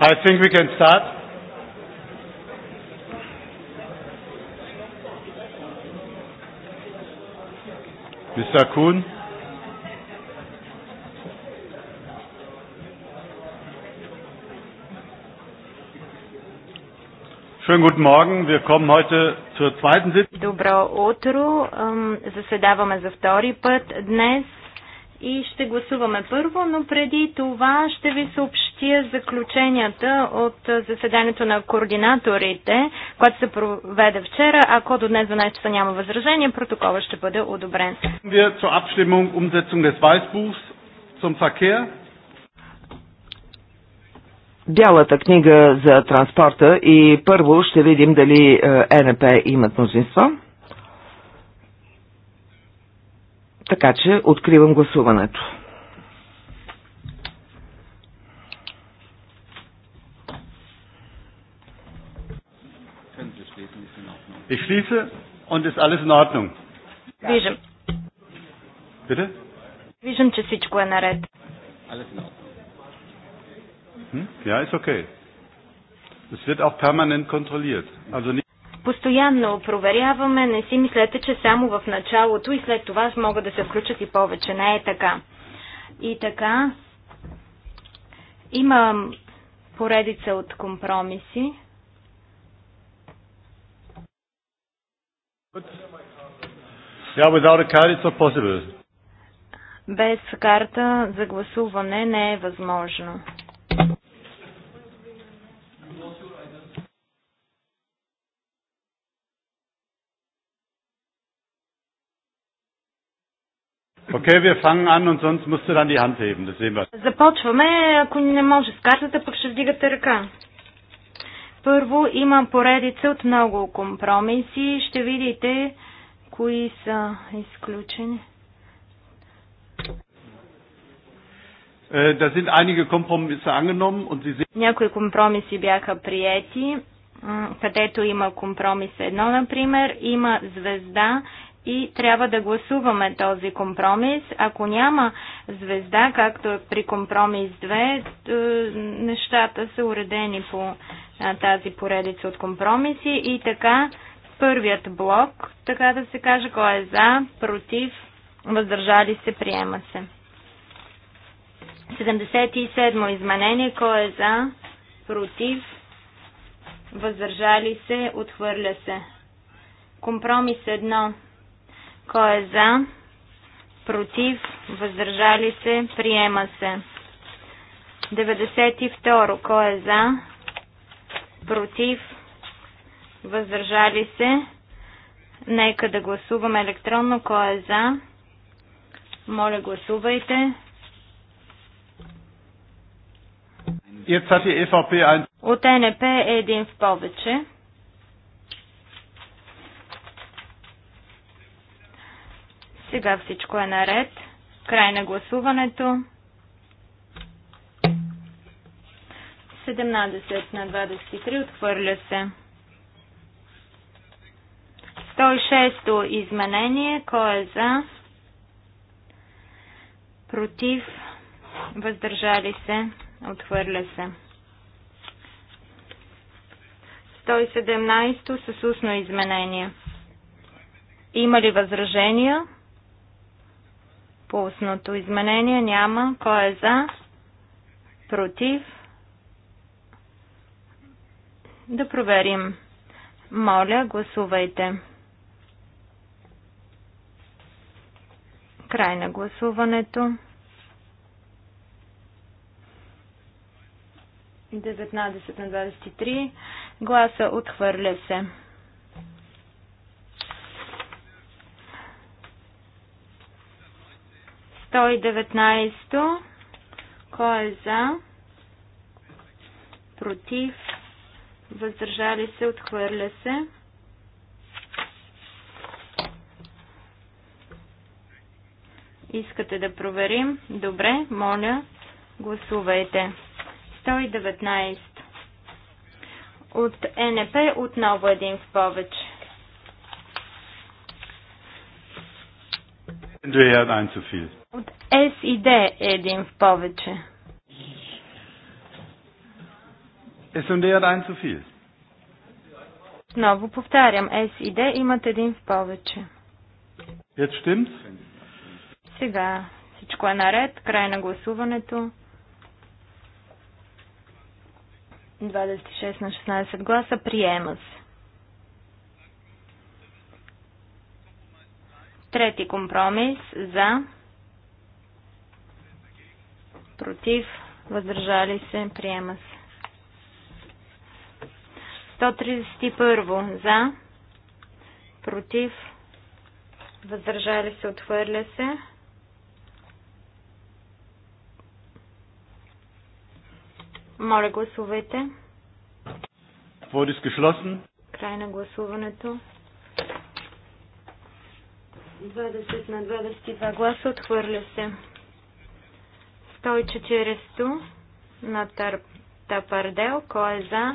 I think we can start. Mr. Kuhn. Schönen guten Morgen. Wir kommen heute zur zweiten Sitzung. Добро утро. Заседаваме за втори път днес и ще гласуваме първо, но преди това ще ви съобща следващия заключенията от заседанието на координаторите, което се проведе вчера. Ако до днес 12 часа няма възражение, протокола ще бъде одобрен. Бялата книга за транспорта и първо ще видим дали е, е НП имат мнозинство. Така че откривам гласуването. Ich schließe und ist alles in Ordnung. Виждам. Bitte? Виждам, че всичко е наред. Alles in Ordnung. Hm? Ja, ist okay. Es wird auch permanent kontrolliert. Also nicht Постоянно проверяваме, не си мислете, че само в началото и след това могат да се включат и повече. Не е така. И така, има поредица от компромиси. Yeah, without a card it's not possible. Без карта за гласуване не е възможно. Okay, wir fangen an und sonst musst du dann die Hand heben, das sehen wir. Започваме, ако не може с картата, пък ще вдигате ръка. Първо, има поредица от много компромиси. Ще видите кои са изключени. Е, Някои компромиси бяха приети, където има компромис едно, например, има звезда и трябва да гласуваме този компромис. Ако няма звезда, както е при компромис 2, е, нещата са уредени по тази поредица от компромиси. И така, първият блок, така да се каже, кой е за, против, въздържали се, приема се. 77 изменение, кой е за, против, въздържали се, отхвърля се. Компромис 1, кой е за, против, въздържали се, приема се. 92. Кой е за? против, въздържали се. Нека да гласуваме електронно. Кой е за? Моля, гласувайте. От НП е един в повече. Сега всичко е наред. Край на гласуването. 17 на 23 отхвърля се. 106-то изменение. Кой е за? Против? Въздържали се? Отхвърля се. 117-то с устно изменение. Има ли възражения? По устното изменение няма. Кой е за? Против? Да проверим. Моля, гласувайте. Край на гласуването. 19 на 23 гласа отхвърля се. Той 19. Кой е за? Против? въздържали се, отхвърля се. Искате да проверим? Добре, моля, гласувайте. 119. От НП отново е един в повече. От С и Д е един в повече. S&D er hat ein zu viel. Отново повтарям, S и D имат един в повече. Jetzt stimmt's? Сега всичко е наред. Край на гласуването. 26 на 16 гласа. Приема се. Трети компромис за против въздържали се, приема се. 131 за, против, въздържали се, отхвърля се. Моля, гласувайте. Вод е Край на гласуването. 20 на 22 гласа отхвърля се. 140 на Тапардел. Кой е за?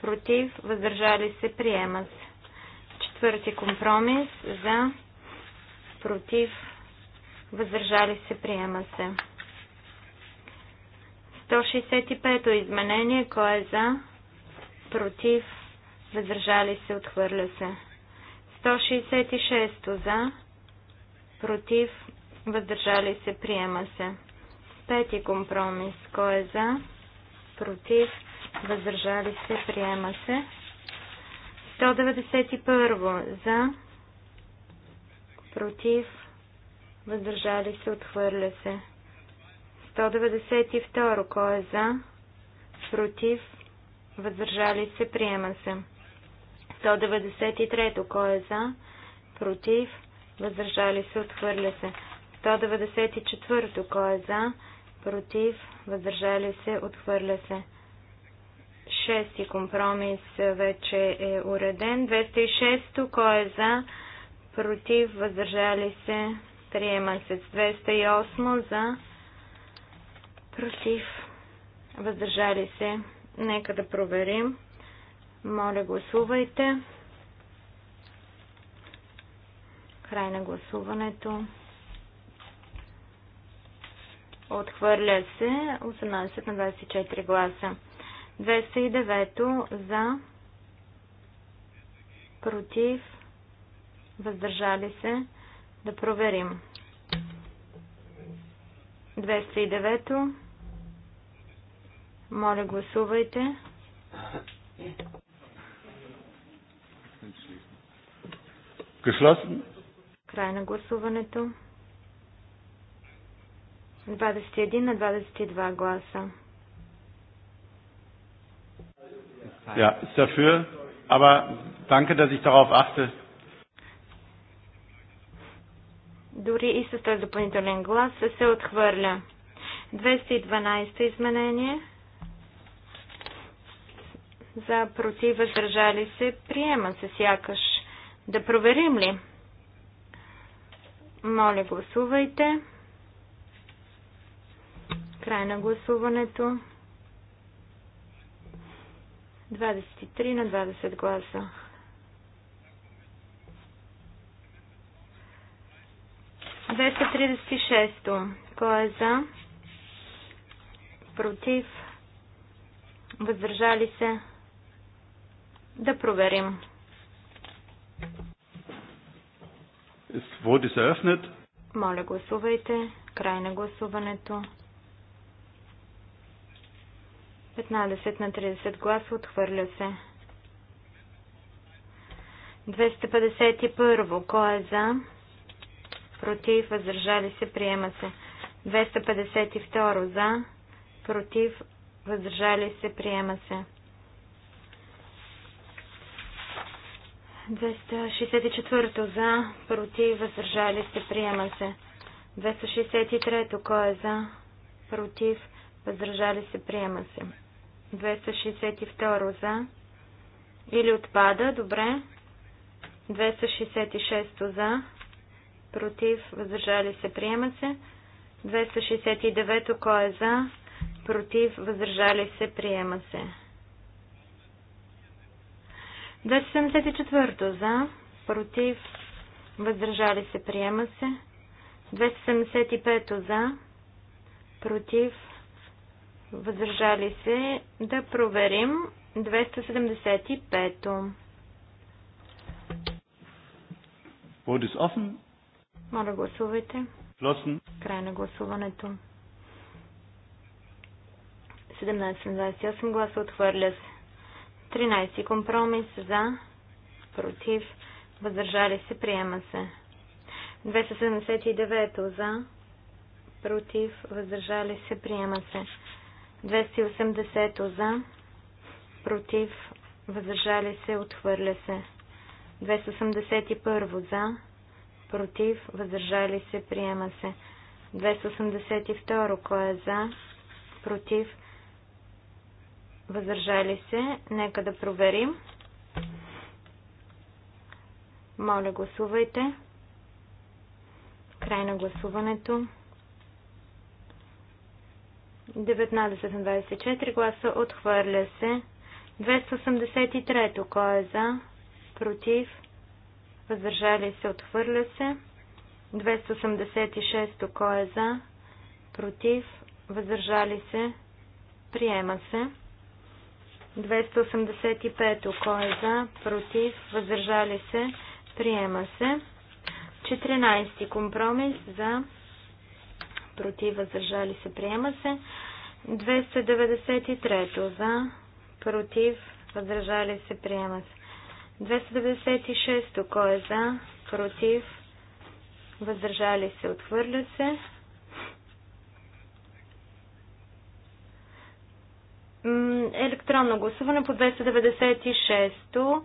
против, въздържали се, приема се. Четвърти компромис за, против, въздържали се, приема се. 165-то изменение, кое е за, против, въздържали се, отхвърля се. 166-то за, против, въздържали се, приема се. Пети компромис, кое е за, против, въздържали се, приема се. 191 за, против, въздържали се, отхвърля се. 192 кой е за, против, въздържали се, приема се. 193 кой е за, против, въздържали се, отхвърля се. 194 кой е за, против, въздържали се, отхвърля се. Шести компромис вече е уреден. 206 кой е за? Против, въздържали се, приема се. 208 за? Против, въздържали се. Нека да проверим. Моля, гласувайте. Край на гласуването. Отхвърля се 18 на 24 гласа. 209 за, против, въздържали се, да проверим. 209. Моля, гласувайте. Край на гласуването. 21 на 22 гласа. Ja, ist dafür. Aber danke, dass ich darauf achte. Дори и с този допълнителен глас се отхвърля. 212 изменение. За против, въздържали се, приема се сякаш. Да проверим ли? Моля, гласувайте. Край на гласуването. 23 на 20 гласа. Двеста Кой е за? Против? Въздържали се? Да проверим. Моля, гласувайте. Край на гласуването. 15 на 30 гласа отхвърля се. 251. Кой е за? Против. Въздържали се. Приема се. 252. За. Против. Въздържали се. Приема се. 264. За. Против. Въздържали се. Приема се. 263. Кой е за? Против. Въздържали се. Приема се. 262 за. Или отпада, добре. 266 за. Против, въздържали се, приема се. 269 кой е за. Против, въздържали се, приема се. 274 за. Против, въздържали се, приема се. 275 за. Против, Въздържали се да проверим 275-то. Моля гласувайте. Край на гласуването. 17-28 гласа отхвърля се. 13 компромис за, против, въздържали се, приема се. 279 за, против, въздържали се, приема се. 280 за, против, въздържали се, отхвърля се. 281 за, против, въздържали се, приема се. 282 кой е за, против, въздържали се. Нека да проверим. Моля, гласувайте. Край на гласуването. 19 на 24 гласа отхвърля се. 283 кой е за? Против? Въздържали се отхвърля се. 286 кой е за? Против? Въздържали се? Приема се. 285 кой е за? Против? Въздържали се? Приема се. 14 компромис за? против, въздържали се, приема се. 293 за, против, въздържали се, приема се. 296 кой е за, против, въздържали се, отхвърля се. Електронно гласуване по 296.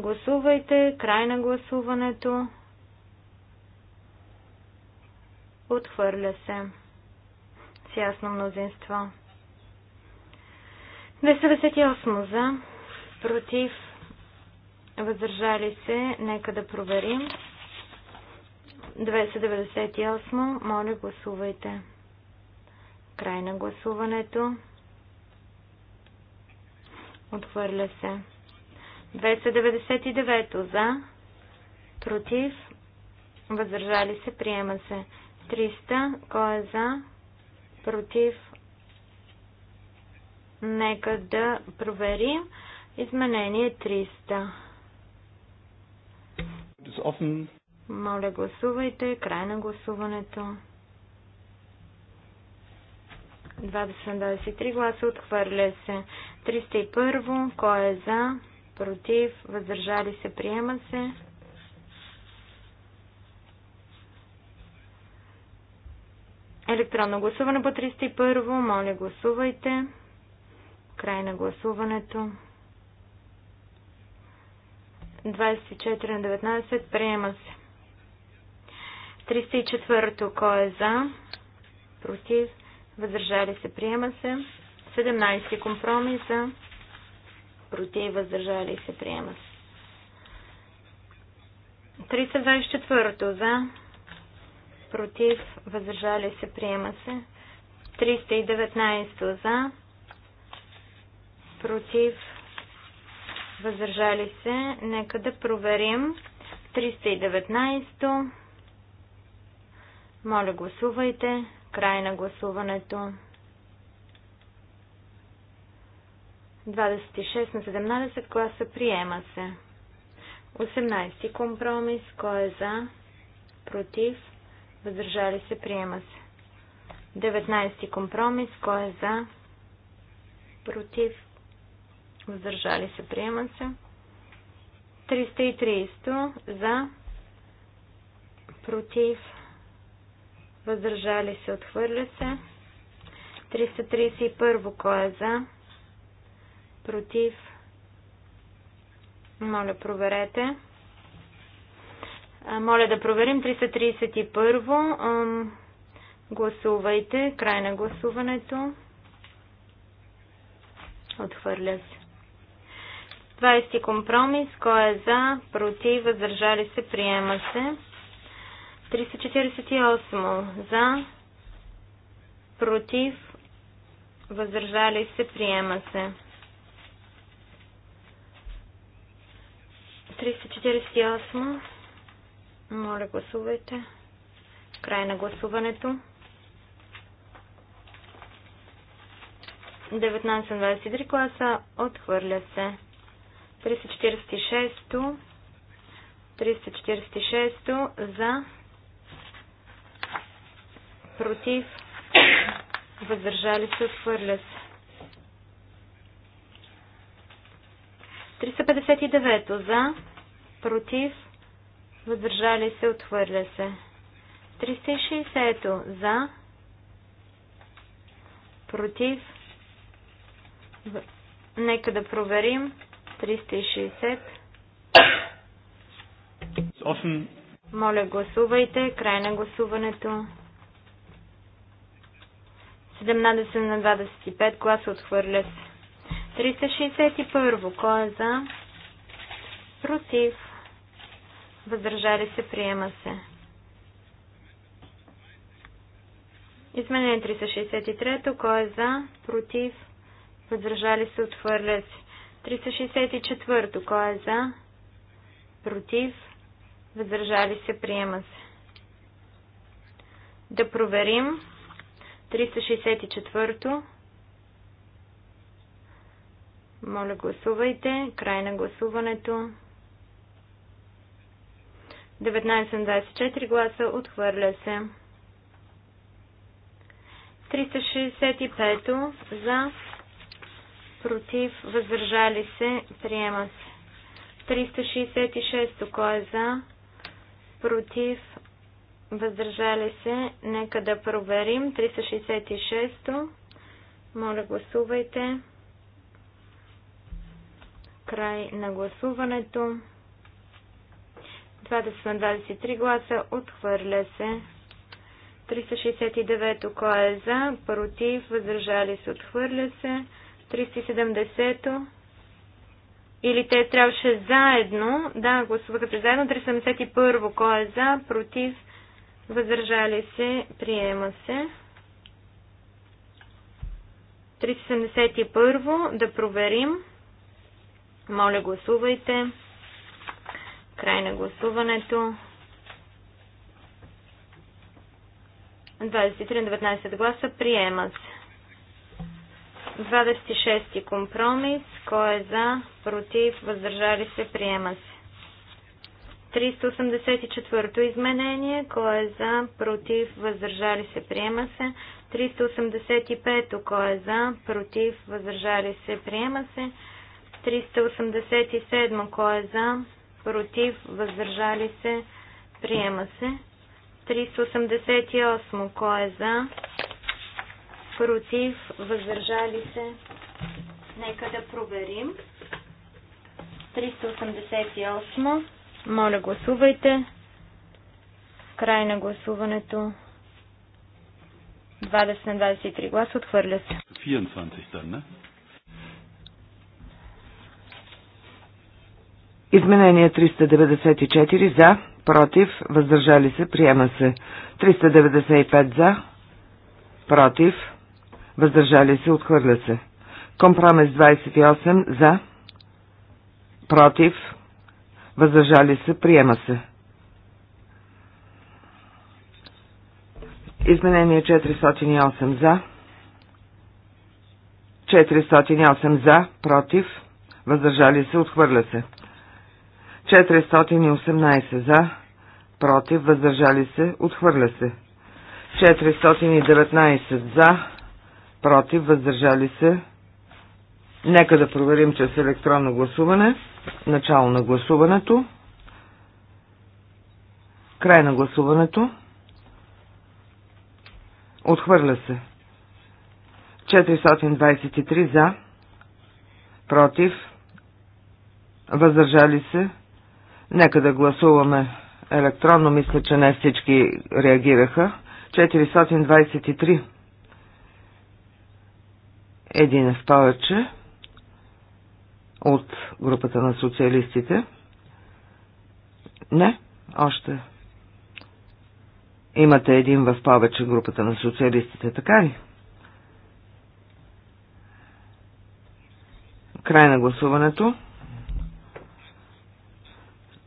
Гласувайте. Край на гласуването. Отхвърля се. С ясно мнозинство. 298 за. Против. Въздържали се. Нека да проверим. 298. Моля, гласувайте. Край на гласуването. Отхвърля се. 299 за. Против. Въздържали се. Приема се. 300. Кой е за? Против? Нека да проверим. Изменение 300. Моля, гласувайте. Край на гласуването. 23 гласа отхвърля се. 301. Кой е за? Против? Въздържали се? Приема се. Електронно гласуване по 301. Моля, гласувайте. Край на гласуването. 24 на 19. Приема се. 304. Кой е за? Против. Въздържали се. Приема се. 17. Компромиса. Против. Въздържали се. Приема се. 324. За против, въздържали се, приема се. 319 за, против, въздържали се. Нека да проверим. 319. Моля, гласувайте. Край на гласуването. 26 на 17 класа приема се. 18 компромис. Кой е за? Против? въздържали се, приема се. 19 компромис, кой е за, против, въздържали се, приема се. 330 за, против, въздържали се, отхвърля се. 331 кой е за, против, моля проверете. Моля да проверим 331. Гласувайте. Край на гласуването. Отхвърля се. 20 компромис. Кой е за? Против? Въздържали се? Приема се. 348. За? Против? Въздържали се? Приема се. 348. Моля, гласувайте. Край на гласуването. 19-23 класа отхвърля се. 346 346 за против въздържали се отхвърля се. 359 за против въздържали се, отхвърля се. 360 за, против, нека да проверим, 360. Моля, гласувайте. Край на гласуването. 17 на 25 гласа отхвърля се. 361. Кой е за? Против въздържали се, приема се. Изменение 363, кой е за, против, въздържали се, отвърля се. 364, кой е за, против, въздържали се, приема се. Да проверим. 364. Моля, гласувайте. Край на гласуването. 19 24 гласа. Отхвърля се. 365 за. Против. Въздържали се. Приема се. 366 кой е за. Против. Въздържали се. Нека да проверим. 366 Моля, гласувайте край на гласуването. 20 на 23 гласа, отхвърля се. 369 кой е за, против, въздържали се, отхвърля се. 370 или те трябваше заедно, да, гласуваха се заедно. 371 кой е за, против, въздържали се, приема се. 371 да проверим. Моля, гласувайте. Край на гласуването. 23-19 гласа приемат. 26 компромис. Кой е за? Против? Въздържали се? Приема се. 384 изменение. Кой е за? Против? Въздържали се? Приема се. 385 кой е за? Против? Въздържали се? Приема се. 387 кой е за? против, въздържали се, приема се. 388. Кой е за? Против, въздържали се. Нека да проверим. 388. Моля, гласувайте. Край на гласуването. 20 на 23 гласа отхвърля се. 24 да, не? Изменение 394 за, против, въздържали се, приема се. 395 за, против, въздържали се, отхвърля се. Компромис 28 за, против, въздържали се, приема се. Изменение 408 за, 408 за, против, въздържали се, отхвърля се. 418 за, против, въздържали се, отхвърля се. 419 за, против, въздържали се. Нека да проверим чрез електронно гласуване. Начало на гласуването. Край на гласуването. Отхвърля се. 423 за, против, въздържали се. Нека да гласуваме електронно. Мисля, че не всички реагираха. 423. Един е в повече от групата на социалистите. Не, още. Имате един в повече групата на социалистите, така ли? Край на гласуването.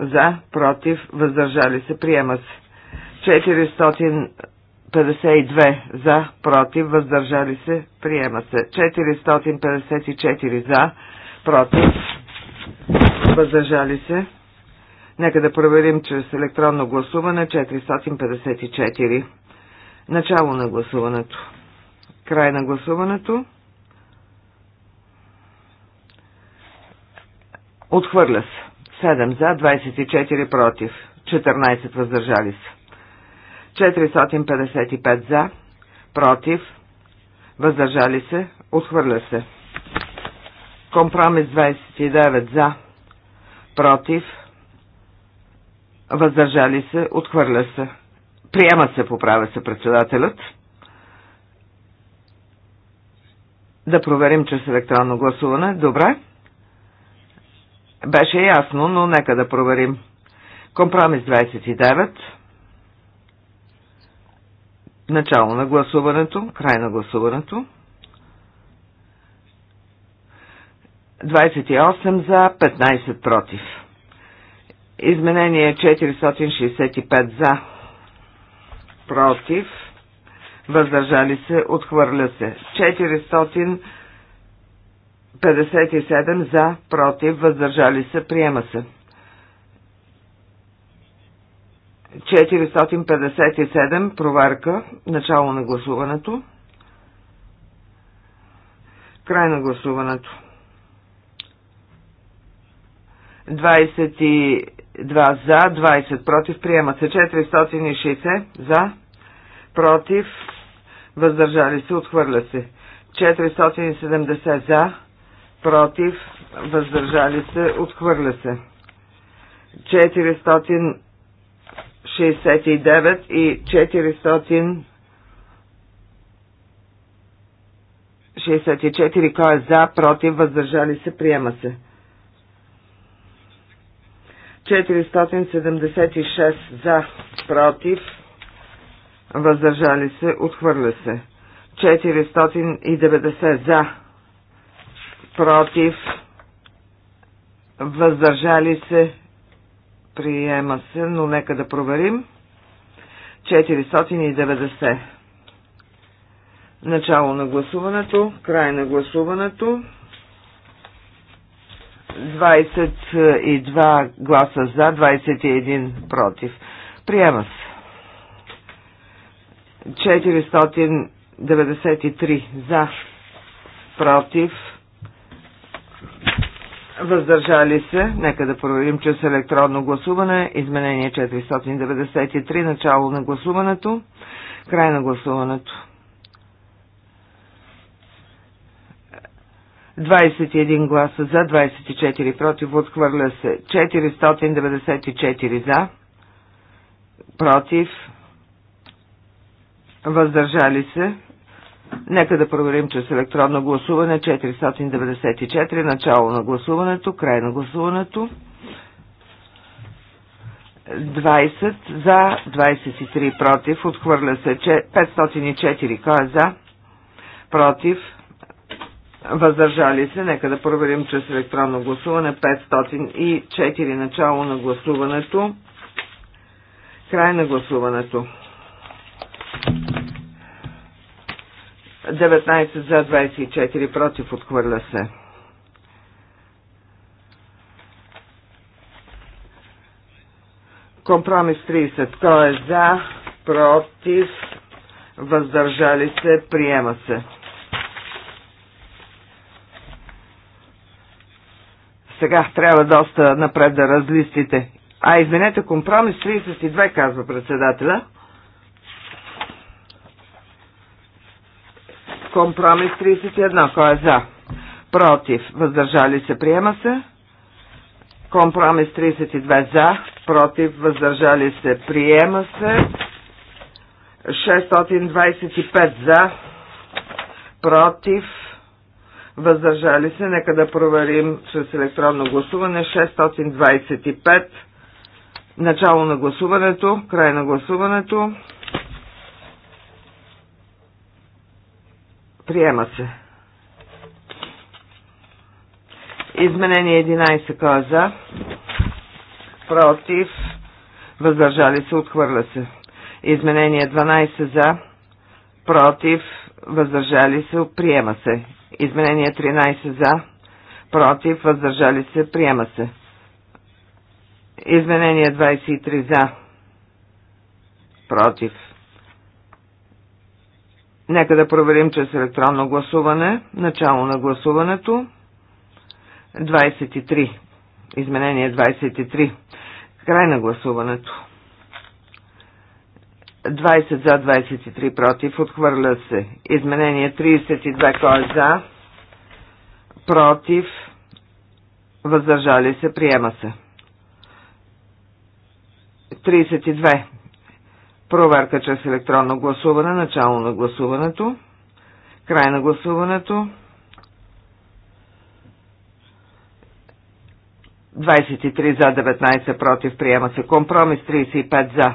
За, против, въздържали се, приема се. 452 за, против, въздържали се, приема се. 454 за, против, въздържали се. Нека да проверим чрез електронно гласуване 454. Начало на гласуването. Край на гласуването. Отхвърля се. 7 за, 24 против, 14 въздържали се. 455 за, против, въздържали се, отхвърля се. Компромис 29 за, против, въздържали се, отхвърля се. Приема се, поправя се председателят. Да проверим чрез електронно гласуване. Добре. Беше ясно, но нека да проверим. Компромис 29. Начало на гласуването, край на гласуването. 28 за, 15 против. Изменение 465 за, против, въздържали се, отхвърля се. 400 57 за, против, въздържали се, приема се. 457 проверка, начало на гласуването, край на гласуването. 22 за, 20 против, приема се 460 за, против, въздържали се, отхвърля се. 470 за, против, въздържали се, отхвърля се. 469 и 464, кой е за, против, въздържали се, приема се. 476 за, против, въздържали се, отхвърля се. 490 за, против, въздържали се, приема се, но нека да проверим. 490. Начало на гласуването, край на гласуването. 22 гласа за, 21 против. Приема се. 493 за, против, Въздържали се, нека да проверим чрез електронно гласуване, изменение 493, начало на гласуването, край на гласуването. 21 гласа за, 24 против, отхвърля се 494 за, против, въздържали се, Нека да проверим чрез електронно гласуване 494, начало на гласуването, край на гласуването. 20 за, 23 против, отхвърля се 504, кой е за, против, въздържали се, нека да проверим чрез електронно гласуване 504, начало на гласуването, край на гласуването. 19 за 24 против отхвърля се. Компромис 30. Кой е за, против, въздържали се, приема се. Сега трябва доста напред да разлистите. А, извинете, компромис 32, казва председателя. Компромис 31. Кой е за? Против. Въздържали се. Приема се. Компромис 32 за. Против. Въздържали се. Приема се. 625 за. Против. Въздържали се. Нека да проверим чрез електронно гласуване. 625. Начало на гласуването. Край на гласуването. Приема се. Изменение 11. Кой е за? Против. Въздържали се. Отхвърля се. Изменение 12. За. Против. Въздържали се. Приема се. Изменение 13. За. Против. Въздържали се. Приема се. Изменение 23. За. Против Нека да проверим чрез електронно гласуване. Начало на гласуването. 23. Изменение 23. Край на гласуването. 20 за, 23 против. Отхвърля се. Изменение 32. Кой е за? Против. Въздържали се. Приема се. 32. Проверка чрез електронно гласуване. Начало на гласуването. Край на гласуването. 23 за 19 против приема се. Компромис 35 за.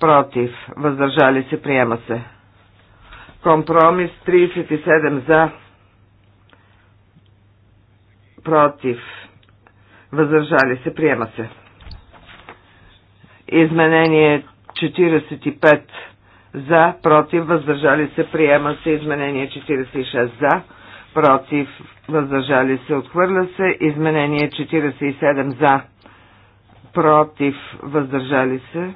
Против. Въздържали се приема се. Компромис 37 за. Против. Въздържали се приема се. Изменение 45 за, против, въздържали се, приема се. Изменение 46 за, против, въздържали се, отхвърля се. Изменение 47 за, против, въздържали се.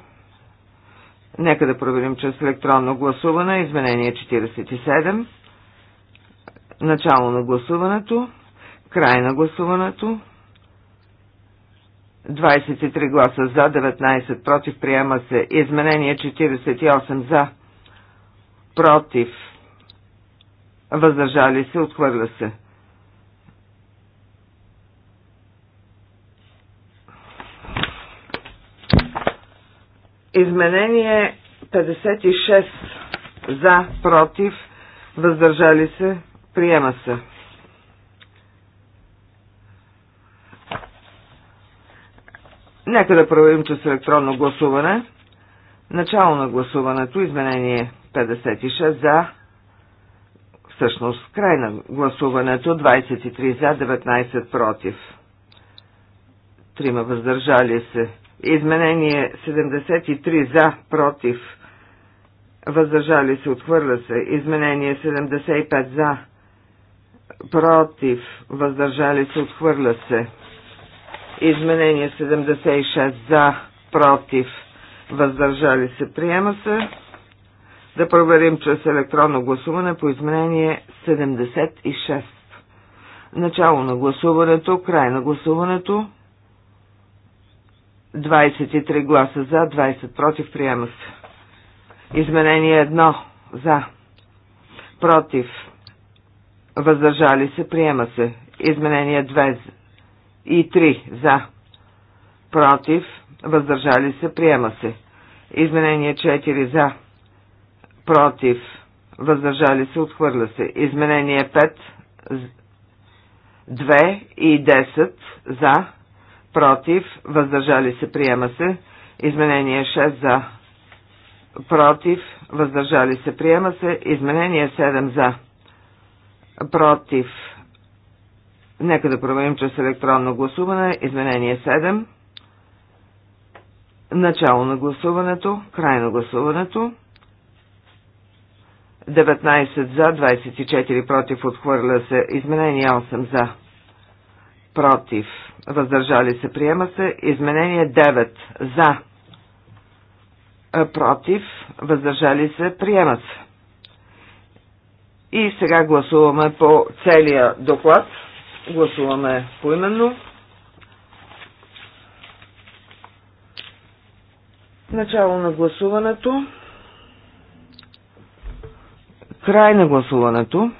Нека да проверим чрез електронно гласуване. Изменение 47. Начало на гласуването. Край на гласуването. 23 гласа за, 19 против, приема се. Изменение 48 за, против, въздържали се, отхвърля се. Изменение 56 за, против, въздържали се, приема се. Нека да проверим, че с електронно гласуване. Начало на гласуването, изменение 56 за, всъщност край на гласуването, 23 за, 19 против. Трима въздържали се. Изменение 73 за, против. Въздържали се, отхвърля се. Изменение 75 за, против. Въздържали се, отхвърля се. Изменение 76 за, против, въздържали се, приема се. Да проверим чрез електронно гласуване по изменение 76. Начало на гласуването, край на гласуването. 23 гласа за, 20 против, приема се. Изменение 1 за, против, въздържали се, приема се. Изменение 2 за и 3 за, против, въздържали се, приема се. Изменение 4 за, против, въздържали се, отхвърля се. Изменение 5, 2 и 10 за, против, въздържали се, приема се. Изменение 6 за, против, въздържали се, приема се. Изменение 7 за, против, Нека да проверим чрез електронно гласуване. Изменение 7. Начало на гласуването. Край на гласуването. 19 за, 24 против, отхвърля се. Изменение 8 за. Против. Въздържали се, приема се. Изменение 9 за. Против. Въздържали се, приема се. И сега гласуваме по целия доклад. Гласуваме поименно. Начало на гласуването. Край на гласуването.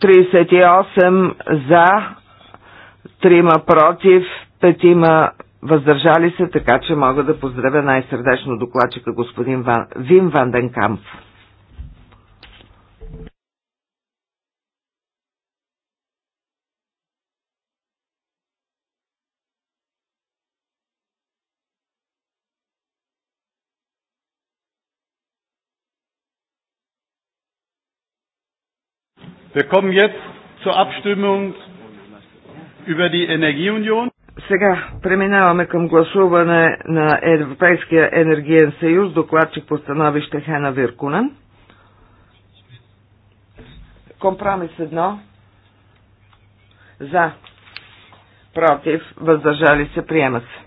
Тридесет и осем за, трима против, петима въздържали се, така че мога да поздравя най-сърдечно докладчика господин Ван, Вим Ванденкамп. Wir kommen jetzt zur Abstimmung über die Energieunion. Сега преминаваме към гласуване на Европейския енергиен съюз, докладчик по становище Хена Виркунен. Компромис едно. За. Против. Въздържали се. Приема се.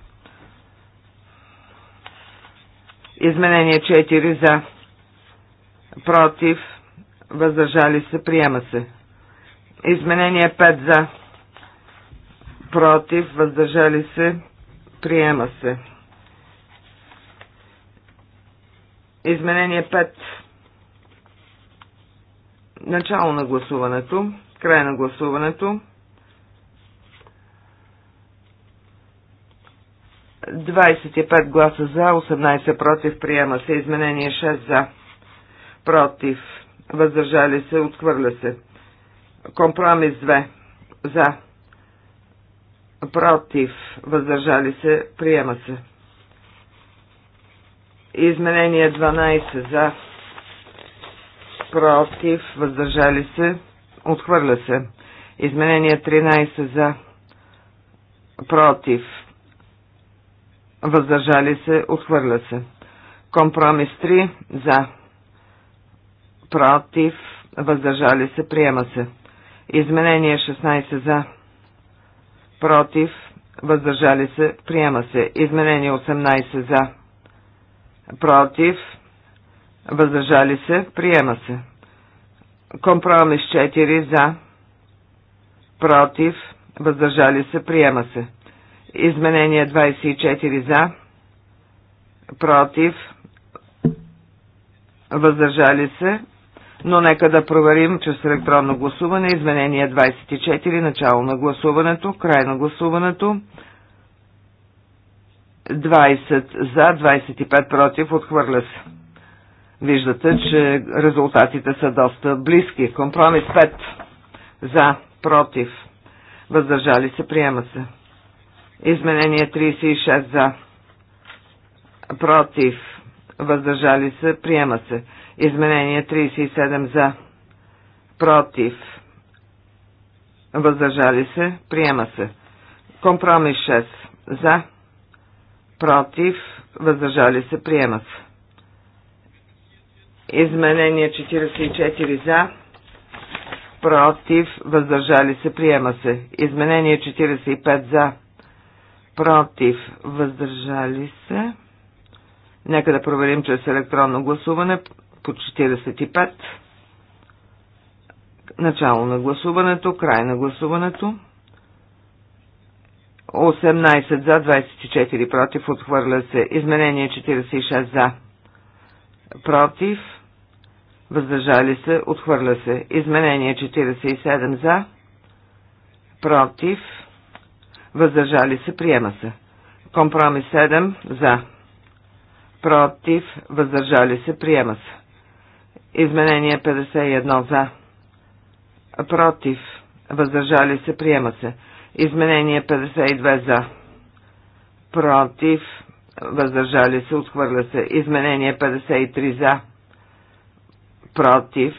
Изменение 4 за. Против въздържали се, приема се. Изменение 5 за, против, въздържали се, приема се. Изменение 5. Начало на гласуването, край на гласуването. 25 гласа за, 18 против, приема се. Изменение 6 за, против, въздържали се, отхвърля се. Компромис 2 за, против, въздържали се, приема се. Изменение 12 за, против, въздържали се, отхвърля се. Изменение 13 за, против, въздържали се, отхвърля се. Компромис 3 за, против, въздържали се, приема се. Изменение 16 за, против, въздържали се, приема се. Изменение 18 за, против, въздържали се, приема се. Компромис 4 за, против, въздържали се, приема се. Изменение 24 за, против, въздържали се, но нека да проверим чрез електронно гласуване изменение 24, начало на гласуването, край на гласуването. 20 за, 25 против, отхвърля се. Виждате, че резултатите са доста близки. Компромис 5 за, против, въздържали се, приема се. Изменение 36 за, против, въздържали се, приема се. Изменение 37 за. Против. Въздържали се. Приема се. Компромис 6 за. Против. Въздържали се. Приема се. Изменение 44 за. Против. Въздържали се. Приема се. Изменение 45 за. Против. Въздържали се. Нека да проверим чрез електронно гласуване по 45. Начало на гласуването, край на гласуването. 18 за, 24 против, отхвърля се. Изменение 46 за, против, въздържали се, отхвърля се. Изменение 47 за, против, въздържали се, приема се. Компромис 7 за, против, въздържали се, приема се. Изменение 51 за. Против. Въздържали се. Приема се. Изменение 52 за. Против. Въздържали се. Отхвърля се. Изменение 53 за. Против.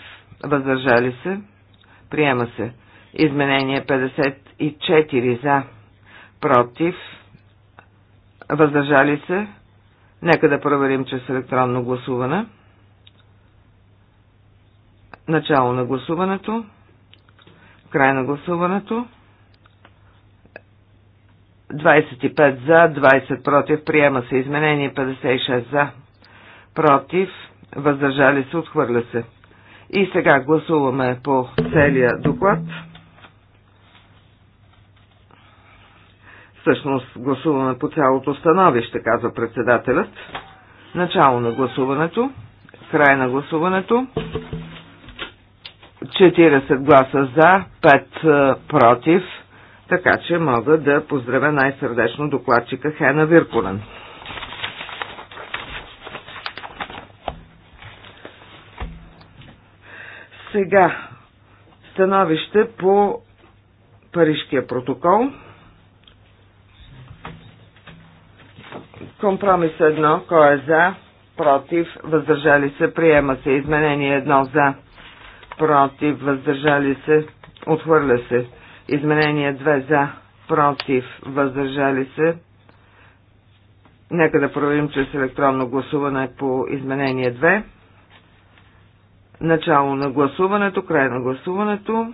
Въздържали се. Приема се. Изменение 54 за. Против. Въздържали се. Нека да проверим с електронно гласуване. Начало на гласуването. Край на гласуването. 25 за, 20 против. Приема се изменение 56 за. Против. Въздържали се. Отхвърля се. И сега гласуваме по целия доклад. Всъщност гласуваме по цялото становище, казва председателят. Начало на гласуването, край на гласуването. 40 гласа за, 5 е, против, така че мога да поздравя най-сърдечно докладчика Хена Виркулен. Сега становище по Парижкия протокол. Компромис едно, кой е за, против, въздържали се, приема се изменение едно за против, въздържали се, отхвърля се. Изменение 2 за, против, въздържали се. Нека да проверим чрез електронно гласуване по изменение 2. Начало на гласуването, край на гласуването.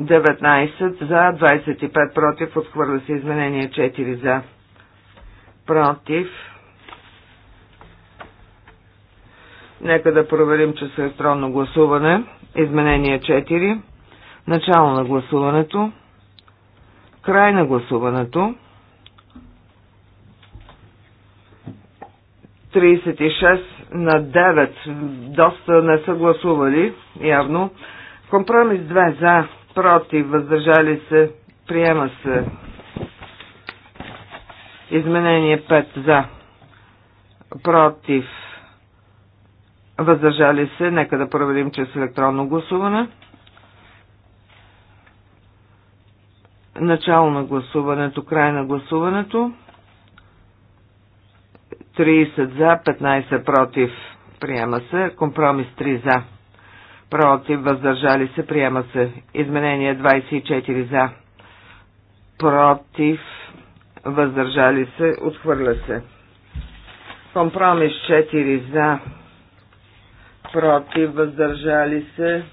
19 за, 25 против, отхвърля се изменение 4 за. Против, Нека да проверим, че с е електронно гласуване. Изменение 4. Начало на гласуването. Край на гласуването. 36 на 9. Доста не са гласували, явно. Компромис 2 за, против, въздържали се, приема се. Изменение 5 за, против, въздържали се, нека да проверим чрез е електронно гласуване. Начало на гласуването, край на гласуването. 30 за, 15 против. Приема се. Компромис 3 за. Против, въздържали се, приема се. Изменение 24 за. Против, въздържали се, отхвърля се. Компромис 4 за против, въздържали се.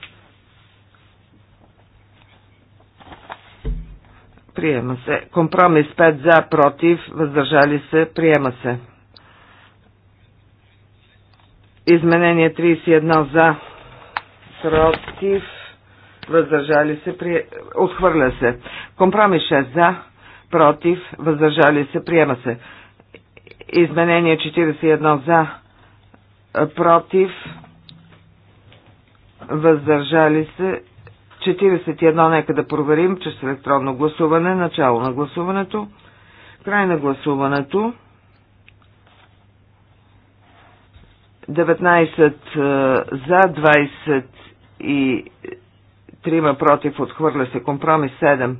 Приема се. Компромис 5 за, против, въздържали се, приема се. Изменение 31 за, против, въздържали се, при... отхвърля се. Компромис 6 за, против, въздържали се, приема се. Изменение 41 за, против, въздържали се 41, нека да проверим чрез електронно гласуване, начало на гласуването, край на гласуването, 19 за, 23 против, отхвърля се компромис 7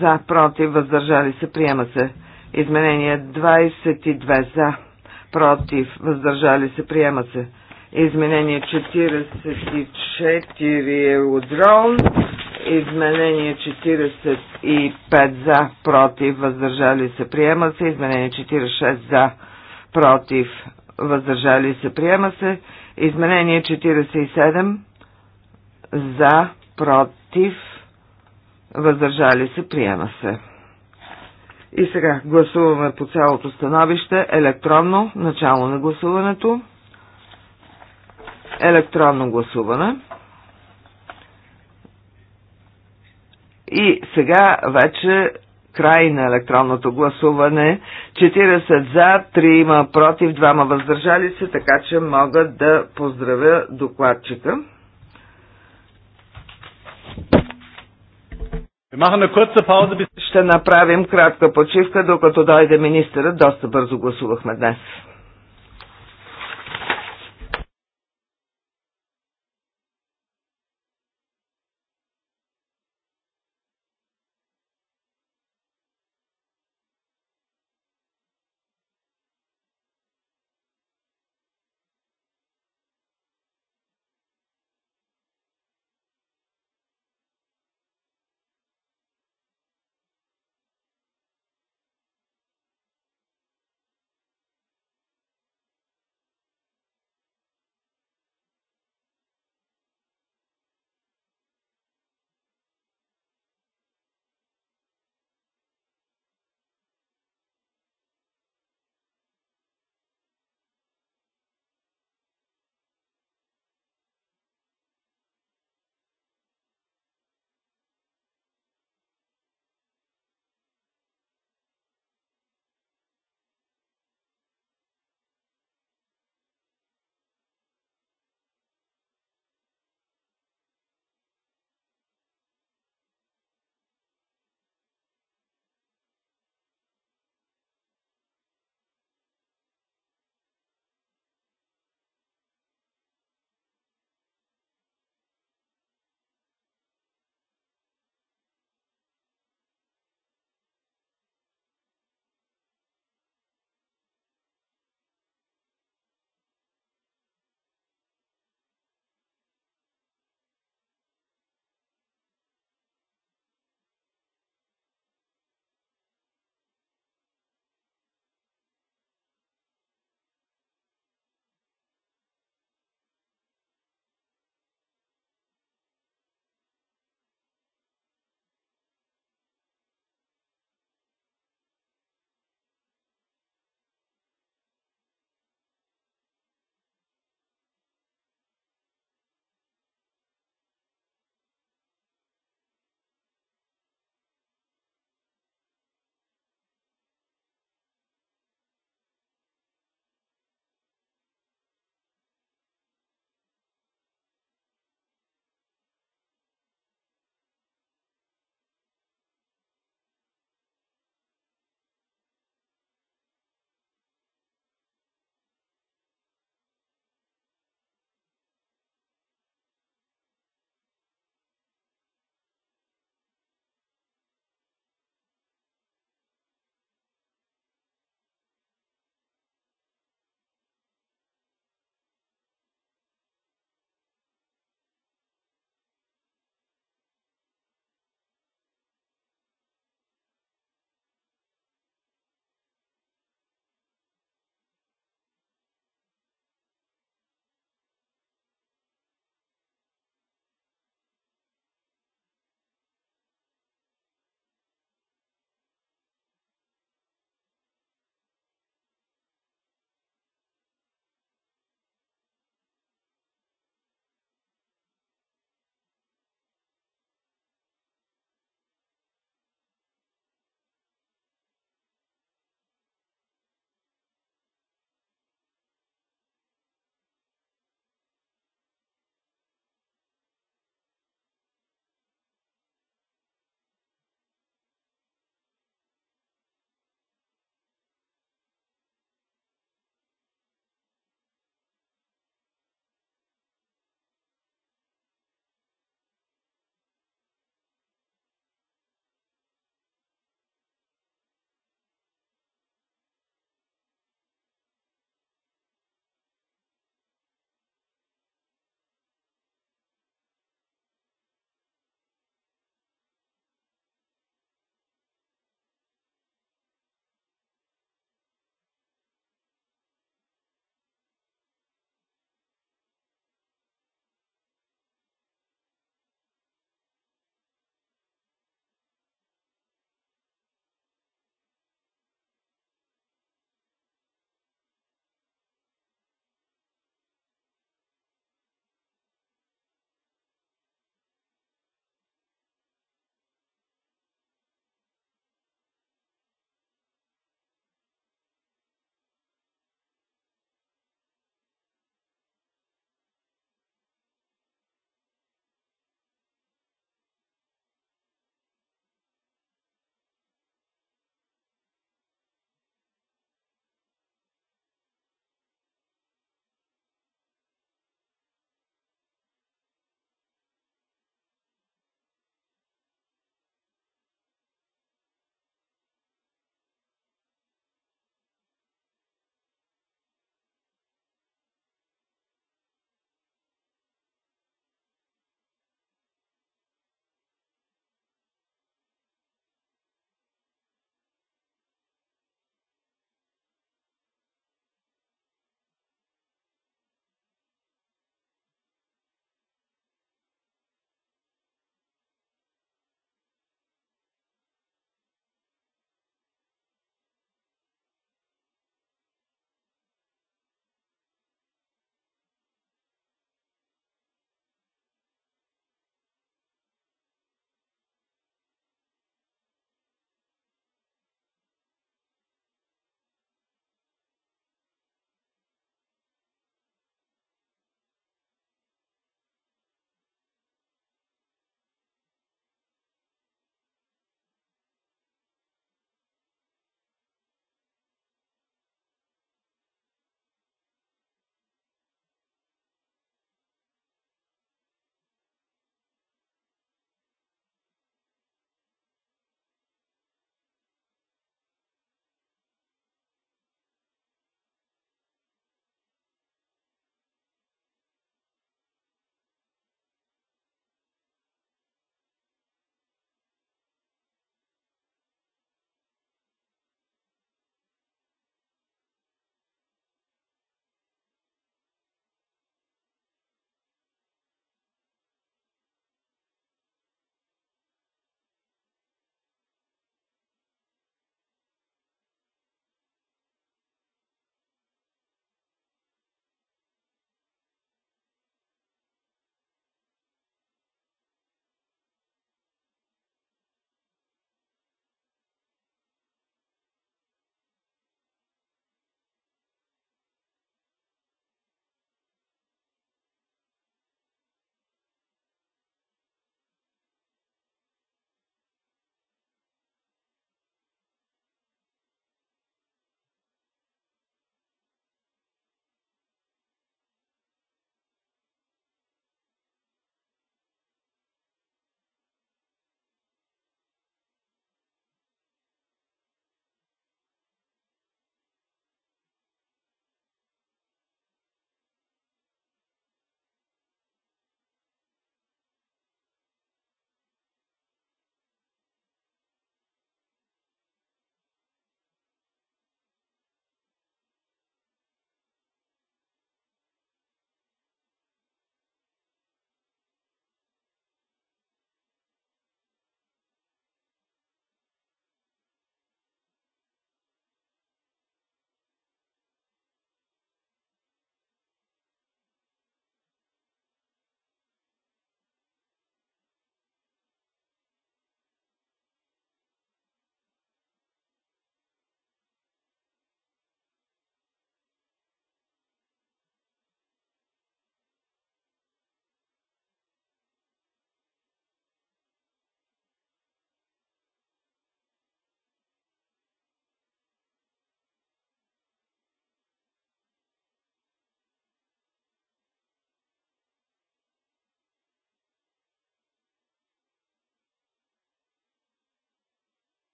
за, против, въздържали се, приема се. Изменение 22 за, против, въздържали се, приема се. Изменение 44 е удрон. Изменение 45 за, против, въздържали се, приема се. Изменение 46 за, против, въздържали се, приема се. Изменение 47 за, против, въздържали се, приема се. И сега гласуваме по цялото становище електронно, начало на гласуването електронно гласуване. И сега вече край на електронното гласуване. 40 за, 3 против, 2 въздържали се, така че мога да поздравя докладчика. Ще направим кратка почивка, докато дойде министъра. Доста бързо гласувахме днес.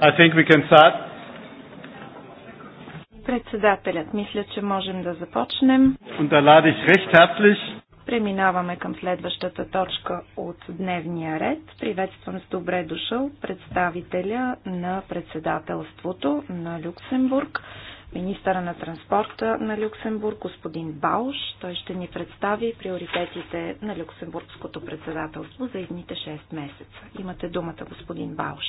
I think we can start. Председателят, мисля, че можем да започнем. Преминаваме към следващата точка от дневния ред. Приветствам с добре дошъл представителя на председателството на Люксембург министъра на транспорта на Люксембург, господин Бауш. Той ще ни представи приоритетите на Люксембургското председателство за едните 6 месеца. Имате думата, господин Бауш.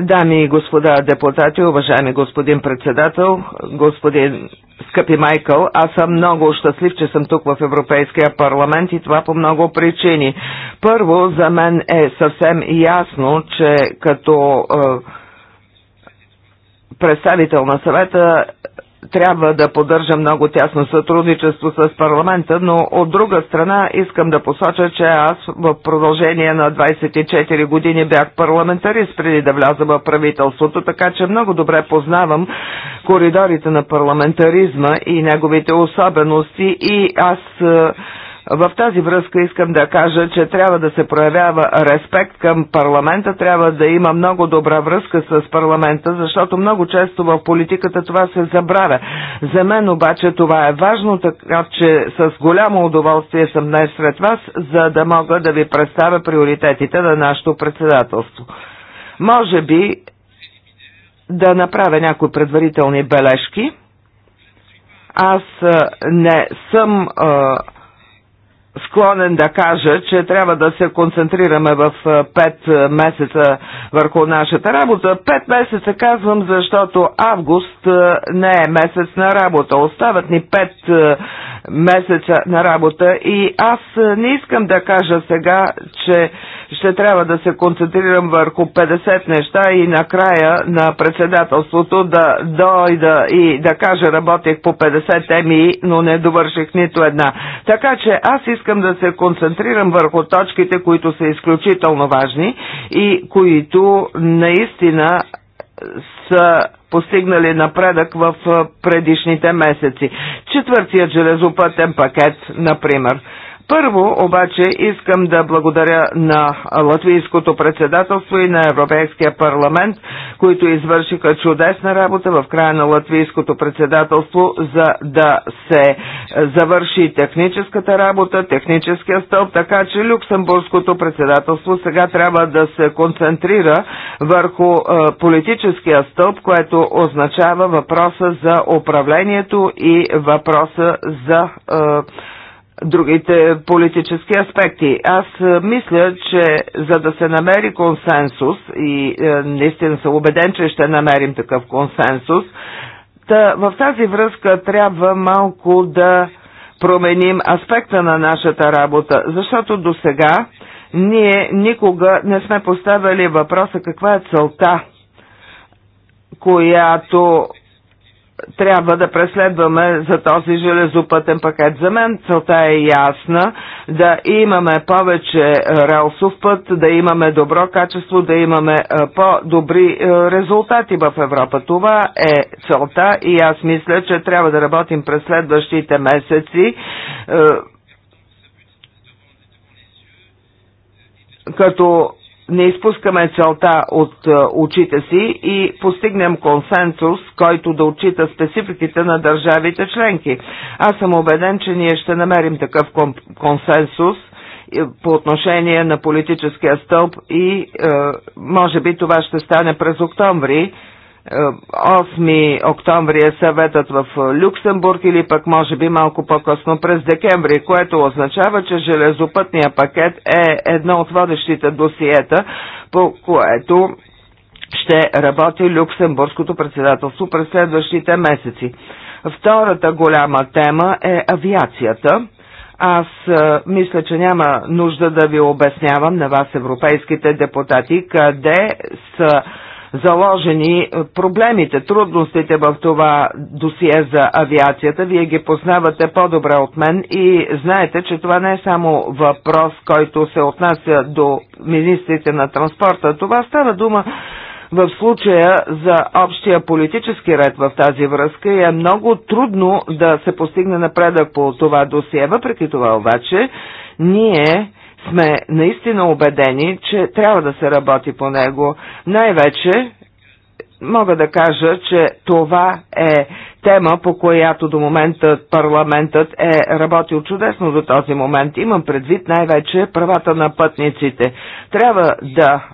Дами и господа депутати, уважаеми господин председател, господин скъпи Майкъл, аз съм много щастлив, че съм тук в Европейския парламент и това по много причини. Първо, за мен е съвсем ясно, че като е, представител на съвета трябва да поддържа много тясно сътрудничество с парламента, но от друга страна искам да посоча, че аз в продължение на 24 години бях парламентарист преди да вляза в правителството, така че много добре познавам коридорите на парламентаризма и неговите особености и аз е, в тази връзка искам да кажа, че трябва да се проявява респект към парламента, трябва да има много добра връзка с парламента, защото много често в политиката това се забравя. За мен обаче това е важно, така че с голямо удоволствие съм днес сред вас, за да мога да ви представя приоритетите на нашето председателство. Може би да направя някои предварителни бележки. Аз не съм а, склонен да кажа, че трябва да се концентрираме в 5 месеца върху нашата работа. 5 месеца казвам, защото август не е месец на работа. Остават ни 5 месеца на работа и аз не искам да кажа сега, че ще трябва да се концентрирам върху 50 неща и накрая на председателството да дойда и да кажа работех по 50 теми, но не довърших нито една. Така че аз искам да се концентрирам върху точките, които са изключително важни и които наистина е, са постигнали напредък в е, предишните месеци. Четвъртият железопътен пакет, например. Първо, обаче, искам да благодаря на Латвийското председателство и на Европейския парламент, които извършиха чудесна работа в края на Латвийското председателство, за да се завърши техническата работа, техническия стълб, така че Люксембургското председателство сега трябва да се концентрира върху е, политическия стълб, което означава въпроса за управлението и въпроса за е, другите политически аспекти. Аз е, мисля, че за да се намери консенсус и е, наистина съм убеден, че ще намерим такъв консенсус, та в тази връзка трябва малко да променим аспекта на нашата работа, защото до сега ние никога не сме поставили въпроса каква е целта, която трябва да преследваме за този железопътен пакет. За мен целта е ясна да имаме повече е, релсов път, да имаме добро качество, да имаме е, по-добри е, резултати в Европа. Това е целта и аз мисля, че трябва да работим през следващите месеци. като не изпускаме целта от е, очите си и постигнем консенсус, който да отчита спецификите на държавите членки. Аз съм убеден, че ние ще намерим такъв консенсус е, по отношение на политическия стълб и е, може би това ще стане през октомври 8 октомври е съветът в Люксембург или пък може би малко по-късно през декември, което означава, че железопътния пакет е едно от водещите досиета, по което ще работи Люксембургското председателство през следващите месеци. Втората голяма тема е авиацията. Аз е, мисля, че няма нужда да ви обяснявам на вас, европейските депутати, къде са заложени е, проблемите, трудностите в това досие за авиацията. Вие ги познавате по-добре от мен и знаете, че това не е само въпрос, който се отнася до министрите на транспорта. Това става дума в случая за общия политически ред в тази връзка и е много трудно да се постигне напредък по това досие. Въпреки това обаче, ние сме наистина убедени, че трябва да се работи по него. Най-вече мога да кажа, че това е тема, по която до момента парламентът е работил чудесно до този момент. Имам предвид най-вече правата на пътниците. Трябва да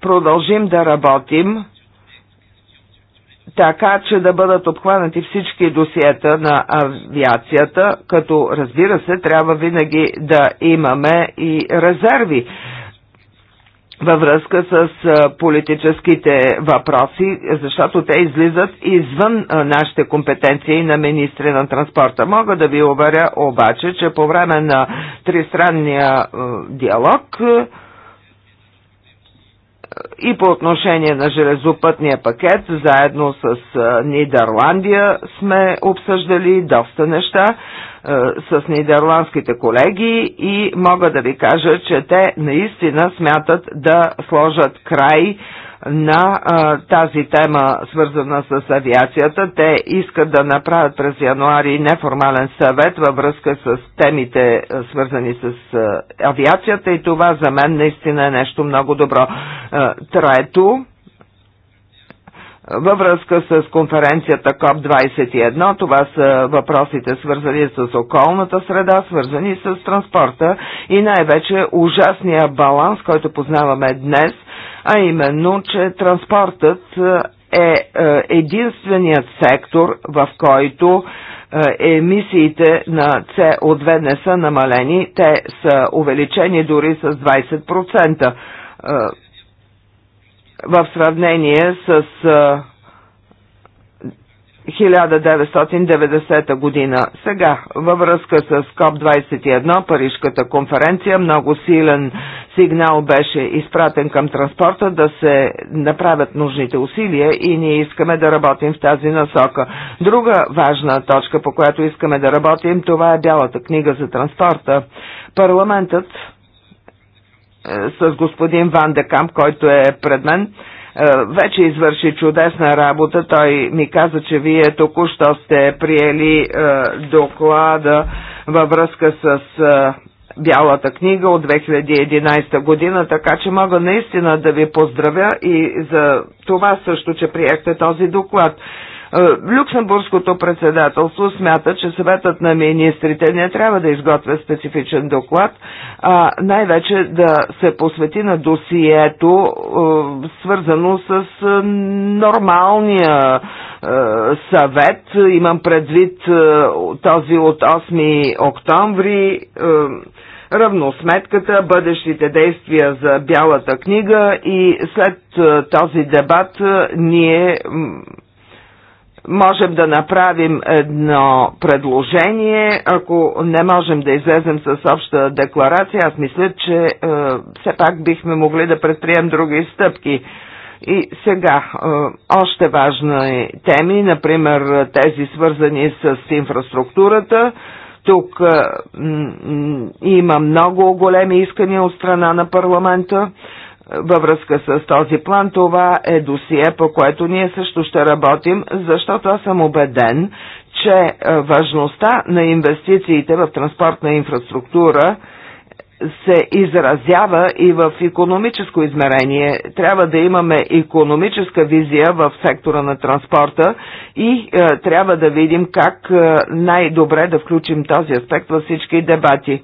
продължим да работим така че да бъдат обхванати всички досиета на авиацията, като разбира се, трябва винаги да имаме и резерви във връзка с политическите въпроси, защото те излизат извън нашите компетенции на министри на транспорта. Мога да ви уверя обаче, че по време на тристранния диалог и по отношение на железопътния пакет, заедно с Нидерландия сме обсъждали доста неща с нидерландските колеги и мога да ви кажа, че те наистина смятат да сложат край на а, тази тема, свързана с авиацията. Те искат да направят през януари неформален съвет във връзка с темите, а, свързани с а, авиацията и това за мен наистина е нещо много добро. А, трето, във връзка с конференцията КОП-21, това са въпросите свързани с околната среда, свързани с транспорта и най-вече ужасния баланс, който познаваме днес а именно, че транспортът е, е единственият сектор, в който е, емисиите на СО2 не са намалени, те са увеличени дори с 20% е, в сравнение с 1990 година. Сега, във връзка с КОП-21, Парижката конференция, много силен сигнал беше изпратен към транспорта да се направят нужните усилия и ние искаме да работим в тази насока. Друга важна точка, по която искаме да работим, това е Бялата книга за транспорта. Парламентът е, с господин Ван Декам, който е пред мен, е, вече извърши чудесна работа. Той ми каза, че вие току-що сте приели е, доклада във връзка с е, Бялата книга от 2011 година, така че мога наистина да ви поздравя и за това също, че приехте този доклад. Е, Люксембургското председателство смята, че съветът на министрите не трябва да изготвя специфичен доклад, а най-вече да се посвети на досието, е, свързано с е, нормалния съвет. Имам предвид този от 8 октомври равносметката, бъдещите действия за Бялата книга и след този дебат ние можем да направим едно предложение. Ако не можем да излезем с обща декларация, аз мисля, че е, все пак бихме могли да предприем други стъпки. И сега, е, още важни теми, например тези свързани с инфраструктурата. Тук е, има много големи искания от страна на парламента. Е, във връзка с този план. Това е досие, по което ние също ще работим, защото аз съм убеден, че е, важността на инвестициите в транспортна инфраструктура се изразява и в економическо измерение. Трябва да имаме економическа визия в сектора на транспорта и е, трябва да видим как е, най-добре да включим този аспект във всички дебати.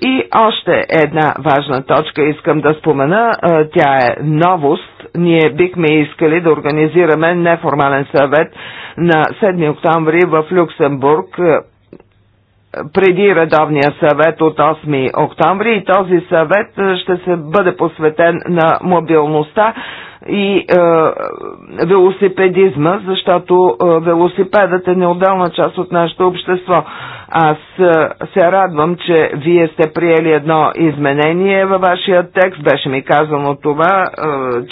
И още една важна точка искам да спомена. Е, тя е новост. Ние бихме искали да организираме неформален съвет на 7 октомври в Люксембург е, преди редовния съвет от 8 октомври и този съвет е, ще се бъде посветен на мобилността и е, велосипедизма, защото е, велосипедът е неотделна част от нашето общество. Аз се радвам, че вие сте приели едно изменение във вашия текст. Беше ми казано това,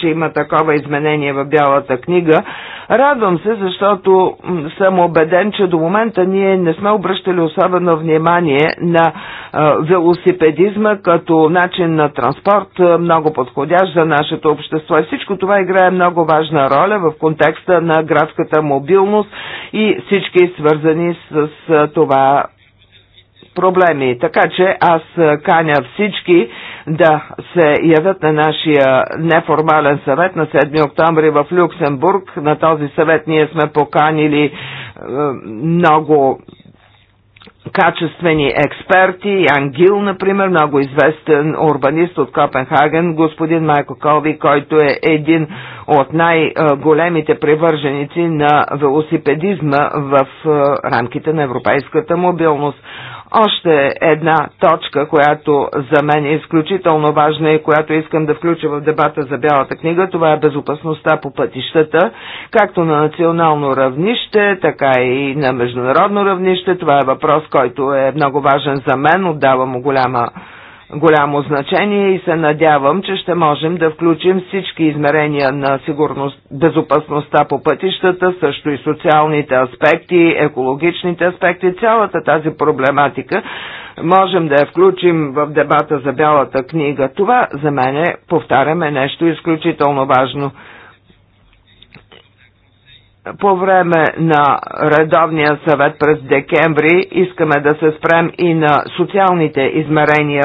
че има такова изменение в Бялата книга. Радвам се, защото съм убеден, че до момента ние не сме обръщали особено внимание на велосипедизма като начин на транспорт, много подходящ за нашето общество. И всичко това играе много важна роля в контекста на градската мобилност и всички свързани с това проблеми. Така че аз каня всички да се явят на нашия неформален съвет на 7 октомври в Люксембург. На този съвет ние сме поканили много качествени експерти, Ангил, например, много известен урбанист от Копенхаген, господин Майко Колви, който е един от най-големите привърженици на велосипедизма в рамките на европейската мобилност. Още една точка, която за мен е изключително важна и която искам да включа в дебата за Бялата книга, това е безопасността по пътищата, както на национално равнище, така и на международно равнище. Това е въпрос, който е много важен за мен, отдавам му голяма голямо значение и се надявам, че ще можем да включим всички измерения на сигурност, безопасността по пътищата, също и социалните аспекти, екологичните аспекти, цялата тази проблематика можем да я включим в дебата за Бялата книга. Това за мен, е, повтаряме, нещо изключително важно по време на редовния съвет през декември искаме да се спрем и на социалните измерения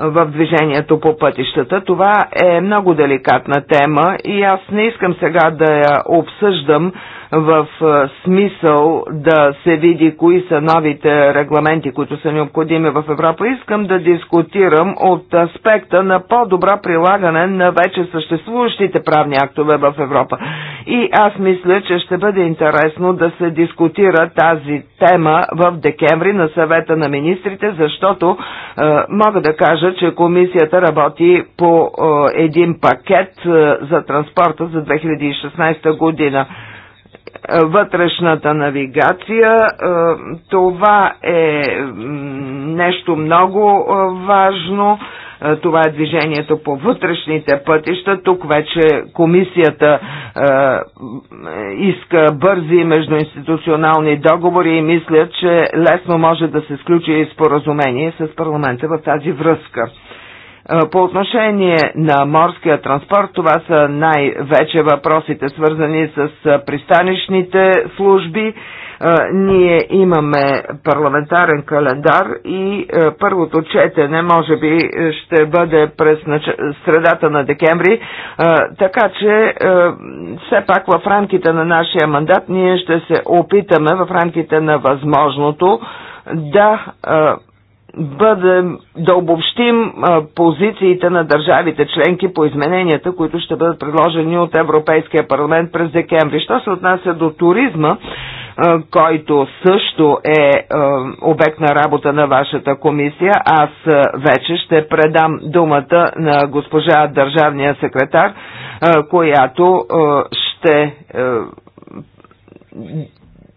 в движението по пътищата. Това е много деликатна тема и аз не искам сега да я обсъждам в смисъл да се види кои са новите регламенти, които са необходими в Европа. Искам да дискутирам от аспекта на по-добра прилагане на вече съществуващите правни актове в Европа. И аз мисля, че ще бъде интересно да се дискутира тази тема в декември на съвета на министрите, защото е, мога да кажа, че комисията работи по е, един пакет е, за транспорта за 2016 година вътрешната навигация. Е, това е нещо много е, важно. Е, това е движението по вътрешните пътища. Тук вече комисията е, иска бързи междуинституционални договори и мисля, че лесно може да се сключи и споразумение с парламента в тази връзка. Е, по отношение на морския транспорт, това са най-вече въпросите свързани с е, пристанищните служби. Е, ние имаме парламентарен календар и първото четене може би ще бъде през средата на декември, така че все пак в рамките на нашия мандат ние ще се опитаме в рамките на възможното да бъдем, да обобщим позициите на държавите членки по измененията, които ще бъдат предложени от Европейския парламент през декември. Що се отнася до туризма, който също е обект на работа на вашата комисия, аз вече ще предам думата на госпожа държавния секретар, която ще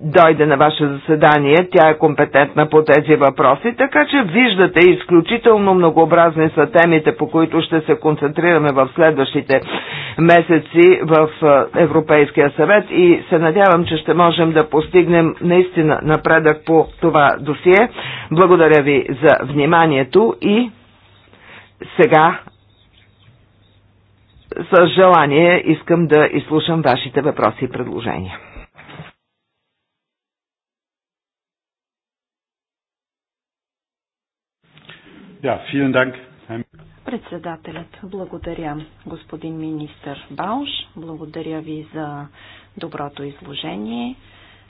дойде на ваше заседание. Тя е компетентна по тези въпроси, така че виждате изключително многообразни са темите, по които ще се концентрираме в следващите месеци в Европейския съвет и се надявам, че ще можем да постигнем наистина напредък по това досие. Благодаря ви за вниманието и сега с желание искам да изслушам вашите въпроси и предложения. Да, vielen Dank. Председателят, благодаря господин министър Бауш. Благодаря ви за доброто изложение.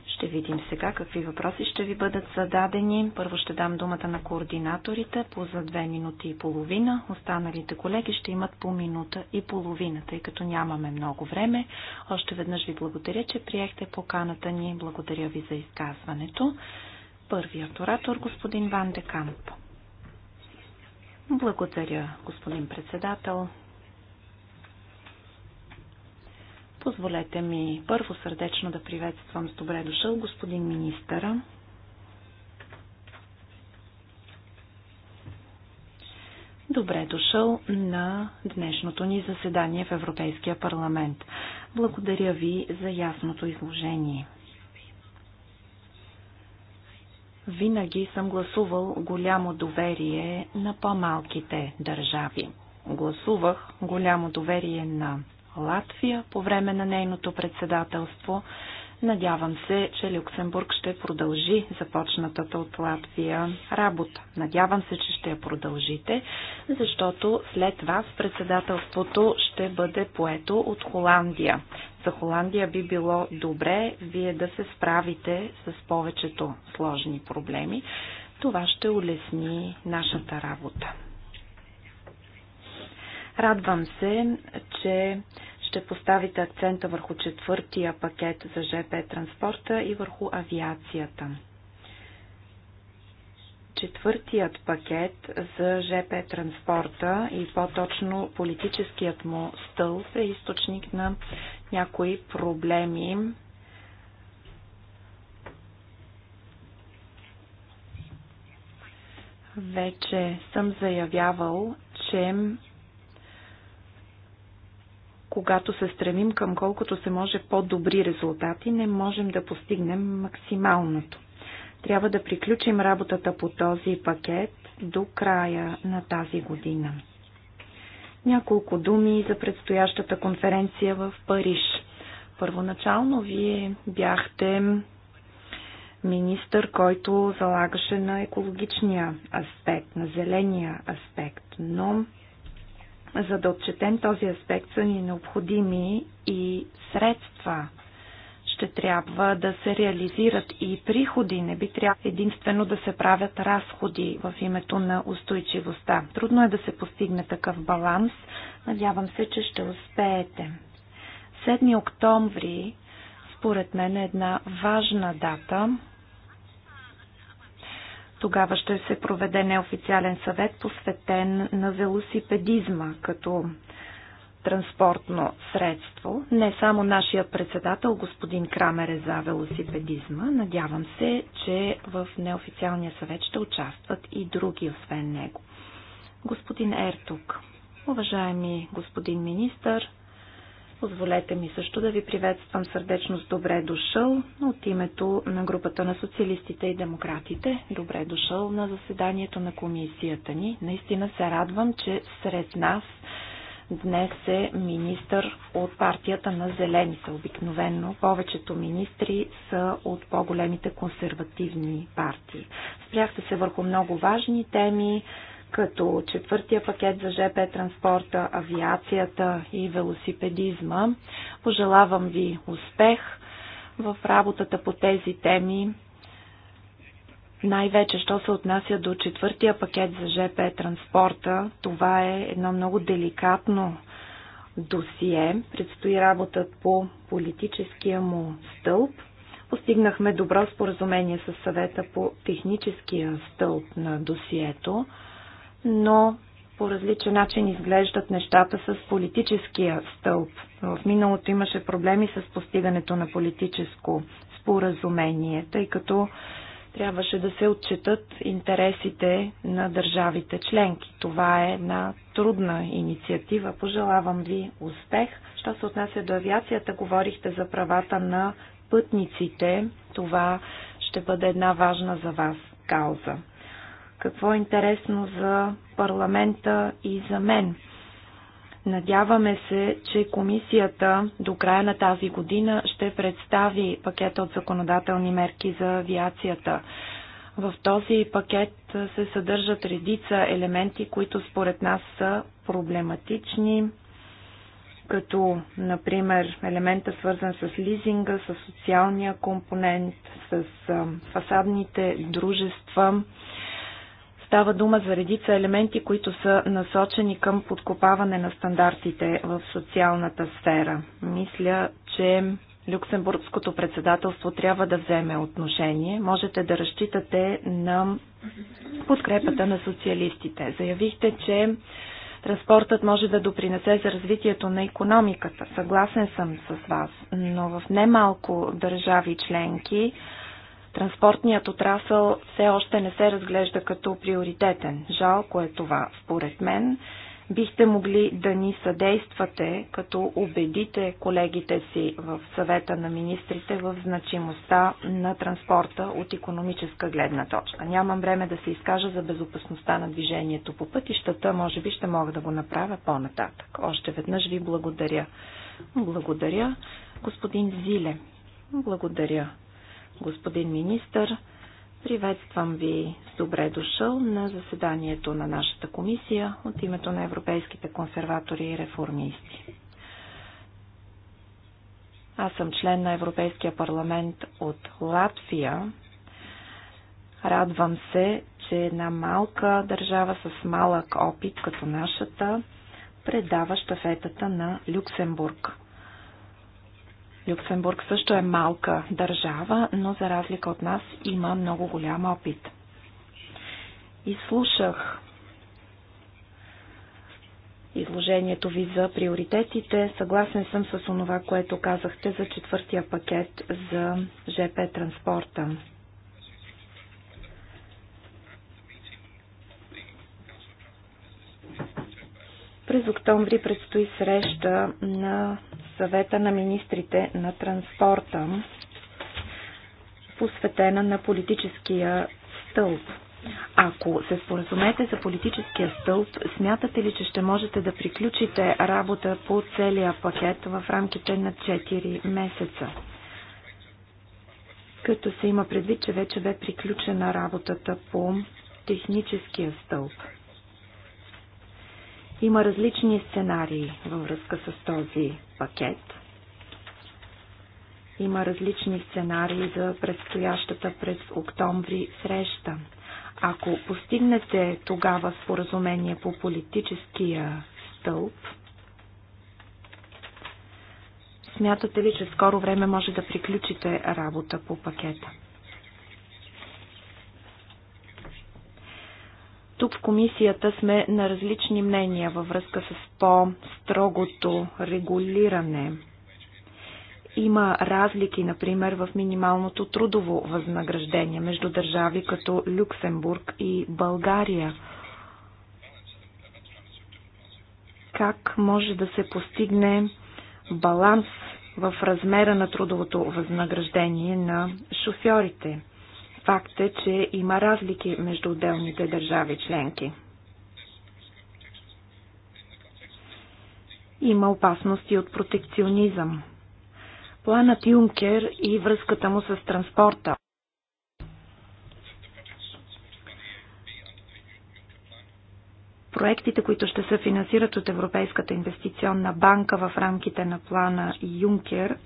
Ще видим сега какви въпроси ще ви бъдат зададени. Първо ще дам думата на координаторите по за две минути и половина. Останалите колеги ще имат по минута и половина, тъй като нямаме много време. Още веднъж ви благодаря, че приехте поканата ни. Благодаря ви за изказването. Първият оратор, господин Ван Декамп. Благодаря, господин председател. Позволете ми първо сърдечно да приветствам с добре дошъл господин министъра. Добре дошъл на днешното ни заседание в Европейския парламент. Благодаря ви за ясното изложение. Винаги съм гласувал голямо доверие на по-малките държави. Гласувах голямо доверие на Латвия по време на нейното председателство Надявам се, че Люксембург ще продължи започнатата от Латвия работа. Надявам се, че ще я продължите, защото след вас председателството ще бъде поето от Холандия. За Холандия би било добре вие да се справите с повечето сложни проблеми. Това ще улесни нашата работа. Радвам се, че ще поставите акцента върху четвъртия пакет за ЖП транспорта и върху авиацията? Четвъртият пакет за ЖП транспорта и по-точно политическият му стълб е източник на някои проблеми, вече съм заявявал, че когато се стремим към колкото се може по-добри резултати, не можем да постигнем максималното. Трябва да приключим работата по този пакет до края на тази година. Няколко думи за предстоящата конференция в Париж. Първоначално вие бяхте министър, който залагаше на екологичния аспект, на зеления аспект, но за да отчетем този аспект са ни необходими и средства. Ще трябва да се реализират и приходи, не би трябвало единствено да се правят разходи в името на устойчивостта. Трудно е да се постигне такъв баланс. Надявам се, че ще успеете. 7 октомври, според мен, е една важна дата, тогава ще се проведе неофициален съвет, посветен на велосипедизма като транспортно средство. Не само нашия председател, господин Крамер е за велосипедизма. Надявам се, че в неофициалния съвет ще участват и други, освен него. Господин Ертук, уважаеми господин министър, Позволете ми също да ви приветствам сърдечно с добре дошъл от името на групата на социалистите и демократите. Добре дошъл на заседанието на комисията ни. Наистина се радвам, че сред нас днес е министър от партията на Зелените. Обикновенно повечето министри са от по-големите консервативни партии. Спряхте се върху много важни теми, като четвъртия пакет за ЖП транспорта, авиацията и велосипедизма. Пожелавам ви успех в работата по тези теми, най-вече, що се отнася до четвъртия пакет за ЖП транспорта, това е едно много деликатно досие. Предстои работа по политическия му стълб. Постигнахме добро споразумение с съвета по техническия стълб на досието но по различен начин изглеждат нещата с политическия стълб. В миналото имаше проблеми с постигането на политическо споразумение, тъй като трябваше да се отчитат интересите на държавите членки. Това е една трудна инициатива. Пожелавам ви успех. Що се отнася до авиацията, говорихте за правата на пътниците. Това ще бъде една важна за вас кауза какво е интересно за парламента и за мен. Надяваме се, че комисията до края на тази година ще представи пакета от законодателни мерки за авиацията. В този пакет се съдържат редица елементи, които според нас са проблематични, като, например, елемента свързан с лизинга, с социалния компонент, с фасадните дружества. Става дума за редица елементи, които са насочени към подкопаване на стандартите в социалната сфера. Мисля, че Люксембургското председателство трябва да вземе отношение. Можете да разчитате на подкрепата на социалистите. Заявихте, че транспортът може да допринесе за развитието на економиката. Съгласен съм с вас, но в немалко държави членки Транспортният отрасъл все още не се разглежда като приоритетен. Жалко е това, според мен. Бихте могли да ни съдействате, като убедите колегите си в съвета на министрите в значимостта на транспорта от економическа гледна точка. Нямам време да се изкажа за безопасността на движението по пътищата, може би ще мога да го направя по-нататък. Още веднъж ви благодаря. Благодаря, господин Зиле. Благодаря, Господин министър, приветствам ви с добре дошъл на заседанието на нашата комисия от името на европейските консерватори и реформисти. Аз съм член на Европейския парламент от Латвия. Радвам се, че една малка държава с малък опит като нашата предава щафетата на Люксембург. Люксембург също е малка държава, но за разлика от нас има много голям опит. И слушах изложението ви за приоритетите. Съгласен съм с онова, което казахте за четвъртия пакет за ЖП транспорта. През октомври предстои среща на съвета на министрите на транспорта, посветена на политическия стълб. Ако се споразумете за политическия стълб, смятате ли, че ще можете да приключите работа по целия пакет в рамките на 4 месеца? Като се има предвид, че вече бе приключена работата по техническия стълб. Има различни сценарии във връзка с този пакет. Има различни сценарии за предстоящата през октомври среща. Ако постигнете тогава споразумение по политическия стълб, смятате ли, че скоро време може да приключите работа по пакета? Тук в комисията сме на различни мнения във връзка с по-строгото регулиране. Има разлики, например, в минималното трудово възнаграждение между държави като Люксембург и България. Как може да се постигне баланс в размера на трудовото възнаграждение на шофьорите? Факт е, че има разлики между отделните държави членки. Има опасности от протекционизъм. Планът Юнкер и връзката му с транспорта. проектите, които ще се финансират от Европейската инвестиционна банка в рамките на плана Юнкер,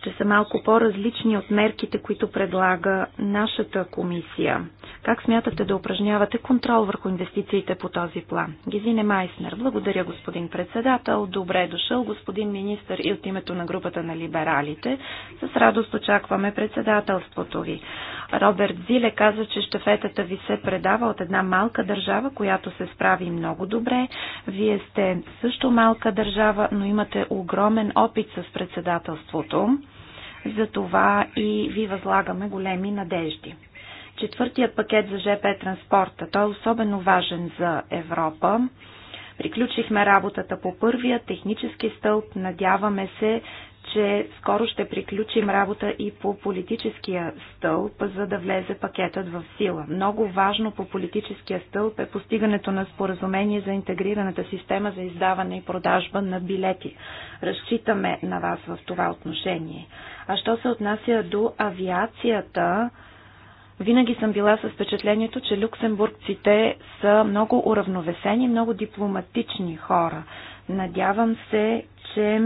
ще са малко по-различни от мерките, които предлага нашата комисия. Как смятате да упражнявате контрол върху инвестициите по този план? Гизине Майснер. Благодаря, господин председател. Добре дошъл, господин министр и от името на групата на либералите. С радост очакваме председателството ви. Роберт Зиле каза, че щафетата ви се предава от една малка държава, която се справи много добре. Вие сте също малка държава, но имате огромен опит с председателството. Затова и ви възлагаме големи надежди четвъртия пакет за ЖП транспорта. Той е особено важен за Европа. Приключихме работата по първия технически стълб. Надяваме се, че скоро ще приключим работа и по политическия стълб, за да влезе пакетът в сила. Много важно по политическия стълб е постигането на споразумение за интегрираната система за издаване и продажба на билети. Разчитаме на вас в това отношение. А що се отнася до авиацията, винаги съм била с впечатлението, че люксембургците са много уравновесени, много дипломатични хора. Надявам се, че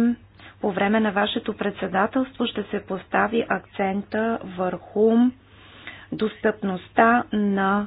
по време на вашето председателство ще се постави акцента върху достъпността на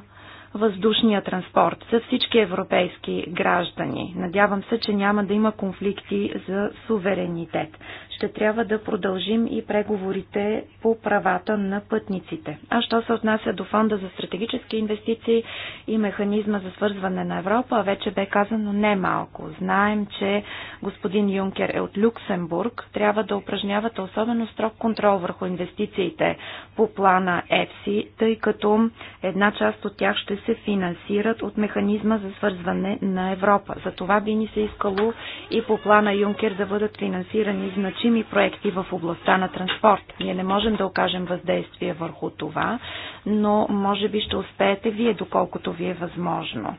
въздушния транспорт за всички европейски граждани. Надявам се, че няма да има конфликти за суверенитет. Ще трябва да продължим и преговорите по правата на пътниците. А що се отнася до фонда за стратегически инвестиции и механизма за свързване на Европа, вече бе казано не малко. Знаем, че господин Юнкер е от Люксембург. Трябва да упражнявате особено строг контрол върху инвестициите по плана ЕФСИ, тъй като една част от тях ще се финансират от механизма за свързване на Европа. За това би ни се искало и по плана Юнкер да бъдат финансирани значими проекти в областта на транспорт. Ние не можем да окажем въздействие върху това, но може би ще успеете вие, доколкото ви е възможно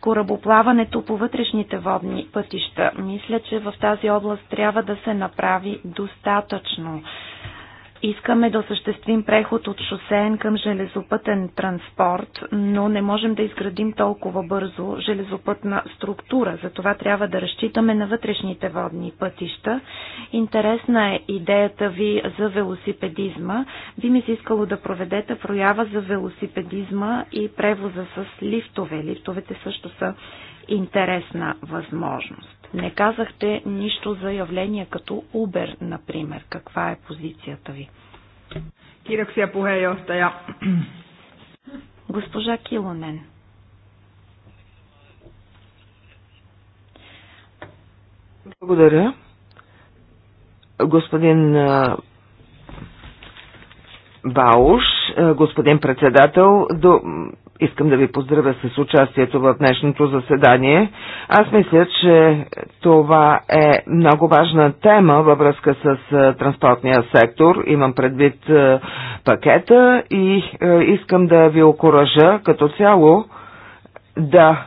корабоплаването по вътрешните водни пътища. Мисля, че в тази област трябва да се направи достатъчно. Искаме да осъществим преход от шосеен към железопътен транспорт, но не можем да изградим толкова бързо железопътна структура. Затова трябва да разчитаме на вътрешните водни пътища. Интересна е идеята ви за велосипедизма. Би ми се искало да проведете проява за велосипедизма и превоза с лифтове. Лифтовете също са интересна възможност. Не казахте нищо за явление като Uber, например. Каква е позицията ви? Kiitoksia остая. Госпожа Килонен. Благодаря. Господин Бауш, господин председател, до, искам да ви поздравя с участието в днешното заседание. Аз мисля, че това е много важна тема във връзка с транспортния сектор. Имам предвид пакета и искам да ви окоръжа като цяло да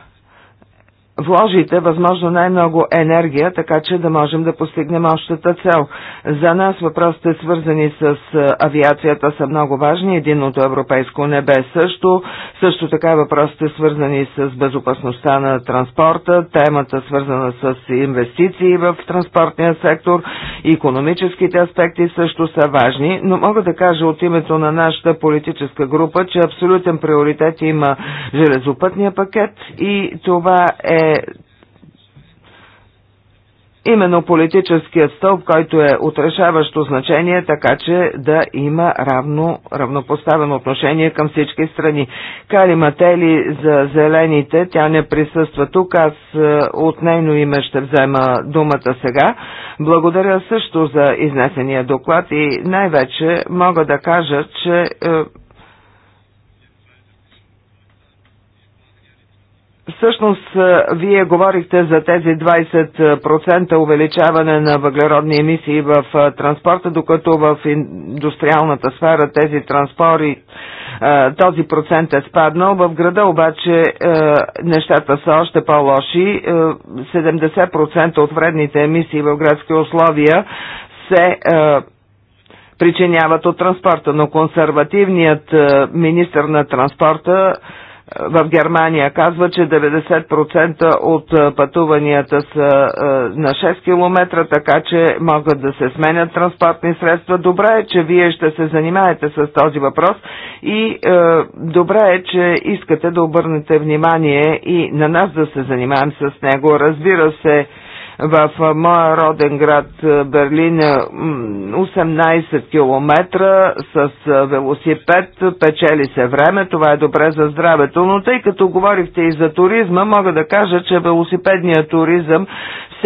вложите възможно най-много енергия, така че да можем да постигнем общата цел. За нас въпросите, свързани с авиацията, са много важни. Единното европейско небе също. Също така въпросите, свързани с безопасността на транспорта, темата, свързана с инвестиции в транспортния сектор, економическите аспекти също са важни, но мога да кажа от името на нашата политическа група, че абсолютен приоритет има железопътния пакет и това е именно политическият стълб, който е отрешаващо значение, така че да има равно, равнопоставено отношение към всички страни. Кали Матели за зелените, тя не присъства тук, аз е, от нейно име ще взема думата сега. Благодаря също за изнесения доклад и най-вече мога да кажа, че е, Всъщност, е, вие говорихте за тези 20% увеличаване на въглеродни емисии в е, транспорта, докато в индустриалната сфера тези транспори, е, този процент е спаднал. В града обаче нещата са още по-лоши. 70% от вредните емисии в градски условия се причиняват от транспорта, но консервативният министр на транспорта в Германия казва, че 90% от пътуванията са на 6 км, така че могат да се сменят транспортни средства. Добре е, че вие ще се занимаете с този въпрос и е, добре е, че искате да обърнете внимание и на нас да се занимаем с него. Разбира се, в моя роден град Берлин 18 е, км с велосипед, печели се време, това е добре за здравето, но тъй като говорихте и за туризма, мога да кажа, че велосипедният туризъм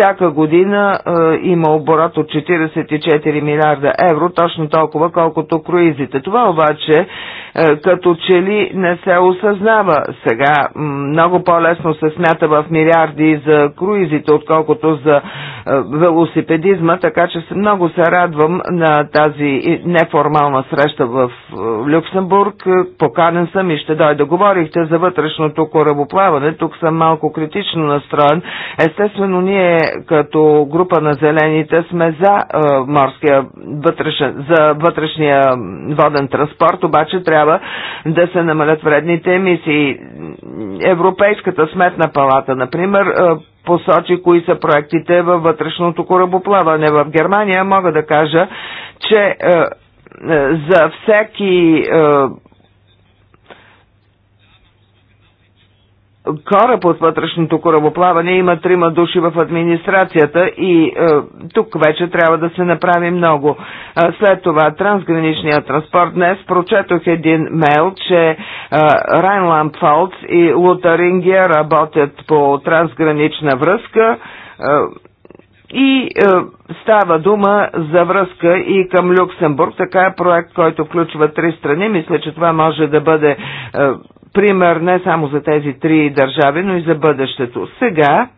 всяка година е, има оборот от 44 милиарда евро, точно толкова колкото круизите. Това обаче е, като че ли не се осъзнава сега. Много по-лесно се смята в милиарди за круизите, отколкото за е, велосипедизма, така че много се радвам на тази неформална среща в е, Люксембург. Е, поканен съм и ще дойда. Говорихте за вътрешното корабоплаване. Тук съм малко критично настроен. Естествено, ние като група на зелените сме за е, морския вътрешен, за вътрешния воден транспорт, обаче трябва да се намалят вредните емисии. Европейската сметна палата, например, е, посочи кои са проектите във вътрешното корабоплаване в Германия. Мога да кажа, че е, е, за всеки е, кораб от вътрешното корабоплаване има трима души в администрацията и е, тук вече трябва да се направи много. Е, след това трансграничният транспорт. Днес прочетох един мейл, че е, Райнланд Фалц и Лутарингия работят по трансгранична връзка. Е, и е, става дума за връзка и към Люксембург. Така е проект, който включва три страни. Мисля, че това може да бъде е, пример не само за тези три държави, но и за бъдещето. Сега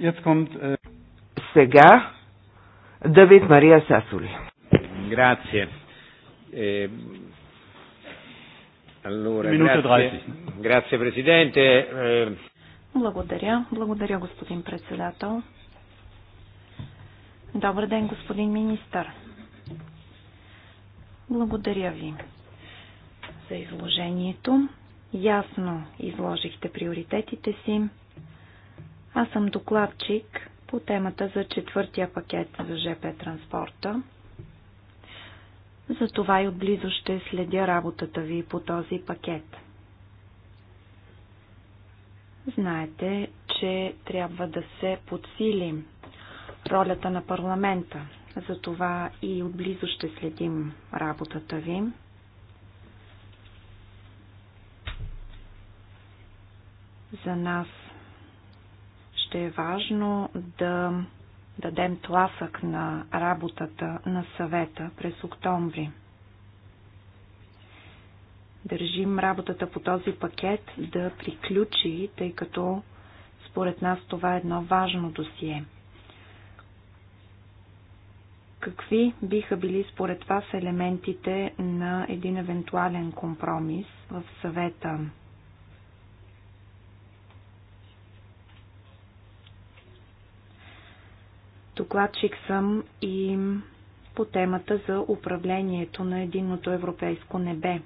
äh, Сега Давид Мария Сасули. Грация. Е, allora, grazie, grazie Eh... Благодаря. Благодаря, господин председател. Добър ден, господин министър. Благодаря ви за изложението. Ясно изложихте приоритетите си. Аз съм докладчик по темата за четвъртия пакет за ЖП транспорта. Затова и отблизо ще следя работата ви по този пакет. Знаете, че трябва да се подсилим ролята на парламента. Затова и отблизо ще следим работата ви. За нас ще е важно да дадем тласък на работата на съвета през октомври. Държим работата по този пакет да приключи, тъй като според нас това е едно важно досие – Какви биха били според вас елементите на един евентуален компромис в съвета? Докладчик съм и по темата за управлението на единното европейско небе.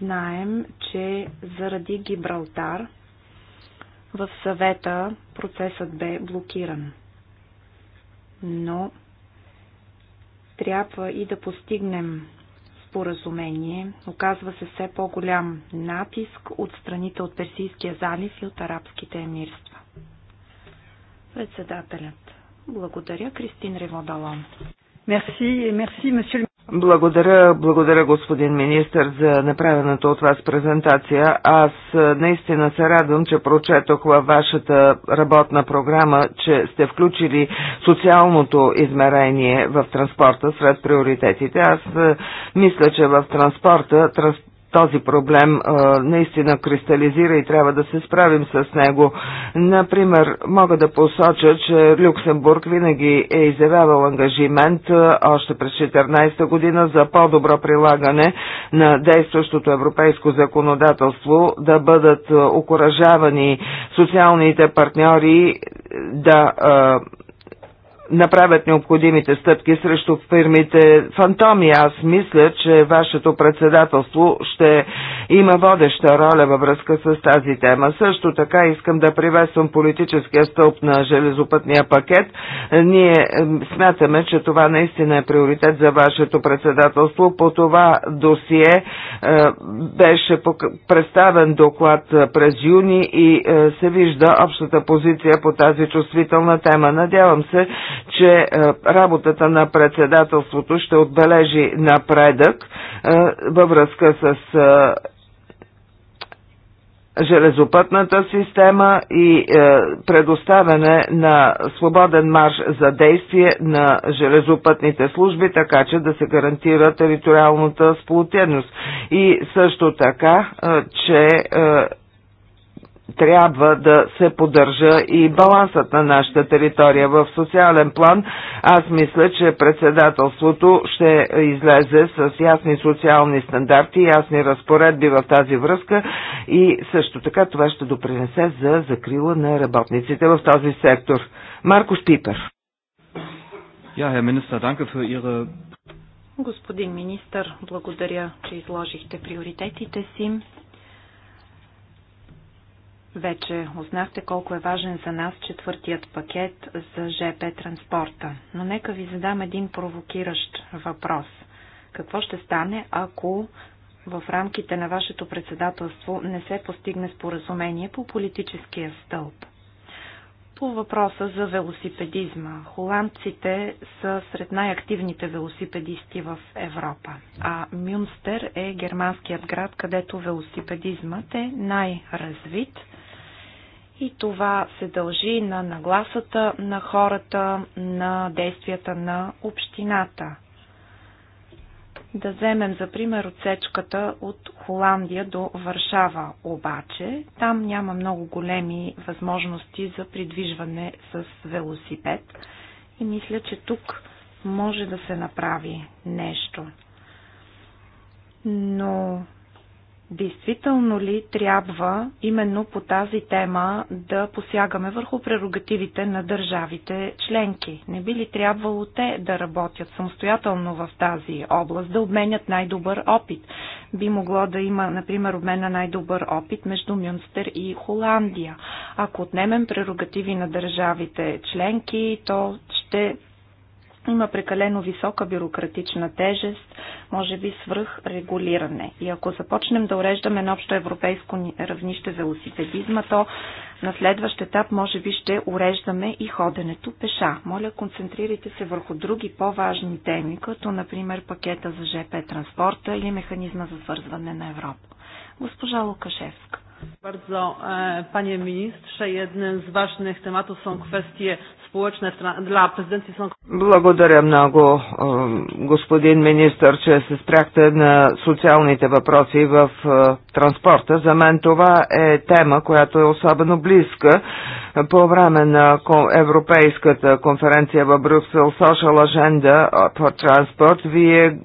Знаем, че заради Гибралтар в съвета процесът бе блокиран. Но трябва и да постигнем споразумение. Оказва се все по-голям натиск от страните от Персийския залив и от арабските емирства. Председателят. Благодаря, Кристин Реводалон. Мерси, мерси, благодаря, благодаря господин министр за направената от вас презентация. Аз е, наистина се радвам, че прочетох във вашата работна програма, че сте включили социалното измерение в транспорта сред приоритетите. Аз е, мисля, че в транспорта транс този проблем а, наистина кристализира и трябва да се справим с него. Например, мога да посоча, че Люксембург винаги е изявявал ангажимент а, още през 14-та година за по-добро прилагане на действащото европейско законодателство, да бъдат окоръжавани социалните партньори да а, направят необходимите стъпки срещу фирмите фантоми. Аз мисля, че вашето председателство ще има водеща роля във връзка с тази тема. Също така искам да приветствам политическия стълб на железопътния пакет. Ние смятаме, че това наистина е приоритет за вашето председателство. По това досие е, беше представен доклад е, през юни и е, се вижда общата позиция по тази чувствителна тема. Надявам се, че е, работата на председателството ще отбележи напредък е, във връзка с е, железопътната система и е, предоставяне на свободен марш за действие на железопътните служби, така че да се гарантира териториалната сплотеност. И също така, е, че е, трябва да се поддържа и балансът на нашата територия. В социален план аз мисля, че председателството ще излезе с ясни социални стандарти, ясни разпоредби в тази връзка и също така това ще допринесе за закрила на работниците в този сектор. Марко Шпипер. Ihre Господин министър, благодаря, че изложихте приоритетите си. Вече узнахте колко е важен за нас четвъртият пакет за ЖП транспорта. Но нека ви задам един провокиращ въпрос. Какво ще стане, ако в рамките на вашето председателство не се постигне споразумение по политическия стълб? По въпроса за велосипедизма. Холандците са сред най-активните велосипедисти в Европа, а Мюнстер е германският град, където велосипедизмът е най-развит. И това се дължи на нагласата на хората, на действията на общината. Да вземем за пример отсечката от Холандия до Варшава, обаче там няма много големи възможности за придвижване с велосипед и мисля, че тук може да се направи нещо. Но Действително ли трябва именно по тази тема да посягаме върху прерогативите на държавите членки? Не би ли трябвало те да работят самостоятелно в тази област, да обменят най-добър опит? Би могло да има, например, обмен на най-добър опит между Мюнстер и Холандия. Ако отнемем прерогативи на държавите членки, то ще вероятно има прекалено висока бюрократична тежест, може би свръх регулиране. И ако започнем да уреждаме на общо европейско равнище за велосипедизма, то на следващ етап може би ще уреждаме и ходенето пеша. Моля, концентрирайте се върху други по-важни теми, като например пакета за ЖП транспорта или механизма за свързване на Европа. Госпожа Лукашевска. Bardzo, panie ministrze. Jednym z ważnych tematów są kwestie społeczne dla prezydencji są... Благодаря много, господин министър, че се спряхте на социалните въпроси в транспорта. За мен това е тема, която е особено близка. По време на Европейската конференция в Брюксел Social Agenda for Transport, вие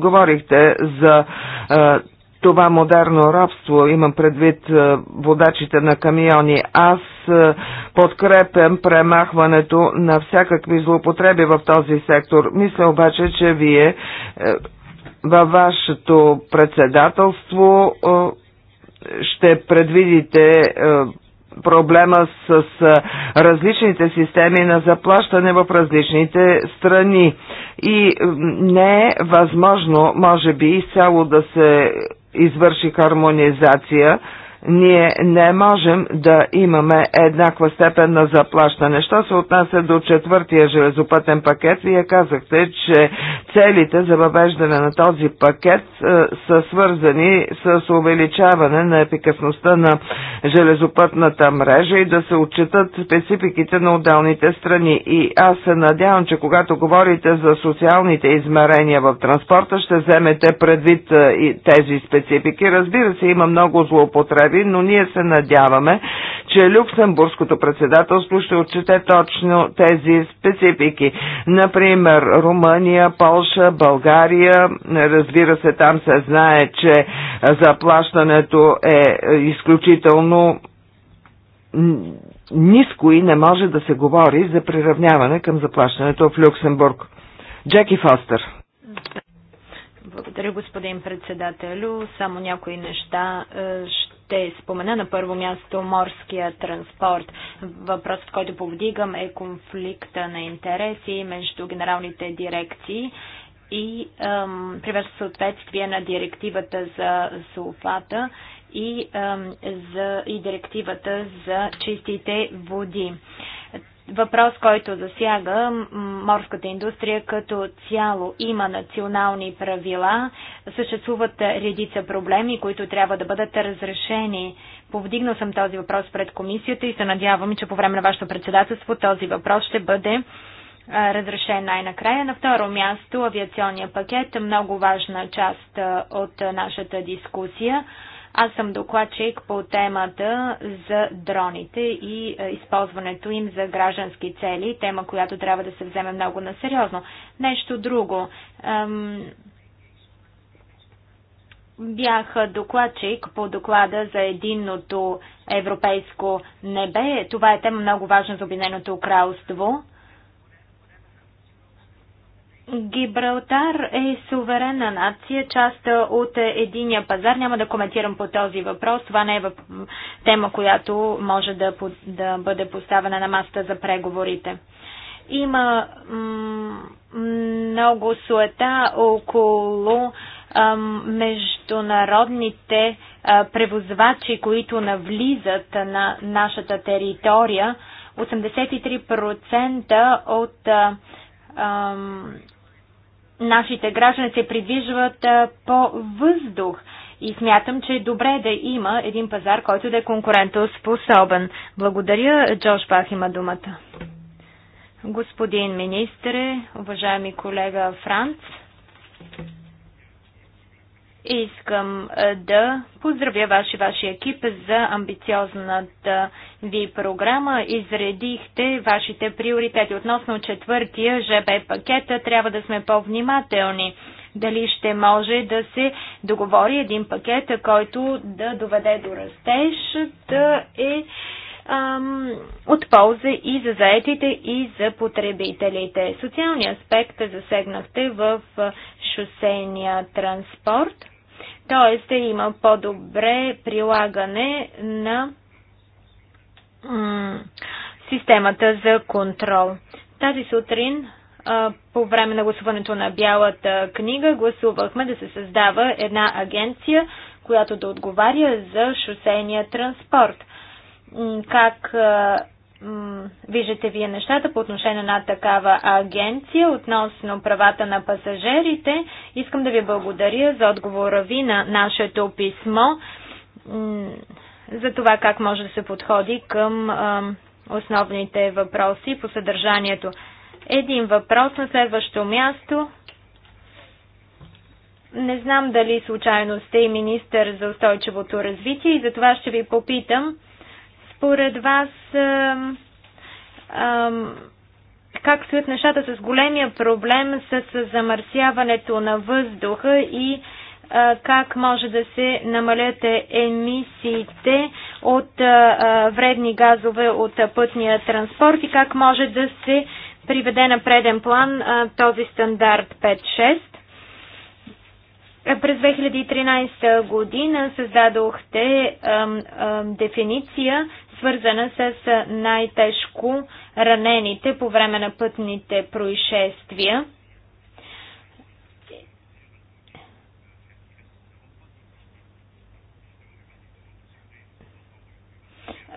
говорихте за това модерно рабство, имам предвид водачите на камиони. Аз е, подкрепям премахването на всякакви злоупотреби в този сектор. Мисля обаче, че вие е, във вашето председателство е, ще предвидите проблема с различните системи на заплащане в различните страни. И не е възможно, може би, изцяло да се извърши хармонизация ние не можем да имаме еднаква степен на заплащане. Що се отнася до четвъртия железопътен пакет, вие казахте, че целите за въвеждане на този пакет е, са свързани с увеличаване на ефикасността на железопътната мрежа и да се отчитат спецификите на отделните страни. И аз се надявам, че когато говорите за социалните измерения в транспорта, ще вземете предвид е, и тези специфики. Разбира се, има много злоупотреби направи, но ние се надяваме, че Люксембургското председателство ще отчете точно тези специфики. Например, Румъния, Полша, България, разбира се, там се знае, че заплащането е изключително ниско и не може да се говори за приравняване към заплащането в Люксембург. Джеки Фостер. Благодаря, господин председателю. Само някои неща е, ще спомена на първо място морския транспорт. Въпросът, който повдигам е конфликта на интереси между генералните дирекции и ем, съответствие на директивата за сулфата и, ем, за, и директивата за чистите води. Ем, въпрос, който засяга морската индустрия като цяло. Има национални правила, съществуват редица проблеми, които трябва да бъдат разрешени. Повдигнал съм този въпрос пред комисията и се надявам, че по време на вашето председателство този въпрос ще бъде разрешен най-накрая. На второ място авиационния пакет, е много важна част от нашата дискусия. Аз съм докладчик по темата за дроните и е, използването им за граждански цели, тема, която трябва да се вземе много на сериозно. Нещо друго. Бях докладчик по доклада за единното европейско небе. Това е тема много важна за Обединеното кралство. Гибралтар е суверенна нация, част от единия пазар. Няма да коментирам по този въпрос. Това не е въп... тема, която може да, да бъде поставена на масата за преговорите. Има много суета около международните превозвачи, които навлизат на нашата територия. 83% от нашите граждани се придвижват по въздух. И смятам, че е добре да има един пазар, който да е конкурентоспособен. Благодаря. Джош Бах има думата. Господин министре, уважаеми колега Франц, Искам е, да поздравя ваш и вашия екип за амбициозната ви програма. Изредихте вашите приоритети. Относно четвъртия ЖБ пакета трябва да сме по-внимателни. Дали ще може да се договори един пакет, който да доведе до растеж, да е ам, от полза и за заетите, и за потребителите. Социалния аспект е засегнахте в шосейния транспорт, т.е. има по-добре прилагане на системата за контрол. Тази сутрин по време на гласуването на Бялата книга гласувахме да се създава една агенция, която да отговаря за шосейния транспорт как виждате вие нещата по отношение на такава агенция относно правата на пасажирите. Искам да ви благодаря за отговора ви на нашето писмо за това как може да се подходи към основните въпроси по съдържанието. Един въпрос на следващо място. Не знам дали случайно сте и министър за устойчивото развитие и за това ще ви попитам според вас, как стоят нещата с големия проблем с замърсяването на въздуха и как може да се намалят емисиите от вредни газове от пътния транспорт и как може да се приведе на преден план този стандарт 5-6. През 2013 година създадохте дефиниция свързана с най-тежко ранените по време на пътните происшествия.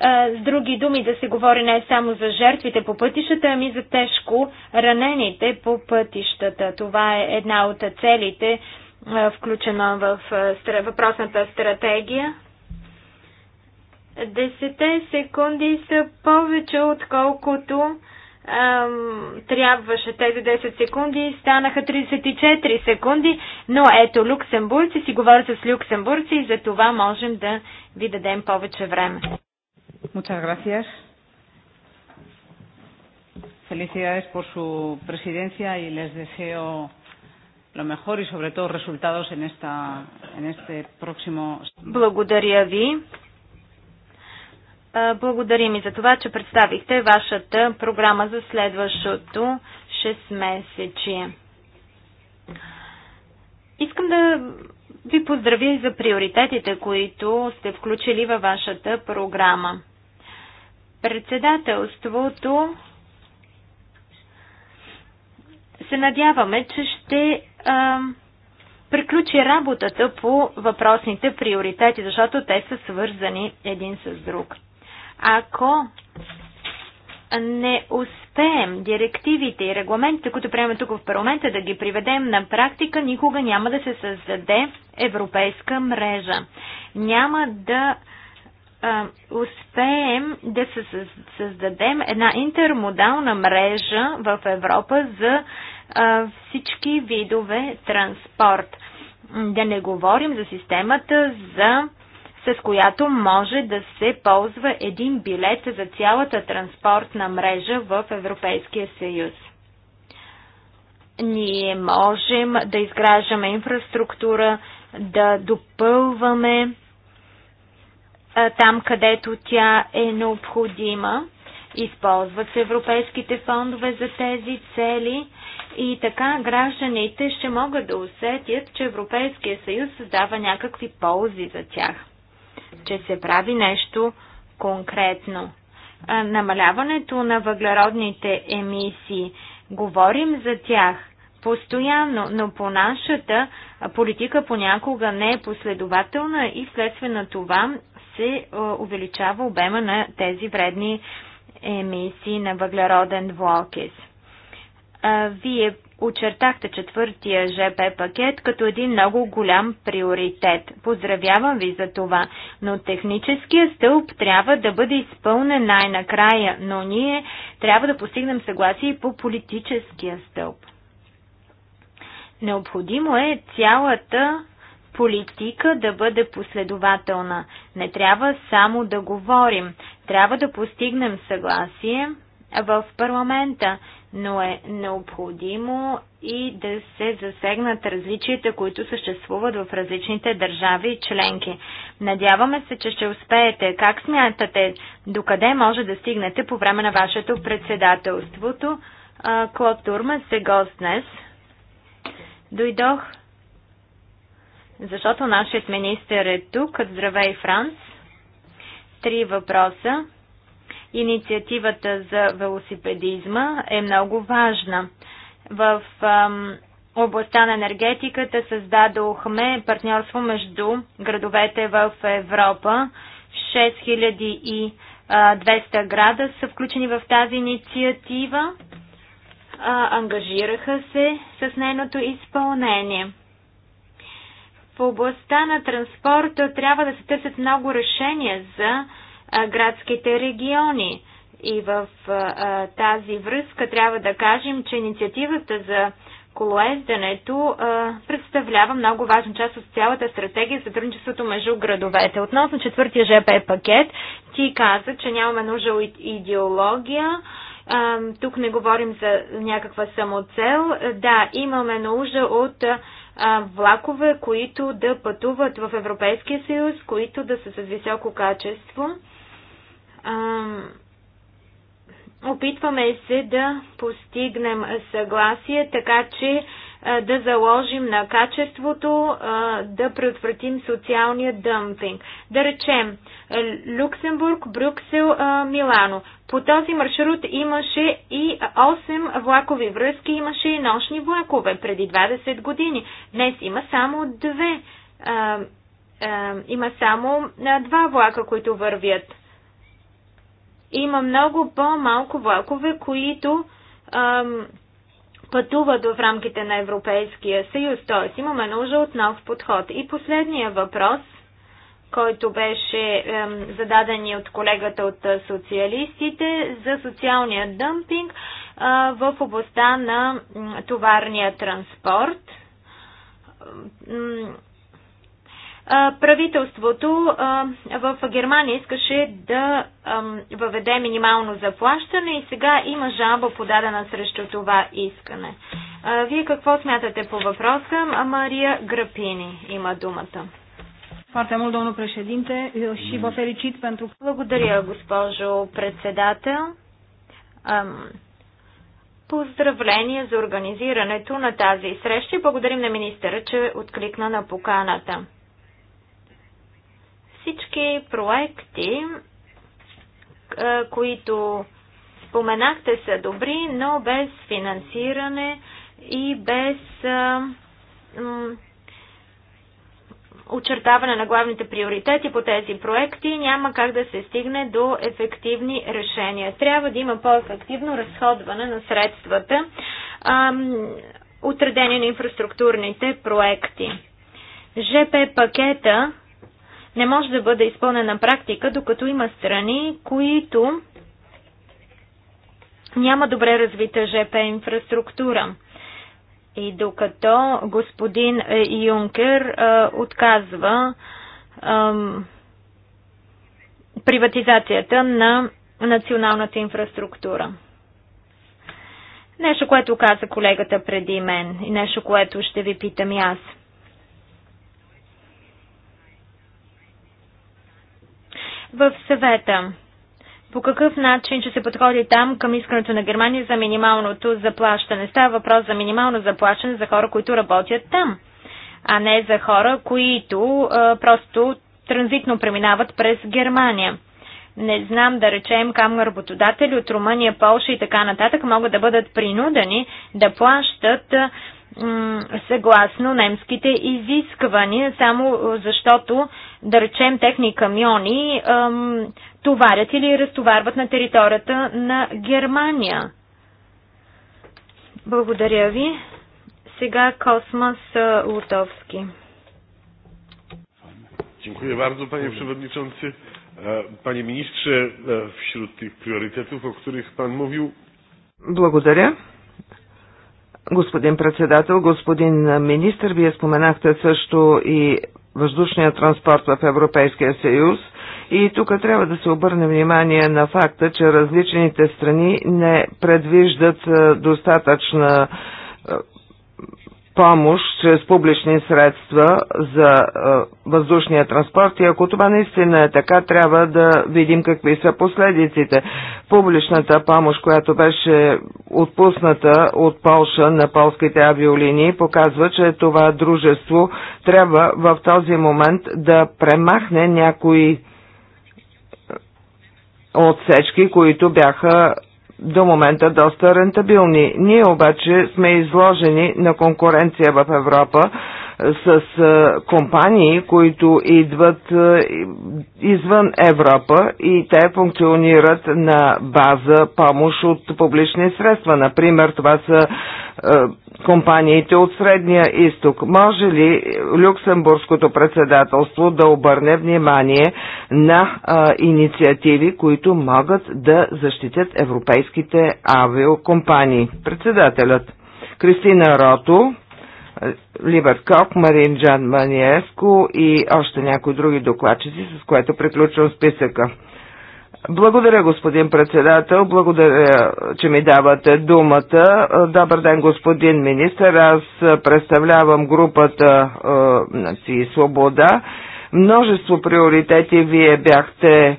С други думи да се говори не само за жертвите по пътищата, ами за тежко ранените по пътищата. Това е една от целите, включена в въпросната стратегия. Десете секунди са повече, отколкото ам, трябваше. Тези 10 секунди станаха 34 секунди, но ето люксембурци си говорят с люксембурци и за това можем да ви дадем повече време. Muchas gracias. Felicidades por su presidencia y les deseo lo mejor y sobre todo resultados en, esta, en este próximo. Благодаря ви. Благодарим и за това, че представихте вашата програма за следващото 6 месечи. Искам да ви поздравя и за приоритетите, които сте включили във вашата програма. Председателството се надяваме, че ще а, приключи работата по въпросните приоритети, защото те са свързани един с друг. Ако не успеем директивите и регламентите, които приемем тук в парламента, да ги приведем на практика, никога няма да се създаде европейска мрежа. Няма да а, успеем да се създадем една интермодална мрежа в Европа за а, всички видове транспорт. Да не говорим за системата за с която може да се ползва един билет за цялата транспортна мрежа в Европейския съюз. Ние можем да изграждаме инфраструктура, да допълваме там, където тя е необходима. Използват се европейските фондове за тези цели и така гражданите ще могат да усетят, че Европейския съюз създава някакви ползи за тях че се прави нещо конкретно. Намаляването на въглеродните емисии, говорим за тях постоянно, но по нашата политика понякога не е последователна и следствие на това се увеличава обема на тези вредни емисии на въглероден двуокис. Вие очертахте четвъртия ЖП пакет като един много голям приоритет. Поздравявам ви за това, но техническия стълб трябва да бъде изпълнен най-накрая, но ние трябва да постигнем съгласие и по политическия стълб. Необходимо е цялата политика да бъде последователна. Не трябва само да говорим, трябва да постигнем съгласие в парламента но е необходимо и да се засегнат различията, които съществуват в различните държави и членки. Надяваме се, че ще успеете. Как смятате, докъде може да стигнете по време на вашето председателството? Клод Турмас е гост днес. Дойдох, защото нашият министър е тук. Здравей, Франц. Три въпроса. Инициативата за велосипедизма е много важна. В областта на енергетиката създадохме партньорство между градовете в Европа. 6200 града са включени в тази инициатива. Ангажираха се с нейното изпълнение. В областта на транспорта трябва да се търсят много решения за градските региони. И в тази връзка трябва да кажем, че инициативата за колоезденето представлява много важна част от цялата стратегия за сътрудничеството между градовете. Относно четвъртия ЖП пакет, ти каза, че нямаме нужда от идеология. Тук не говорим за някаква самоцел. Да, имаме нужда от влакове, които да пътуват в Европейския съюз, които да са с високо качество опитваме се да постигнем съгласие, така че да заложим на качеството, да предотвратим социалния дъмпинг. Да речем Люксембург, Брюксел, Милано. По този маршрут имаше и 8 влакови връзки, имаше и нощни влакове преди 20 години. Днес има само 2. Има само два влака, които вървят има много по-малко влакове, които ам, пътуват в рамките на Европейския съюз. Т.е. имаме нужда от нов подход. И последния въпрос, който беше ам, зададен и от колегата от социалистите за социалния дъмпинг а, в областта на товарния транспорт Правителството в Германия искаше да въведе минимално заплащане и сега има жалба подадена срещу това искане. Вие какво смятате по въпроса? Мария Грапини има думата. Благодаря, госпожо председател. Поздравление за организирането на тази среща и благодарим на министъра, че откликна на поканата. Всички проекти, които споменахте, са добри, но без финансиране и без очертаване на главните приоритети по тези проекти няма как да се стигне до ефективни решения. Трябва да има по-ефективно разходване на средствата, отредени на инфраструктурните проекти. ЖП пакета не може да бъде изпълнена практика, докато има страни, които няма добре развита ЖП инфраструктура. И докато господин е, Юнкер е, отказва приватизацията на националната инфраструктура. Нещо, което каза колегата преди мен и нещо, което ще ви питам и аз – в съвета. По какъв начин ще се подходи там към искането на Германия за минималното заплащане? Става въпрос за минимално заплащане за хора, които работят там, а не за хора, които а, просто транзитно преминават през Германия. Не знам да речем кам работодатели от Румъния, Полша и така нататък могат да бъдат принудени да плащат съгласно немските изисквания, само защото, да речем, техни камиони ем, товарят или разтоварват на територията на Германия. Благодаря ви. Сега Космос Лутовски. Dziękuję bardzo, panie przewodniczący. E, panie ministrze, e, wśród tych priorytetów, o których pan mówił. Благодаря. Господин председател, господин министр, вие споменахте също и въздушния транспорт в Европейския съюз. И тук трябва да се обърне внимание на факта, че различните страни не предвиждат достатъчна помощ чрез публични средства за а, е, въздушния транспорт и ако това наистина е така, трябва да видим какви са последиците. Публичната помощ, която беше отпусната от Полша на полските авиолинии, показва, че това дружество трябва в този момент да премахне някои е, отсечки, които бяха до момента доста рентабилни. Ние обаче сме изложени на конкуренция в Европа, с компании, които идват извън Европа и те функционират на база помощ от публични средства. Например, това са компаниите от Средния изток. Може ли Люксембургското председателство да обърне внимание на инициативи, които могат да защитят европейските авиокомпании? Председателят Кристина Рото Ливър Кок, Марин Джан Маниеско и още някои други докладчици, с което приключвам списъка. Благодаря, господин председател. Благодаря, че ми давате думата. Добър ден, господин министър. Аз представлявам групата е, Свобода. Множество приоритети вие бяхте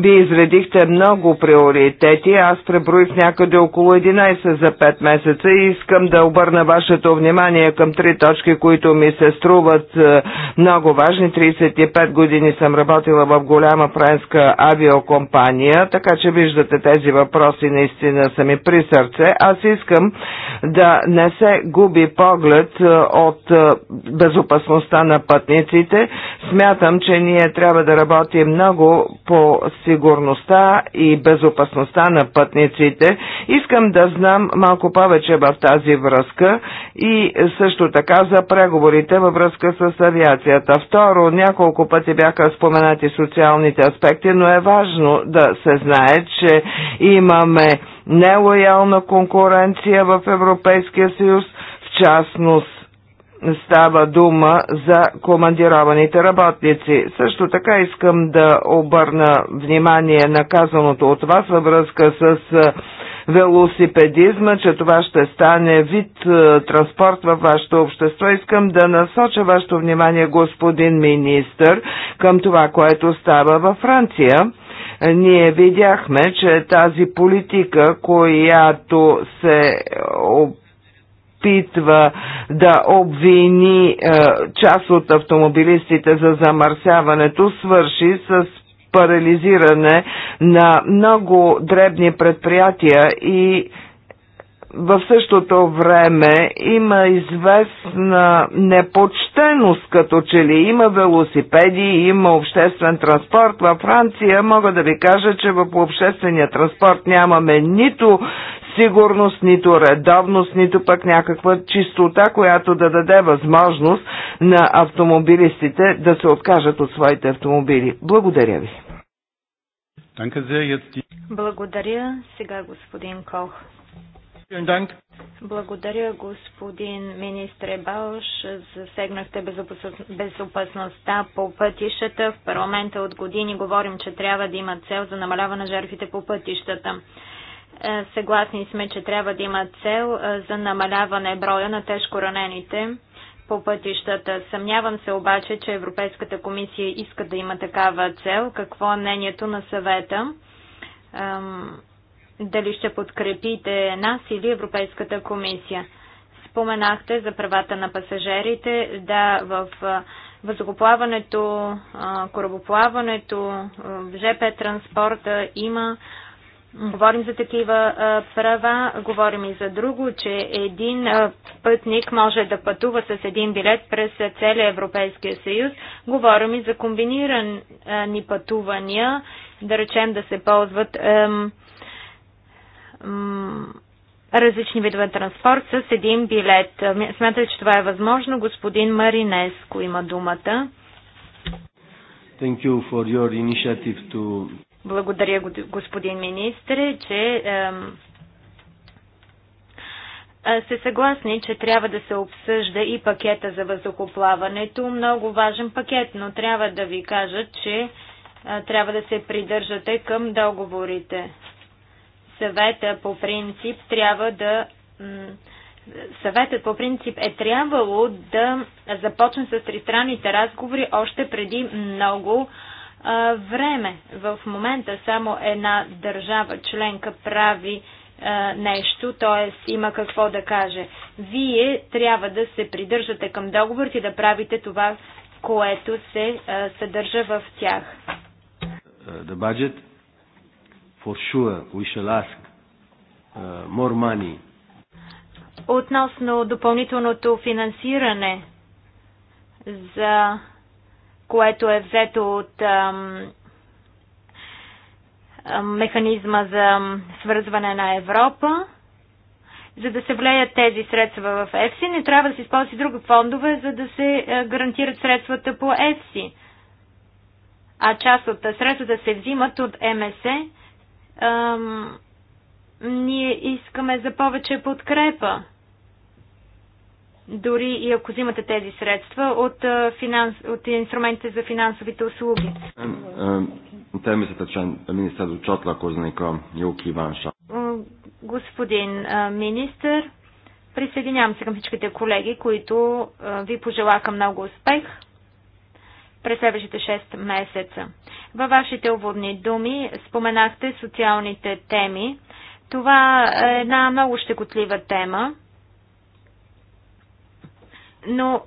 вие изредихте много приоритети, аз преброих някъде около 11 за 5 месеца и искам да обърна вашето внимание към три точки, които ми се струват е, много важни. 35 години съм работила в голяма френска авиокомпания, така че виждате тези въпроси наистина са ми при сърце. Аз искам да не се губи поглед е, от е, безопасността на пътниците. Смятам, че ние трябва да работим много по сигурността и безопасността на пътниците. Искам да знам малко повече в тази връзка и също така за преговорите във връзка с авиацията. Второ, няколко пъти бяха споменати социалните аспекти, но е важно да се знае, че имаме нелоялна конкуренция в Европейския съюз, в частност става дума за командированите работници. Също така искам да обърна внимание на казаното от вас във връзка с велосипедизма, че това ще стане вид транспорт във вашето общество. Искам да насоча вашето внимание, господин министр, към това, което става във Франция ние видяхме, че тази политика, която се опитва да обвини е, част от автомобилистите за замърсяването, свърши с парализиране на много дребни предприятия и в същото време има известна непочтеност, като че ли има велосипеди, има обществен транспорт. Във Франция мога да ви кажа, че в обществения транспорт нямаме нито сигурност, нито редовност, нито пък някаква чистота, която да даде възможност на автомобилистите да се откажат от своите автомобили. Благодаря ви. Благодаря. Сега господин Кох. Благодаря, господин министре Бауш. Засегнахте безопасността по пътищата. В парламента от години говорим, че трябва да има цел за намаляване на жертвите по пътищата. Е, съгласни сме, че трябва да има цел е, за намаляване броя на тежко ранените по пътищата. Съмнявам се обаче, че Европейската комисия иска да има такава цел. Какво е мнението на съвета? Дали ще подкрепите нас или Европейската комисия? Споменахте за правата на пасажирите. Да, в е, въздухоплаването, корабоплаването, в ЖП транспорта има Говорим за такива права, говорим и за друго, че един пътник може да пътува с един билет през целия Европейския съюз. Говорим и за комбинирани пътувания, да речем да се ползват ем, ем, различни видове транспорт с един билет. Смятате, че това е възможно? Господин Маринеско има думата. Thank you for your initiative to... Благодаря, господин министре, че се съгласни, че трябва да се обсъжда и пакета за въздухоплаването. Много важен пакет, но трябва да ви кажа, че трябва да се придържате към договорите. Съвета по принцип трябва да. Съветът по принцип е трябвало да започне с тристранните разговори още преди много време. В момента само една държава членка прави нещо, т.е. има какво да каже. Вие трябва да се придържате към договорите и да правите това, което се съдържа в тях. Uh, the budget, for sure, we shall ask uh, more money. Относно допълнителното финансиране за което е взето от механизма за свързване на Европа. За да се влеят тези средства в ЕФСИ, не трябва да се използват други фондове, за да се е, гарантират средствата по ЕФСИ. А част от средствата се взимат от МСЕ. Ам, ние искаме за повече подкрепа дори и ако взимате тези средства от, финанс, от инструментите за финансовите услуги. Господин министр, присъединявам се към всичките колеги, които ви пожелаха много успех през следващите 6 месеца. Във вашите уводни думи споменахте социалните теми. Това е една много щекотлива тема. Но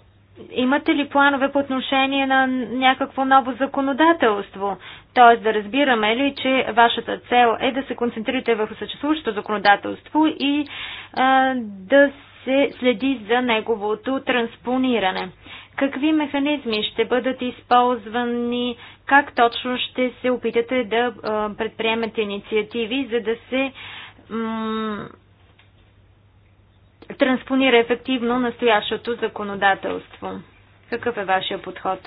имате ли планове по отношение на някакво ново законодателство? Тоест да разбираме ли, че вашата цел е да се концентрирате върху съществуващото законодателство и а, да се следи за неговото транспониране. Какви механизми ще бъдат използвани, как точно ще се опитате да а, предприемете инициативи, за да се транспонира ефективно настоящото законодателство. Какъв е вашия подход?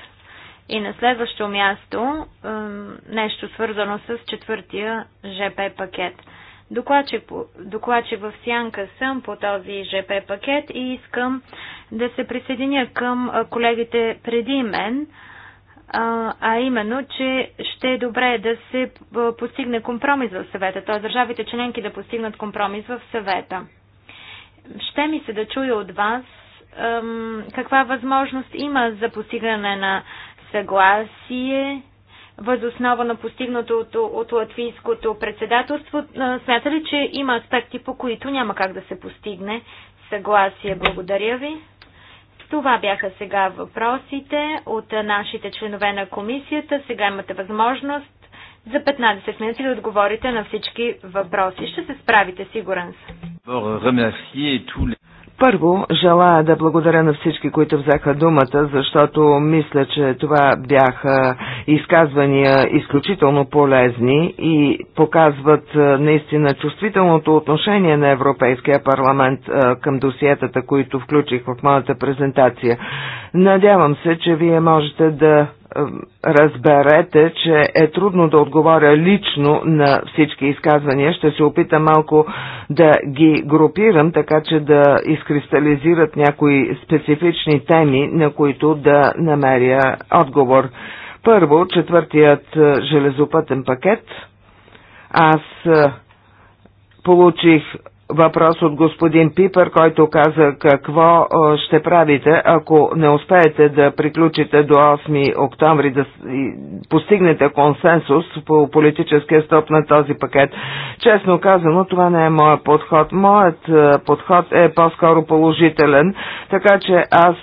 И на следващо място нещо свързано с четвъртия ЖП пакет. Докладче в сянка съм по този ЖП пакет и искам да се присъединя към е, колегите преди мен, е, а именно, че ще е добре да се е, постигне компромис в съвета, т.е. държавите членки да постигнат компромис в съвета. Ще ми се да чуя от вас каква възможност има за постигане на съгласие възоснова на постигнатото от латвийското председателство. Смята ли, че има аспекти, по които няма как да се постигне съгласие? Благодаря ви. Това бяха сега въпросите от нашите членове на комисията. Сега имате възможност за 15 минути да отговорите на всички въпроси. Ще се справите, сигурен съм. Първо, желая да благодаря на всички, които взеха думата, защото мисля, че това бяха изказвания изключително полезни и показват е, наистина чувствителното отношение на Европейския парламент е, към досиетата, които включих в моята презентация. Надявам се, че вие можете да разберете, че е трудно да отговоря лично на всички изказвания. Ще се опитам малко да ги групирам, така че да изкристализират някои специфични теми, на които да намеря отговор. Първо, четвъртият е, железопътен пакет. Аз е, получих въпрос от господин Пипър, който каза какво ще правите, ако не успеете да приключите до 8 октомври, да постигнете консенсус по политическия стоп на този пакет. Честно казано, това не е моят подход. Моят подход е по-скоро положителен, така че аз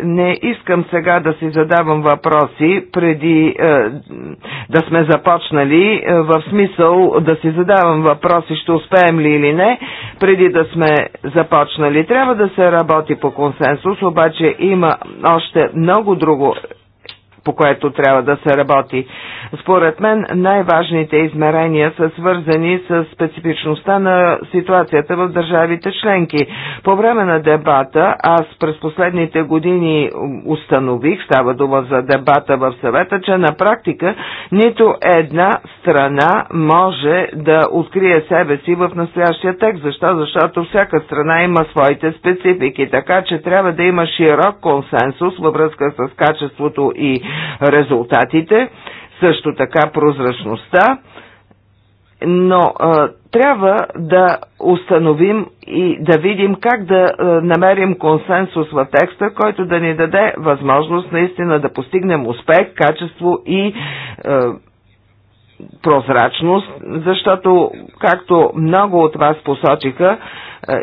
не искам сега да си задавам въпроси преди да сме започнали, в смисъл да си задавам въпроси, ще успеем ли или не, преди да сме започнали. Трябва да се работи по консенсус, обаче има още много друго по което трябва да се работи. Според мен най-важните измерения са свързани с специфичността на ситуацията в държавите членки. По време на дебата аз през последните години установих, става дума за дебата в съвета, че на практика нито една страна може да открие себе си в настоящия текст. Защо? Защото всяка страна има своите специфики, така че трябва да има широк консенсус във връзка с качеството и резултатите, също така прозрачността, но а, трябва да установим и да видим как да а, намерим консенсус в текста, който да ни даде възможност наистина да постигнем успех, качество и а, прозрачност, защото, както много от вас посочиха,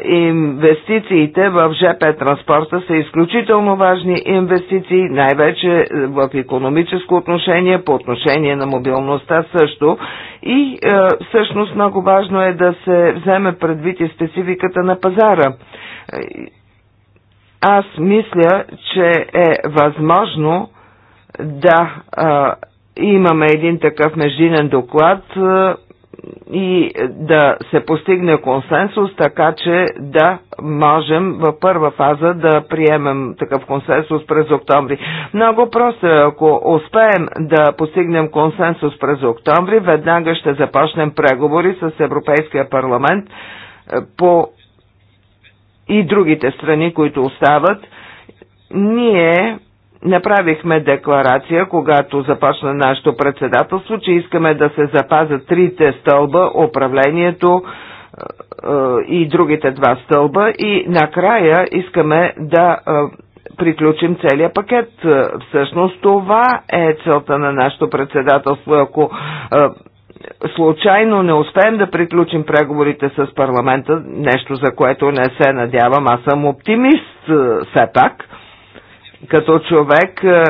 е, инвестициите в ЖП транспорта са изключително важни инвестиции, най-вече в економическо отношение, по отношение на мобилността също. И е, всъщност много важно е да се вземе предвид и спецификата на пазара. Аз мисля, че е възможно да е, имаме един такъв междинен доклад и да се постигне консенсус, така че да можем в първа фаза да приемем такъв консенсус през октомври. Много просто, е, ако успеем да постигнем консенсус през октомври, веднага ще започнем преговори с Европейския парламент по и другите страни, които остават. Ние направихме декларация, когато започна нашето председателство, че искаме да се запазят трите стълба, управлението е, е, и другите два стълба и накрая искаме да е, приключим целият пакет. Всъщност това е целта на нашето председателство. Ако случайно не успеем да приключим преговорите с парламента, нещо за което не се надявам, аз съм оптимист все пак, като човек е,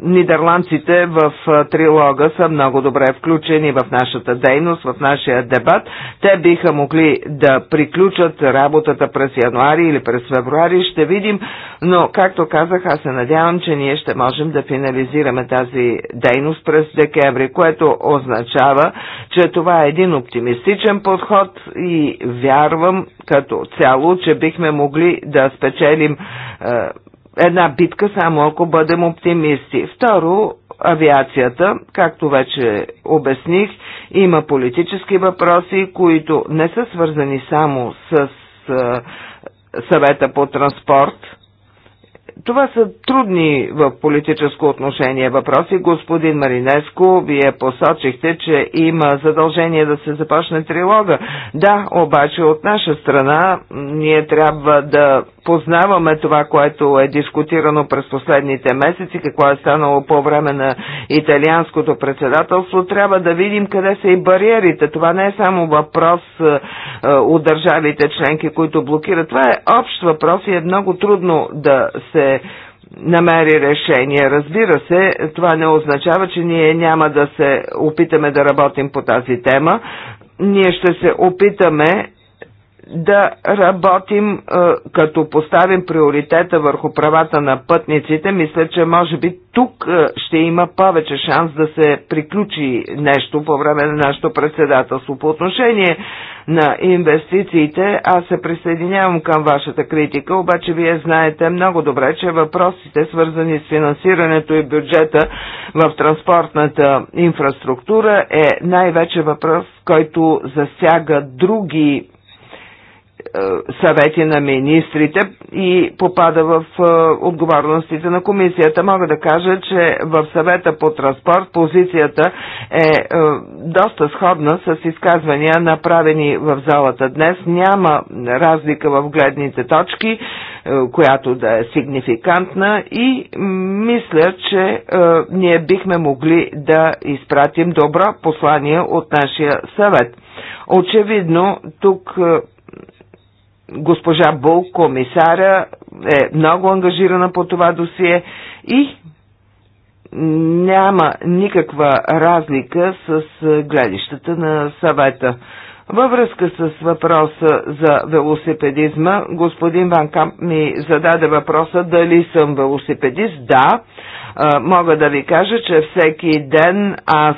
нидерландците в е, трилога са много добре включени в нашата дейност, в нашия дебат. Те биха могли да приключат работата през януари или през февруари, ще видим, но както казах, аз се надявам, че ние ще можем да финализираме тази дейност през декември, което означава, че това е един оптимистичен подход и вярвам като цяло, че бихме могли да спечелим е, една битка, само ако бъдем оптимисти. Второ, авиацията, както вече обясних, има политически въпроси, които не са свързани само с съвета по транспорт. Това са трудни в политическо отношение въпроси. Господин Маринеско, вие посочихте, че има задължение да се започне трилога. Да, обаче от наша страна ние трябва да познаваме това, което е дискутирано през последните месеци, какво е станало по време на италианското председателство, трябва да видим къде са и бариерите. Това не е само въпрос е, е, от държавите членки, които блокират. Това е общ въпрос и е много трудно да се намери решение. Разбира се, това не означава, че ние няма да се опитаме да работим по тази тема. Ние ще се опитаме да работим, е, като поставим приоритета върху правата на пътниците, мисля, че може би тук е, ще има повече шанс да се приключи нещо по време на нашето председателство. По отношение на инвестициите, аз се присъединявам към вашата критика, обаче вие знаете много добре, че въпросите, свързани с финансирането и бюджета в транспортната инфраструктура, е най-вече въпрос, който засяга други е, съвети на министрите и попада в е, отговорностите на комисията. Мога да кажа, че в съвета по транспорт позицията е, е доста сходна с изказвания направени в залата днес. Няма разлика в гледните точки, която да е сигнификантна и мисля, че ние бихме могли да изпратим добро послание от нашия съвет. Очевидно, тук Госпожа Бул, комисара, е много ангажирана по това досие и няма никаква разлика с гледищата на съвета. Във връзка с въпроса за велосипедизма, господин Ван Камп ми зададе въпроса дали съм велосипедист. Да, мога да ви кажа, че всеки ден аз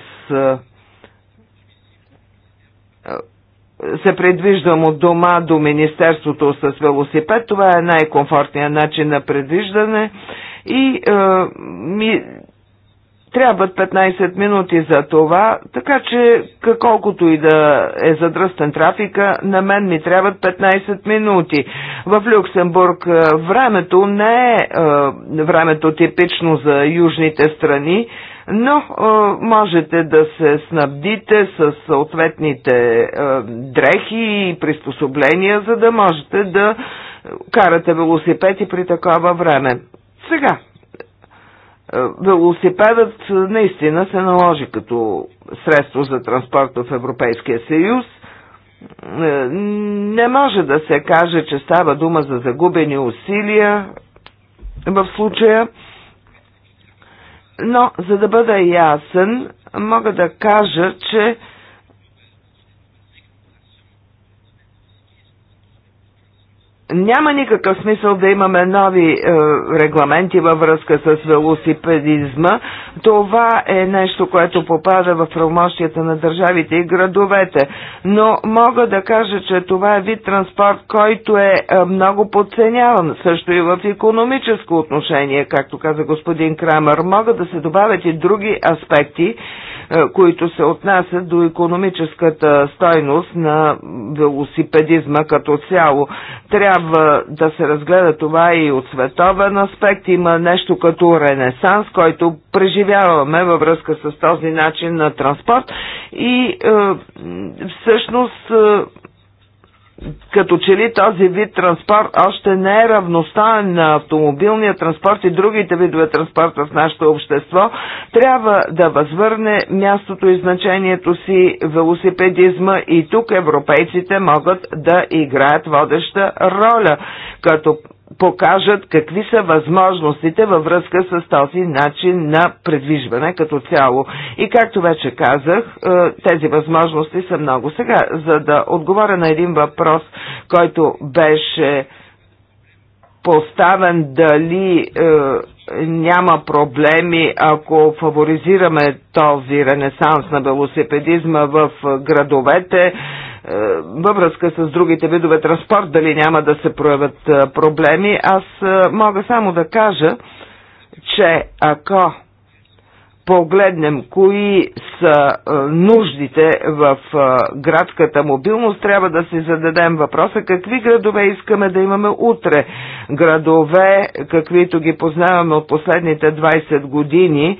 се предвиждам от дома до Министерството с велосипед. Това е най-комфортният начин на предвиждане и е, ми трябват 15 минути за това, така че колкото и да е задръстен трафика, на мен ми трябват 15 минути. В Люксембург е, времето не е, е времето типично за южните страни, но можете да се снабдите с съответните дрехи и приспособления, за да можете да карате велосипед и при такова време. Сега, велосипедът наистина се наложи като средство за транспорт в Европейския съюз. Не може да се каже, че става дума за загубени усилия в случая. Но, за да бъда ясен, мога да кажа, че Няма никакъв смисъл да имаме нови е, регламенти във връзка с велосипедизма. Това е нещо, което попада в правомощията на държавите и градовете. Но мога да кажа, че това е вид транспорт, който е, е много подценяван, също и в економическо отношение, както каза господин Крамер. Могат да се добавят и други аспекти е, които се отнасят до економическата стойност на велосипедизма като цяло. Трябва да се разгледа това и от световен аспект. Има нещо като ренесанс, който преживяваме във връзка с този начин на транспорт и е, всъщност е, като че ли този вид транспорт още не е равностан на автомобилния транспорт и другите видове транспорт в нашето общество, трябва да възвърне мястото и значението си велосипедизма и тук европейците могат да играят водеща роля, като покажат какви са възможностите във връзка с този начин на предвижване като цяло. И както вече казах, е, тези възможности са много. Сега, за да отговоря на един въпрос, който беше поставен дали е, няма проблеми, ако фаворизираме този ренесанс на велосипедизма в градовете, е, във връзка с другите видове транспорт, дали няма да се проявят е, проблеми. Аз е, мога само да кажа, че ако погледнем кои са нуждите в градската мобилност, трябва да си зададем въпроса какви градове искаме да имаме утре. Градове, каквито ги познаваме от последните 20 години,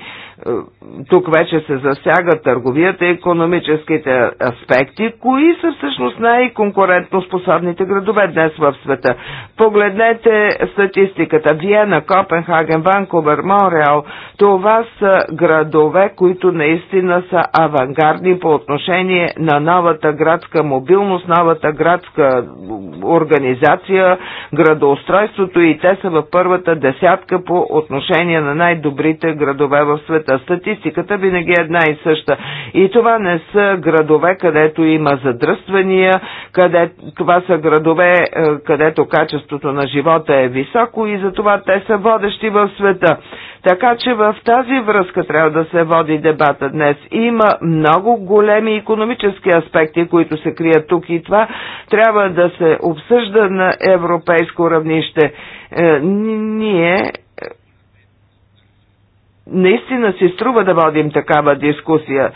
тук вече се засягат търговията и економическите аспекти, кои са всъщност най способните градове днес в света. Погледнете статистиката. Виена, Копенхаген, Ванкувер, Монреал, това са градове, които наистина са авангардни по отношение на новата градска мобилност, новата градска организация, градоустройството и те са в първата десятка по отношение на най-добрите градове в света статистиката. Статистиката винаги е една и съща. И това не са градове, където има задръствания, къде... това са градове, е, където качеството на живота е високо и затова те са водещи в света. Така че в тази връзка трябва да се води дебата днес. Има много големи економически аспекти, които се крият тук и това трябва да се обсъжда на европейско равнище. Е, ние наистина си струва да водим такава дискусия.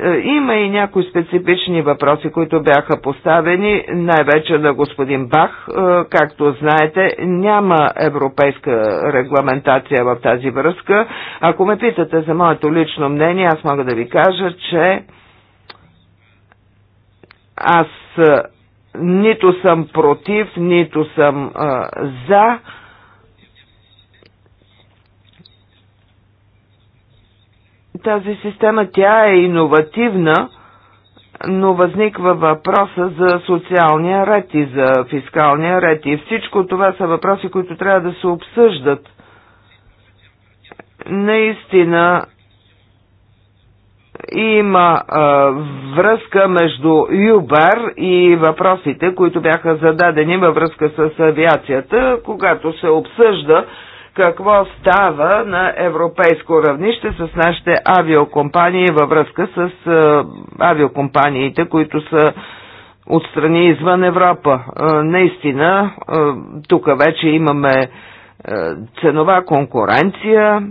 Е, има и някои специфични въпроси, които бяха поставени, най-вече на господин Бах. Е, както знаете, няма европейска регламентация в тази връзка. Ако ме питате за моето лично мнение, аз мога да ви кажа, че аз е, нито съм против, нито съм а, за тази система. Тя е иновативна, но възниква въпроса за социалния ред и за фискалния ред. И всичко това са въпроси, които трябва да се обсъждат. Наистина има а, връзка между Юбер и въпросите, които бяха зададени във връзка с авиацията, когато се обсъжда какво става на европейско равнище с нашите авиокомпании във връзка с е, авиокомпаниите, които са отстрани извън Европа. Е, наистина, е, тук вече имаме ценова конкуренция,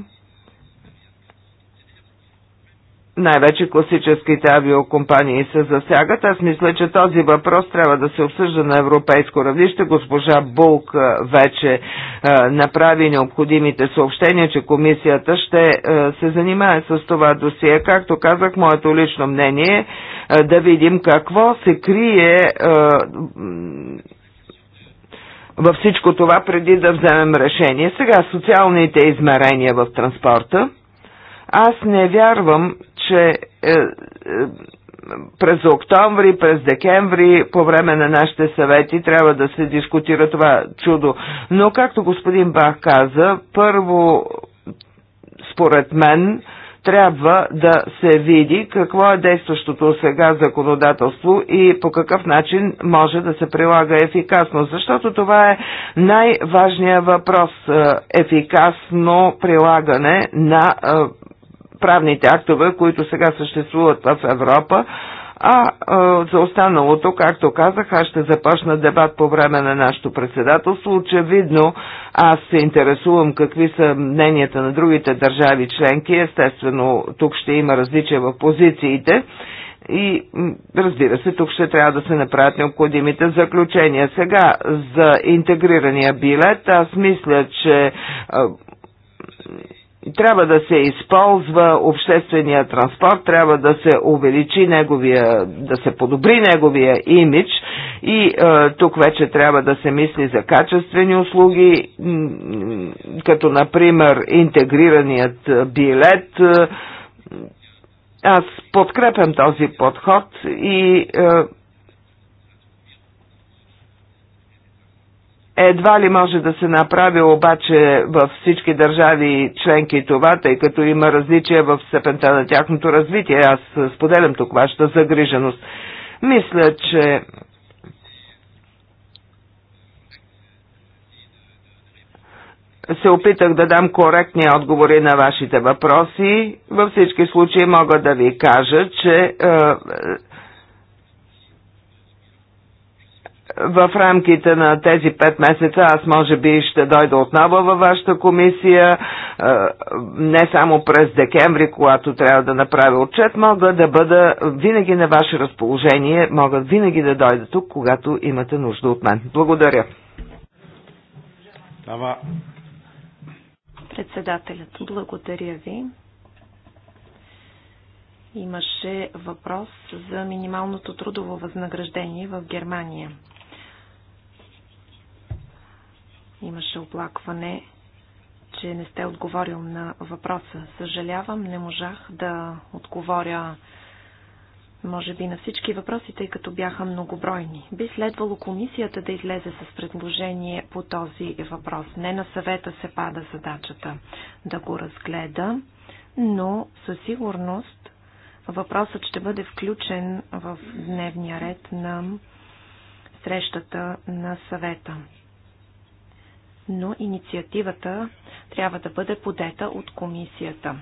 най-вече класическите авиокомпании се засягат. Аз мисля, че този въпрос трябва да се обсъжда на европейско равнище. Госпожа Булк вече е, направи необходимите съобщения, че комисията ще е, се занимае с това досие. Както казах, моето лично мнение е да видим какво се крие е, във всичко това преди да вземем решение. Сега социалните измерения в транспорта. Аз не вярвам, че е, е, през октомври, през декември, по време на нашите съвети, трябва да се дискутира това чудо. Но, както господин Бах каза, първо, според мен, трябва да се види какво е действащото сега законодателство и по какъв начин може да се прилага ефикасно, защото това е най-важният въпрос е, – ефикасно прилагане на е, правните актове, които сега съществуват в Европа, а, а за останалото, както казах, аз ще започна дебат по време на нашето председателство. Очевидно, аз се интересувам какви са мненията на другите държави членки. Естествено, тук ще има различия в позициите. И разбира се, тук ще трябва да се направят необходимите заключения. Сега за интегрирания билет, аз мисля, че трябва да се използва обществения транспорт, трябва да се увеличи неговия, да се подобри неговия имидж и е, тук вече трябва да се мисли за качествени услуги, като например интегрираният е, билет. Е, аз подкрепям този подход и е, Едва ли може да се направи обаче във всички държави членки това, тъй като има различия в степента на тяхното развитие. Аз споделям тук вашата загриженост. Мисля, че се опитах да дам коректни отговори на вашите въпроси. Във всички случаи мога да ви кажа, че е, в рамките на тези 5 месеца аз може би ще дойда отново във вашата комисия, е, не само през декември, когато трябва да направя отчет, мога да бъда винаги на ваше разположение, мога винаги да дойда тук, когато имате нужда от мен. Благодаря. Дава. Председателят, благодаря ви. Имаше въпрос за минималното трудово възнаграждение в Германия. Имаше оплакване, че не сте отговорил на въпроса. Съжалявам, не можах да отговоря може би на всички въпроси, тъй като бяха многобройни. Би следвало комисията да излезе с предложение по този въпрос. Не на съвета се пада задачата да го разгледа, но със сигурност въпросът ще бъде включен в дневния ред на срещата на съвета но инициативата трябва да бъде подета от комисията.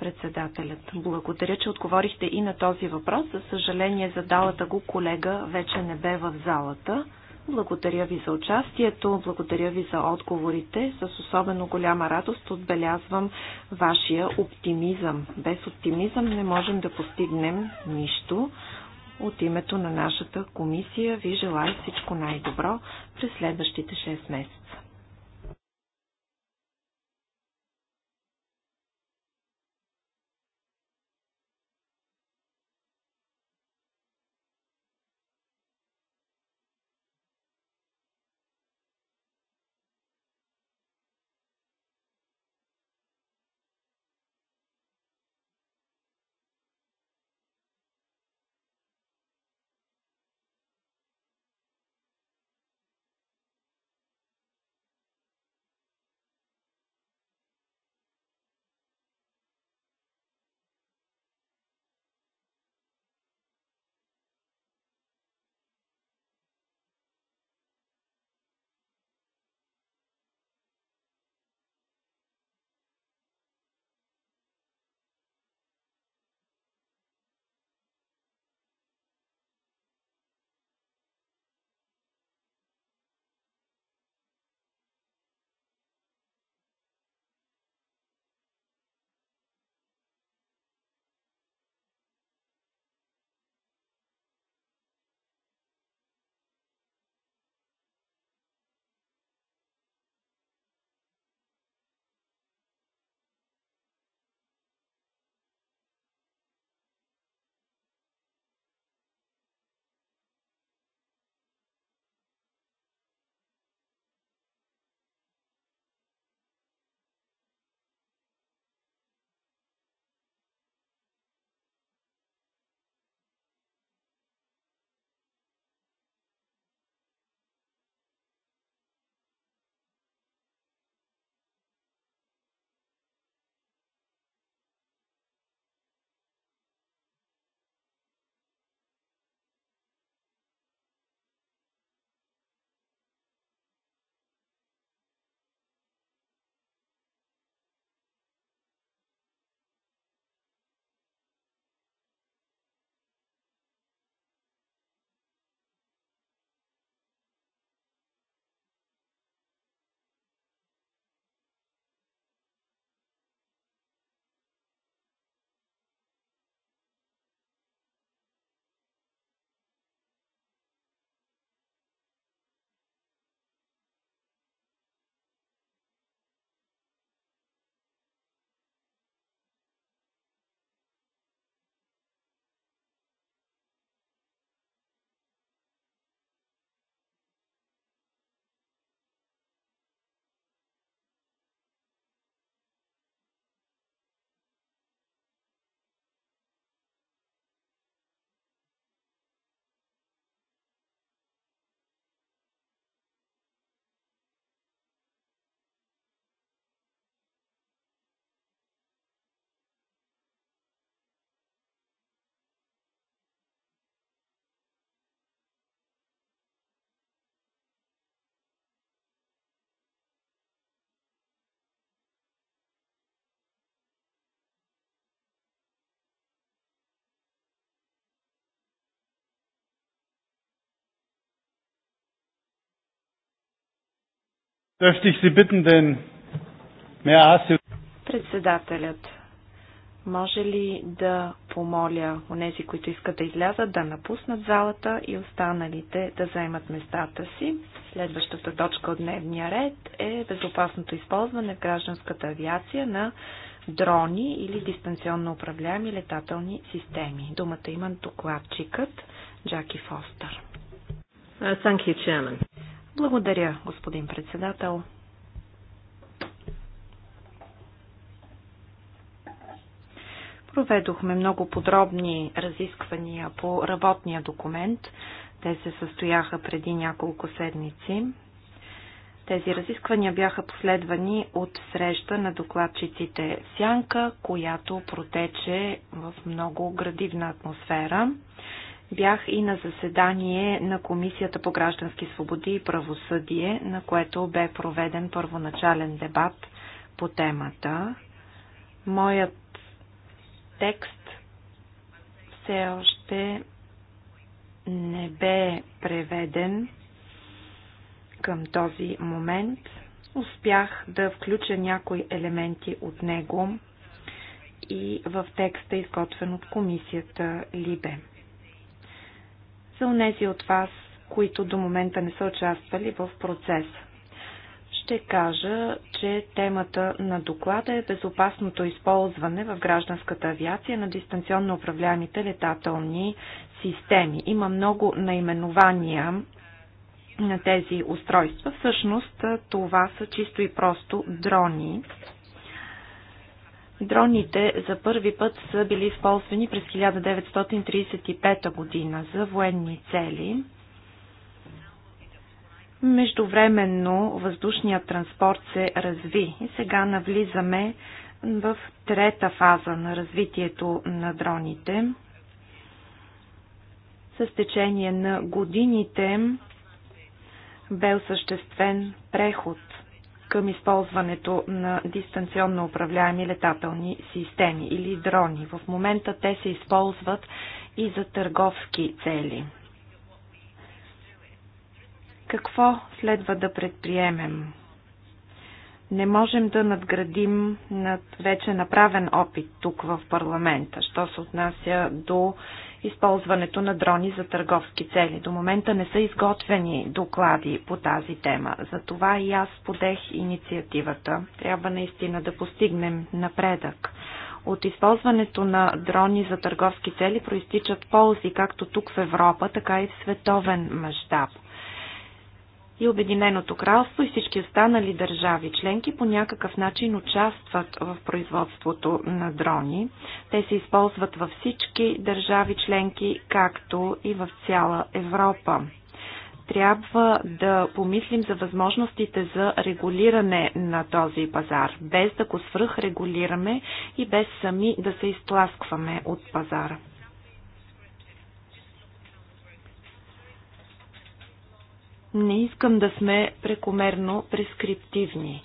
Председателят, благодаря, че отговорихте и на този въпрос. За съжаление, задалата го колега вече не бе в залата. Благодаря ви за участието, благодаря ви за отговорите. С особено голяма радост отбелязвам вашия оптимизъм. Без оптимизъм не можем да постигнем нищо. От името на нашата комисия ви желая всичко най-добро през следващите 6 месеца. Председателят, може ли да помоля нези, които искат да излязат, да напуснат залата и останалите да заемат местата си? Следващата точка от дневния ред е безопасното използване в гражданската авиация на дрони или дистанционно управляеми летателни системи. Думата има докладчикът Джаки Фостер. Uh, thank you, Chairman. Благодаря, господин председател. Проведохме много подробни разисквания по работния документ. Те се състояха преди няколко седмици. Тези разисквания бяха последвани от среща на докладчиците Сянка, която протече в много градивна атмосфера. Бях и на заседание на Комисията по граждански свободи и правосъдие, на което бе проведен първоначален дебат по темата. Моят текст все още не бе преведен към този момент. Успях да включа някои елементи от него и в текста, изготвен от комисията Либе за унези от вас, които до момента не са участвали в процеса. Ще кажа, че темата на доклада е безопасното използване в гражданската авиация на дистанционно управляемите летателни системи. Има много наименования на тези устройства. Всъщност това са чисто и просто дрони. Дроните за първи път са били използвани през 1935 година за военни цели. Междувременно въздушният транспорт се разви и сега навлизаме в трета фаза на развитието на дроните. С течение на годините бе осъществен преход към използването на дистанционно управляеми летателни системи или дрони. В момента те се използват и за търговски цели. Какво следва да предприемем? не можем да надградим над вече направен опит тук в парламента, що се отнася до използването на дрони за търговски цели. До момента не са изготвени доклади по тази тема. Затова и аз подех инициативата. Трябва наистина да постигнем напредък. От използването на дрони за търговски цели проистичат ползи както тук в Европа, така и в световен мащаб и Обединеното кралство и всички останали държави членки по някакъв начин участват в производството на дрони. Те се използват във всички държави членки, както и в цяла Европа. Трябва да помислим за възможностите за регулиране на този пазар, без да го свръхрегулираме и без сами да се изтласкваме от пазара. Не искам да сме прекомерно прескриптивни.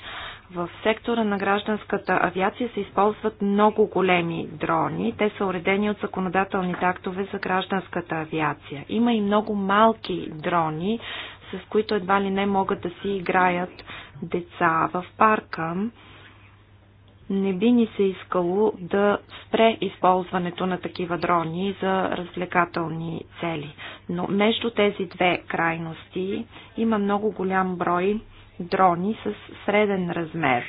В сектора на гражданската авиация се използват много големи дрони. Те са уредени от законодателните актове за гражданската авиация. Има и много малки дрони, с които едва ли не могат да си играят деца в парка не би ни се искало да спре използването на такива дрони за развлекателни цели. Но между тези две крайности има много голям брой дрони с среден размер.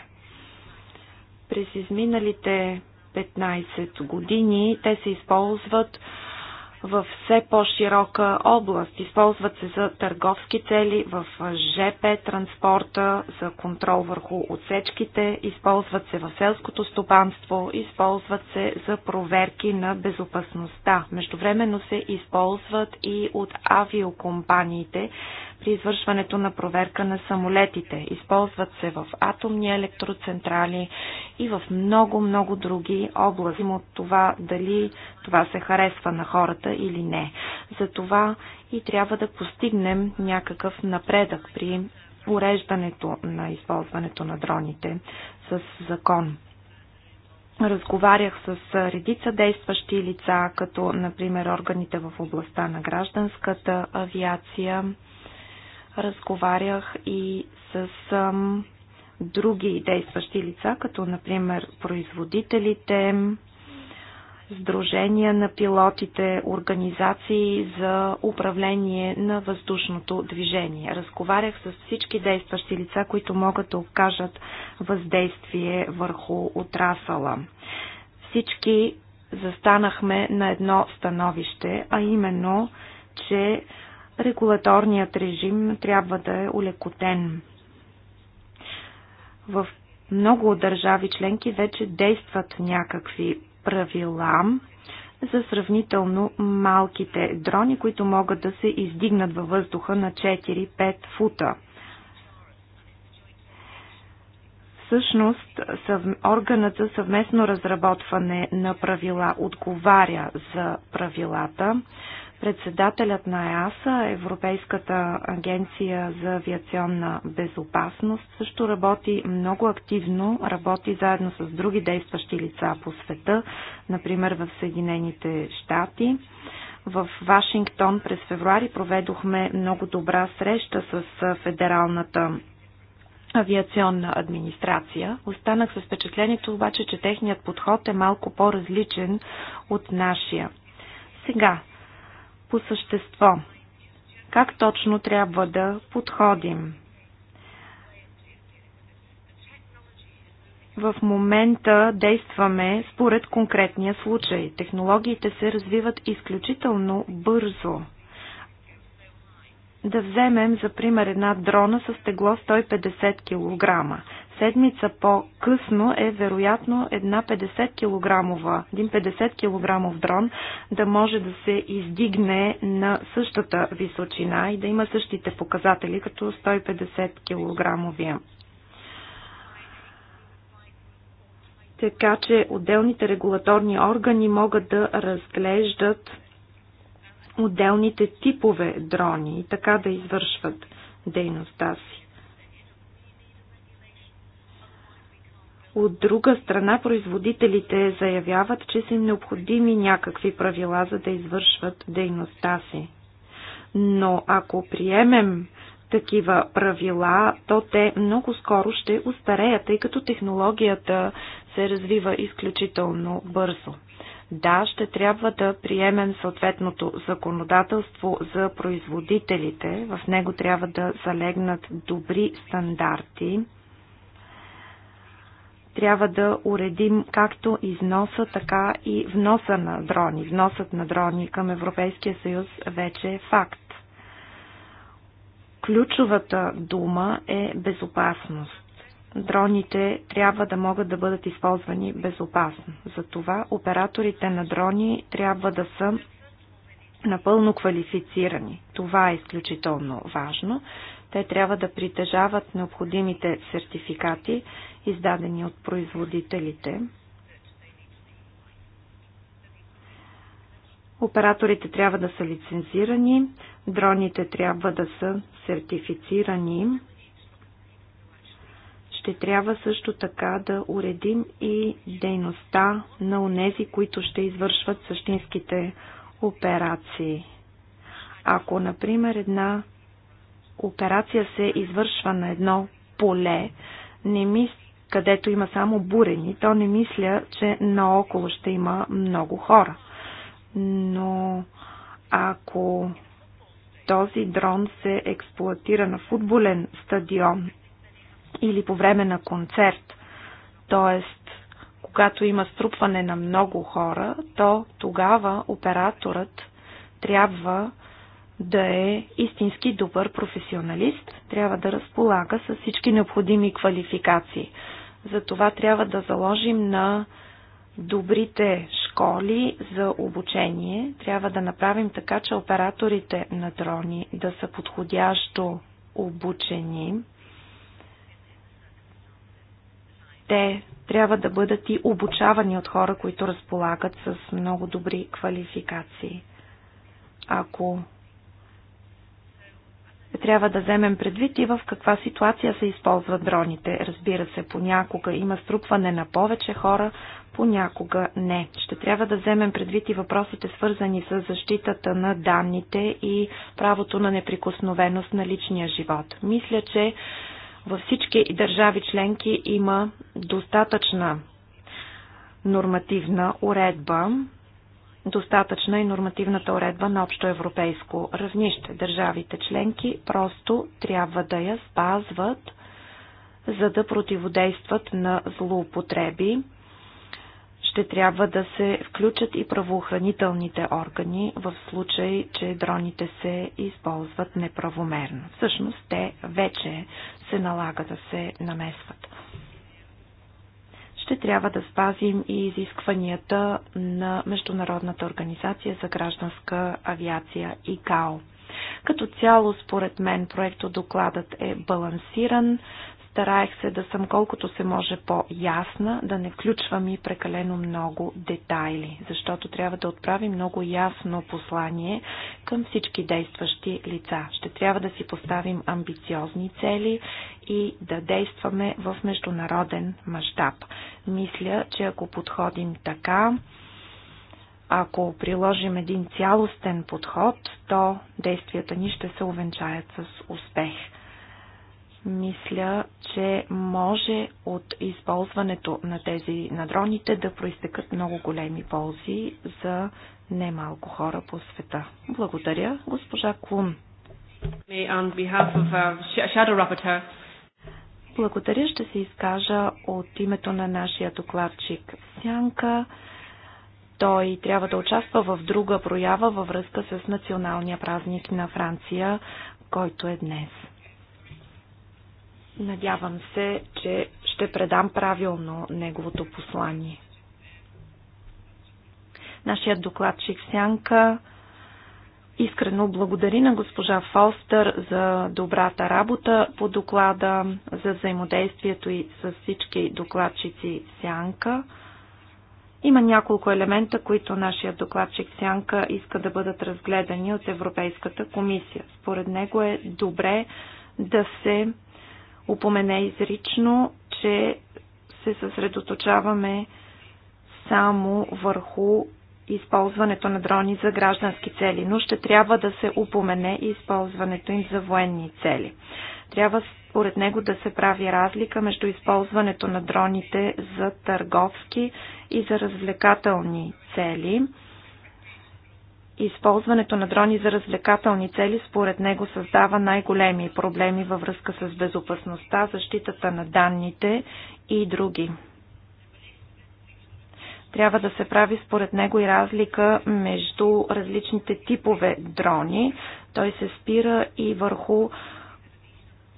През изминалите 15 години те се използват в все по-широка област. Използват се за търговски цели в ЖП транспорта, за контрол върху отсечките, използват се в селското стопанство, използват се за проверки на безопасността. Междувременно се използват и от авиокомпаниите при извършването на проверка на самолетите. Използват се в атомни електроцентрали и в много-много други области от това дали това се харесва на хората или не. Затова и трябва да постигнем някакъв напредък при уреждането на използването на дроните с закон. Разговарях с редица действащи лица, като например органите в областта на гражданската авиация. Разговарях и с ам, други действащи лица, като например производителите, сдружения на пилотите, организации за управление на въздушното движение. Разговарях с всички действащи лица, които могат да окажат въздействие върху отрасала. Всички застанахме на едно становище, а именно, че регулаторният режим трябва да е улекотен. В много от държави членки вече действат някакви правила за сравнително малките дрони, които могат да се издигнат във въздуха на 4-5 фута. всъщност органът за съвместно разработване на правила отговаря за правилата. Председателят на ЕАСА, Европейската агенция за авиационна безопасност, също работи много активно, работи заедно с други действащи лица по света, например в Съединените щати. В Вашингтон през февруари проведохме много добра среща с Федералната авиационна администрация. Останах с впечатлението обаче, че техният подход е малко по-различен от нашия. Сега, по същество. Как точно трябва да подходим? В момента действаме според конкретния случай. Технологиите се развиват изключително бързо. Да вземем за пример една дрона с тегло 150 кг. Седмица по-късно е вероятно една 50 кг, един 50 кг дрон да може да се издигне на същата височина и да има същите показатели като 150 кг. Така че отделните регулаторни органи могат да разглеждат отделните типове дрони и така да извършват дейността си. От друга страна, производителите заявяват, че са им необходими някакви правила, за да извършват дейността си. Но ако приемем такива правила, то те много скоро ще устареят, тъй като технологията се развива изключително бързо. Да, ще трябва да приемем съответното законодателство за производителите. В него трябва да залегнат добри стандарти. Трябва да уредим както износа, така и вноса на дрони. Вносът на дрони към Европейския съюз вече е факт. Ключовата дума е безопасност дроните трябва да могат да бъдат използвани безопасно. Затова операторите на дрони трябва да са напълно квалифицирани. Това е изключително важно. Те трябва да притежават необходимите сертификати, издадени от производителите. Операторите трябва да са лицензирани, дроните трябва да са сертифицирани ще трябва също така да уредим и дейността на онези, които ще извършват същинските операции. Ако, например, една операция се извършва на едно поле, не ми, където има само бурени, то не мисля, че наоколо ще има много хора. Но ако този дрон се експлуатира на футболен стадион или по време на концерт. Тоест, когато има струпване на много хора, то тогава операторът трябва да е истински добър професионалист, трябва да разполага с всички необходими квалификации. Затова трябва да заложим на добрите школи за обучение. Трябва да направим така, че операторите на дрони да са подходящо обучени. те трябва да бъдат и обучавани от хора, които разполагат с много добри квалификации. Ако трябва да вземем предвид и в каква ситуация се използват дроните. Разбира се, понякога има струпване на повече хора, понякога не. Ще трябва да вземем предвид и въпросите свързани с защитата на данните и правото на неприкосновеност на личния живот. Мисля, че във всички държави членки има достатъчна нормативна уредба, достатъчна и нормативната уредба на общо европейско равнище. Държавите членки просто трябва да я спазват, за да противодействат на злоупотреби. Ще трябва да се включат и правоохранителните органи в случай, че дроните се използват неправомерно. Всъщност те вече се налага да се намесват. Ще трябва да спазим и изискванията на Международната организация за гражданска авиация и ГАО. Като цяло, според мен, проектодокладът докладът е балансиран, Стараех се да съм колкото се може по-ясна, да не включвам и прекалено много детайли, защото трябва да отправим много ясно послание към всички действащи лица. Ще трябва да си поставим амбициозни цели и да действаме в международен мащаб. Мисля, че ако подходим така, ако приложим един цялостен подход, то действията ни ще се увенчаят с успех. Мисля, че може от използването на тези на дроните да проистекат много големи ползи за немалко хора по света. Благодаря, госпожа Клун. Um, Благодаря, ще се изкажа от името на нашия докладчик Сянка. Той трябва да участва в друга проява във връзка с националния празник на Франция, който е днес. Надявам се, че ще предам правилно неговото послание. Нашият докладчик Сянка искрено благодари на госпожа Фолстър за добрата работа по доклада, за взаимодействието и с всички докладчици Сянка. Има няколко елемента, които нашия докладчик Сянка иска да бъдат разгледани от Европейската комисия. Според него е добре да се упомене изрично, че се съсредоточаваме само върху използването на дрони за граждански цели, но ще трябва да се упомене и използването им за военни цели. Трябва според него да се прави разлика между използването на дроните за търговски и за развлекателни цели използването на дрони за развлекателни цели според него създава най-големи проблеми във връзка с безопасността, защитата на данните и други. Трябва да се прави според него и разлика между различните типове дрони. Той се спира и върху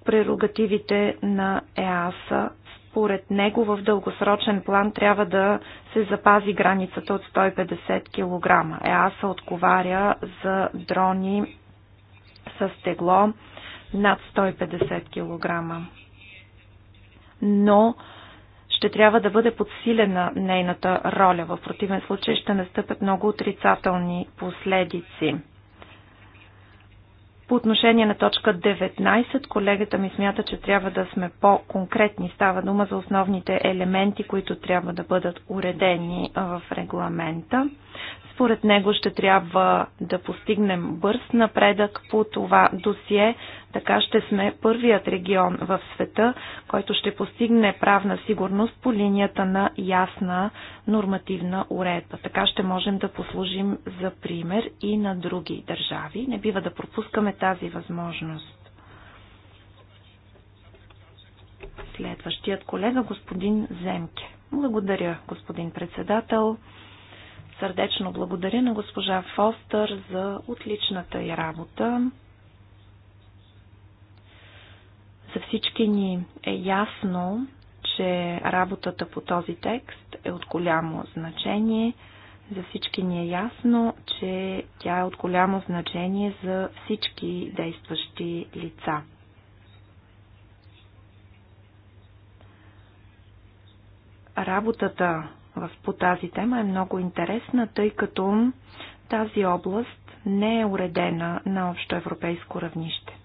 прерогативите на ЕАСА според него в дългосрочен план трябва да се запази границата от 150 кг. ЕАСА отговаря за дрони с тегло над 150 кг. Но ще трябва да бъде подсилена нейната роля. В противен случай ще настъпят много отрицателни последици. По отношение на точка 19, колегата ми смята, че трябва да сме по-конкретни. Става дума за основните елементи, които трябва да бъдат уредени в регламента. Според него ще трябва да постигнем бърз напредък по това досие, така ще сме първият регион в света, който ще постигне правна сигурност по линията на ясна нормативна уредба. Така ще можем да послужим за пример и на други държави. Не бива да пропускаме тази възможност. Следващият колега, господин Земке. Благодаря, господин председател сърдечно благодаря на госпожа Фостър за отличната й работа. За всички ни е ясно, че работата по този текст е от голямо значение. За всички ни е ясно, че тя е от голямо значение за всички действащи лица. Работата по тази тема е много интересна, тъй като тази област не е уредена на общо европейско равнище.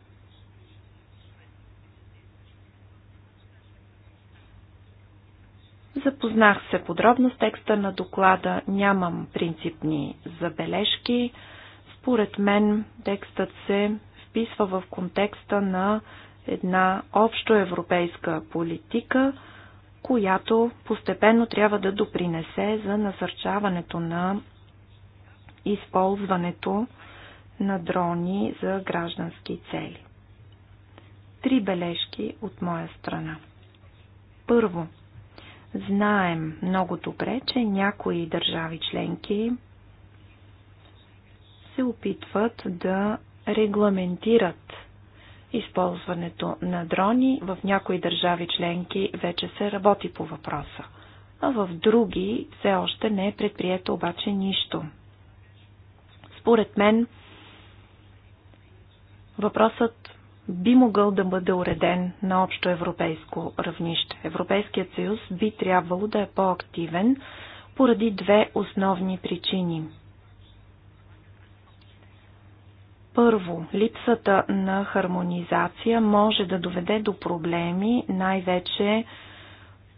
Запознах се подробно с текста на доклада, нямам принципни забележки. Според мен текстът се вписва в контекста на една общоевропейска политика – която постепенно трябва да допринесе за насърчаването на използването на дрони за граждански цели. Три бележки от моя страна. Първо, знаем много добре, че някои държави членки се опитват да регламентират използването на дрони. В някои държави членки вече се работи по въпроса, а в други все още не е предприето обаче нищо. Според мен въпросът би могъл да бъде уреден на общо европейско равнище. Европейският съюз би трябвало да е по-активен поради две основни причини – Първо, липсата на хармонизация може да доведе до проблеми, най-вече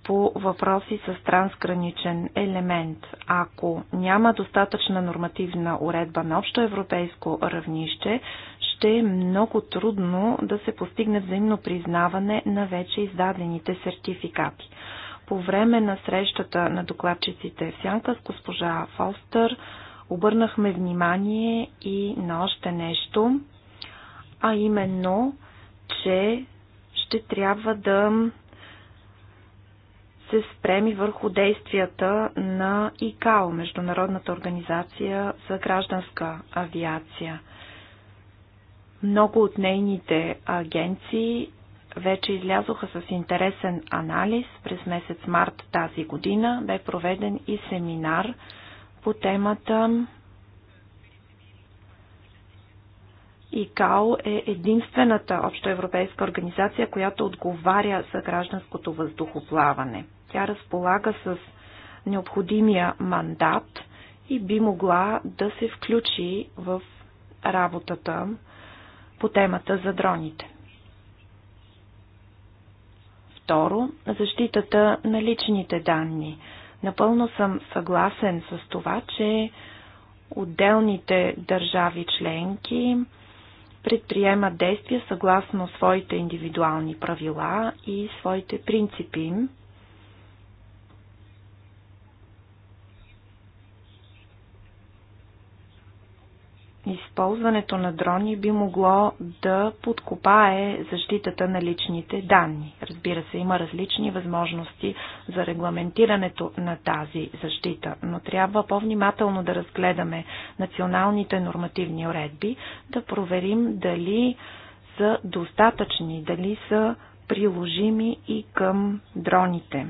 по въпроси с трансграничен елемент. Ако няма достатъчна нормативна уредба на общо европейско равнище, ще е много трудно да се постигне взаимно признаване на вече издадените сертификати. По време на срещата на докладчиците в Сянка с госпожа Фостър, Обърнахме внимание и на още нещо, а именно, че ще трябва да се спреми върху действията на ИКАО, Международната организация за гражданска авиация. Много от нейните агенции вече излязоха с интересен анализ. През месец март тази година бе проведен и семинар – по темата ИКАО е единствената общоевропейска организация, която отговаря за гражданското въздухоплаване. Тя разполага с необходимия мандат и би могла да се включи в работата по темата за дроните. Второ, защитата на личните данни – Напълно съм съгласен с това, че отделните държави членки предприемат действия съгласно своите индивидуални правила и своите принципи. използването на дрони би могло да подкопае защитата на личните данни. Разбира се, има различни възможности за регламентирането на тази защита, но трябва по-внимателно да разгледаме националните нормативни уредби, да проверим дали са достатъчни, дали са приложими и към дроните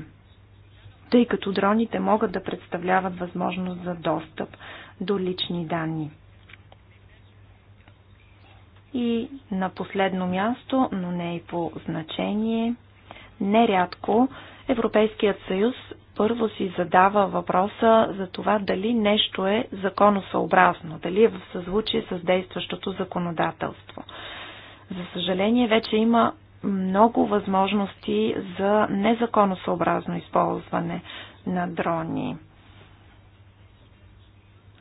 тъй като дроните могат да представляват възможност за достъп до лични данни. И на последно място, но не и по значение, нерядко Европейският съюз първо си задава въпроса за това дали нещо е законосъобразно, дали е в съзвучие с действащото законодателство. За съжаление, вече има много възможности за незаконосъобразно използване на дрони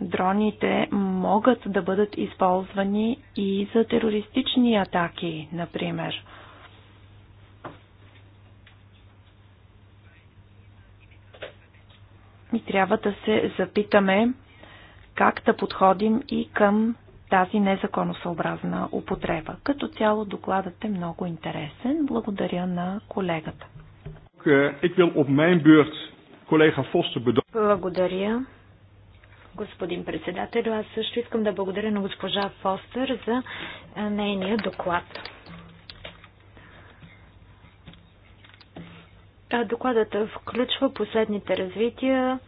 дроните могат да бъдат използвани и за терористични атаки, например. И трябва да се запитаме как да подходим и към тази незаконосъобразна употреба. Като цяло докладът е много интересен. Благодаря на колегата. Благодаря господин председател. Аз също искам да благодаря на госпожа Фостер за нейния доклад. Докладът включва последните развития,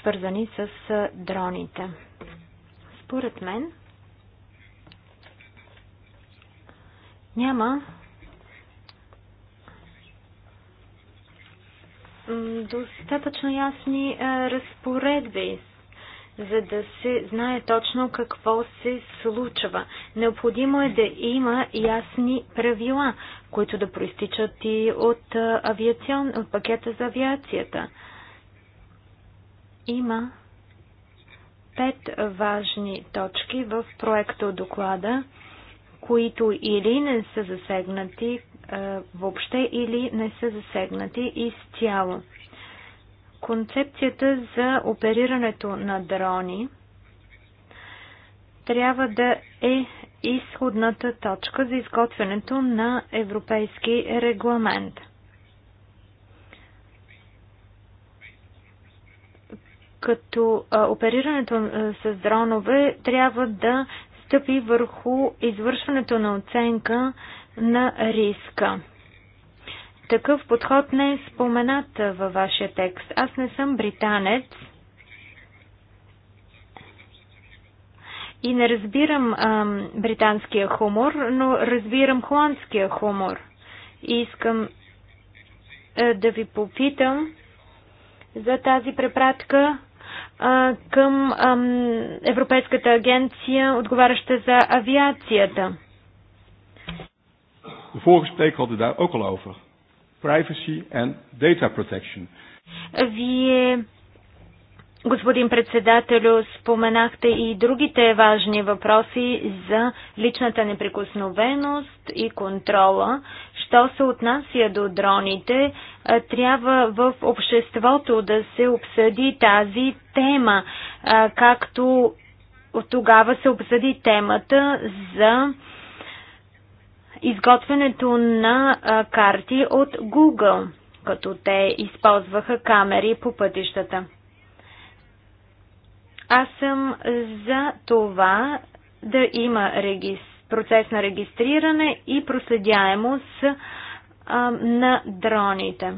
свързани с дроните. Според мен няма достатъчно ясни е, разпоредби, за да се знае точно какво се случва. Необходимо е да има ясни правила, които да проистичат и от, е, авиацион, от пакета за авиацията. Има пет важни точки в проекта доклада, които или не са засегнати, въобще или не са засегнати изцяло. Концепцията за оперирането на дрони трябва да е изходната точка за изготвянето на европейски регламент. Като оперирането с дронове трябва да стъпи върху извършването на оценка на риска. Такъв подход не е споменат във вашия текст. Аз не съм британец и не разбирам ам, британския хумор, но разбирам холандския хумор. И искам а, е, да ви попитам за тази препратка а, към ам, Европейската агенция, отговаряща за авиацията. De vorige spreker had het daar ook al over. Privacy en data protection. Вие, господин председателю, споменахте и другите важни въпроси за личната неприкосновеност и контрола. Що се отнася до дроните, трябва в обществото да се обсъди тази тема, както тогава се обсъди темата за изготвянето на карти от Google, като те използваха камери по пътищата. Аз съм за това да има процес на регистриране и проследяемост на дроните.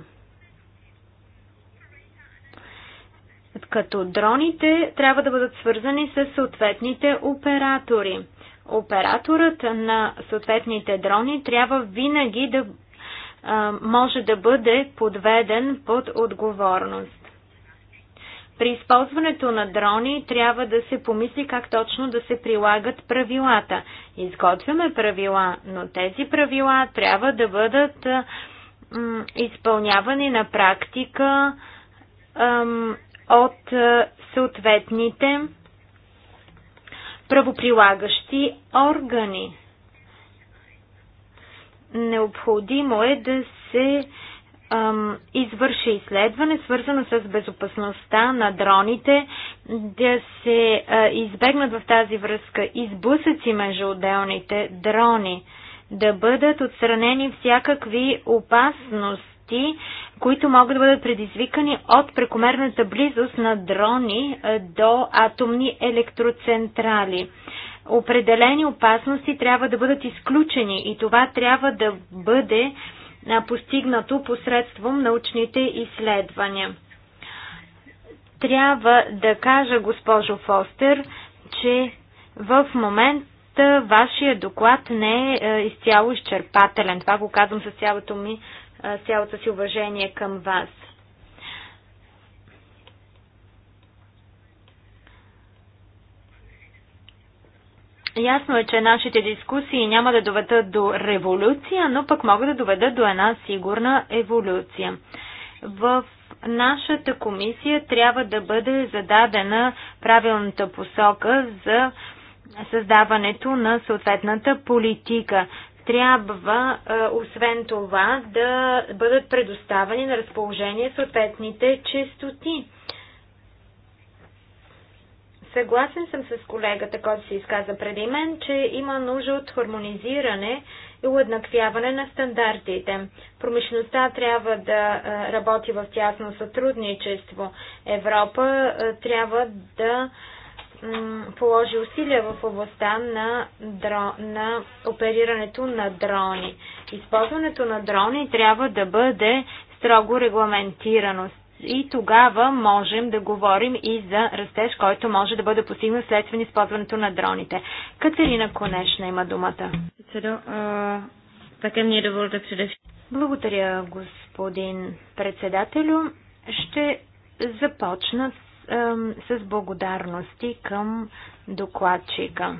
Като дроните трябва да бъдат свързани с съответните оператори операторът на съответните дрони трябва винаги да може да бъде подведен под отговорност. При използването на дрони трябва да се помисли как точно да се прилагат правилата. Изготвяме правила, но тези правила трябва да бъдат изпълнявани на практика от съответните правоприлагащи органи. Необходимо е да се ам, извърши изследване, свързано с безопасността на дроните, да се а, избегнат в тази връзка избусъци между отделните дрони, да бъдат отстранени всякакви опасности конфликти, които могат да бъдат предизвикани от прекомерната близост на дрони е, до атомни електроцентрали. Определени опасности трябва да бъдат изключени и това трябва да бъде е, постигнато посредством научните изследвания. Трябва да кажа, госпожо Фостер, че в момент вашия доклад не е, е изцяло изчерпателен. Това го казвам с цялото ми с цялото си уважение към вас. Ясно е, че нашите дискусии няма да доведат до революция, но пък могат да доведат до една сигурна еволюция. В нашата комисия трябва да бъде зададена правилната посока за създаването на съответната политика трябва, е, освен това, да бъдат предоставени на разположение съответните честоти. Съгласен съм с колегата, който се изказа преди мен, че има нужда от хармонизиране и уеднаквяване на стандартите. Промишлеността трябва да е, работи в тясно сътрудничество. Европа е, трябва да положи усилия в областта на, дро, на оперирането на дрони. Използването на дрони трябва да бъде строго регламентирано. И тогава можем да говорим и за растеж, който може да бъде постигнат на използването на дроните. Катерина Конешна има думата. Така ми е доволно Благодаря, господин председателю. Ще започнат с благодарности към докладчика.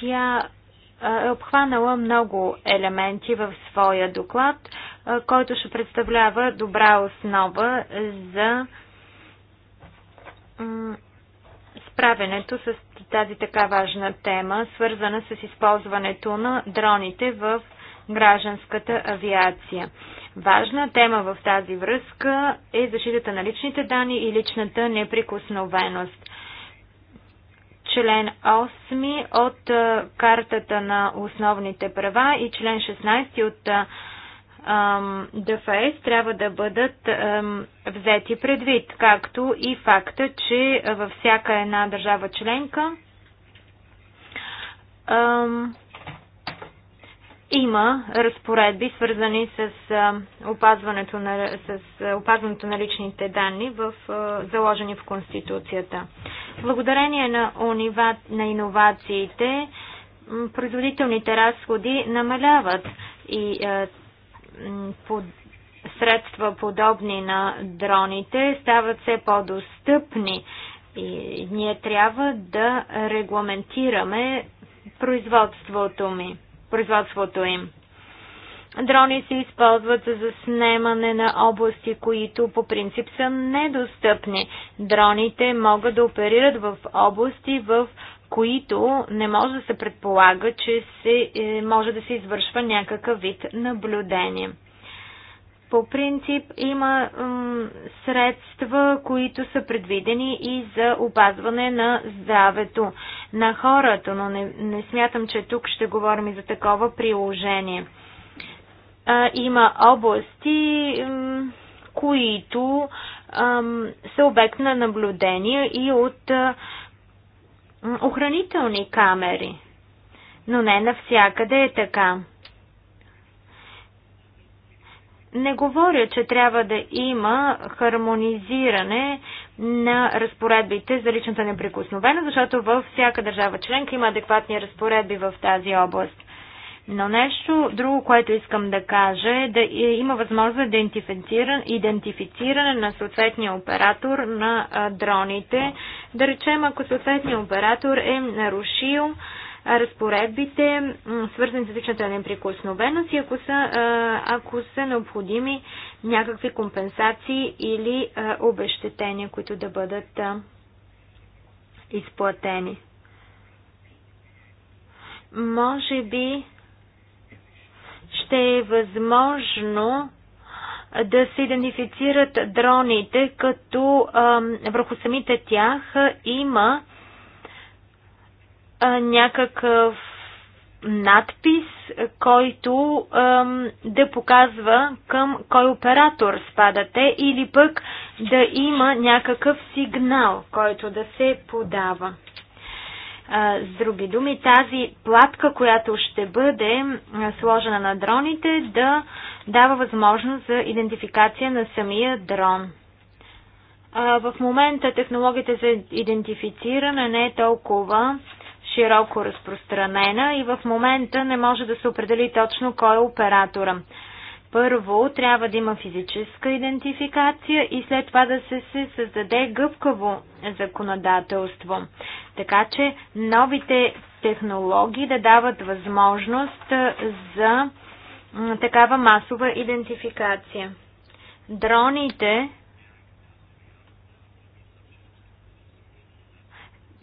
Тя е обхванала много елементи в своя доклад, който ще представлява добра основа за справянето с тази така важна тема, свързана с използването на дроните в гражданската авиация. Важна тема в тази връзка е защитата на личните данни и личната неприкосновеност. Член 8 от Картата на основните права и член 16 от ДФС трябва да бъдат взети предвид, както и факта, че във всяка една държава членка има разпоредби, свързани с опазването на, с опазването на личните данни, в, заложени в Конституцията. Благодарение на, унива, на иновациите, производителните разходи намаляват и е, под, средства подобни на дроните стават все по-достъпни и ние трябва да регламентираме производството ми производството им. Дрони се използват за заснемане на области, които по принцип са недостъпни. Дроните могат да оперират в области, в които не може да се предполага, че се, е, може да се извършва някакъв вид наблюдение. По принцип има средства, които са предвидени и за опазване на здравето на хората, но не, не смятам, че тук ще говорим и за такова приложение. А, има области, м, които м, са обект на наблюдение и от м, охранителни камери. Но не навсякъде е така. Не говоря, че трябва да има хармонизиране на разпоредбите за личната неприкосновена, защото във всяка държава членка има адекватни разпоредби в тази област. Но нещо друго, което искам да кажа е да има възможност да идентифициране на съответния оператор на дроните. Да речем, ако съответния оператор е нарушил разпоредбите, свързани с личната неприкосновеност и ако са, ако са необходими някакви компенсации или обещетения, които да бъдат изплатени. Може би ще е възможно да се идентифицират дроните, като а, върху самите тях има някакъв надпис, който ам, да показва към кой оператор спадате или пък да има някакъв сигнал, който да се подава. А, с други думи, тази платка, която ще бъде сложена на дроните, да дава възможност за идентификация на самия дрон. А, в момента технологията за идентифициране не е толкова а, широко разпространена и в момента не може да се определи точно кой е оператора. Първо трябва да има физическа идентификация и след това да се, се създаде гъвкаво законодателство. Така че новите технологии да дават възможност за такава масова идентификация. Дроните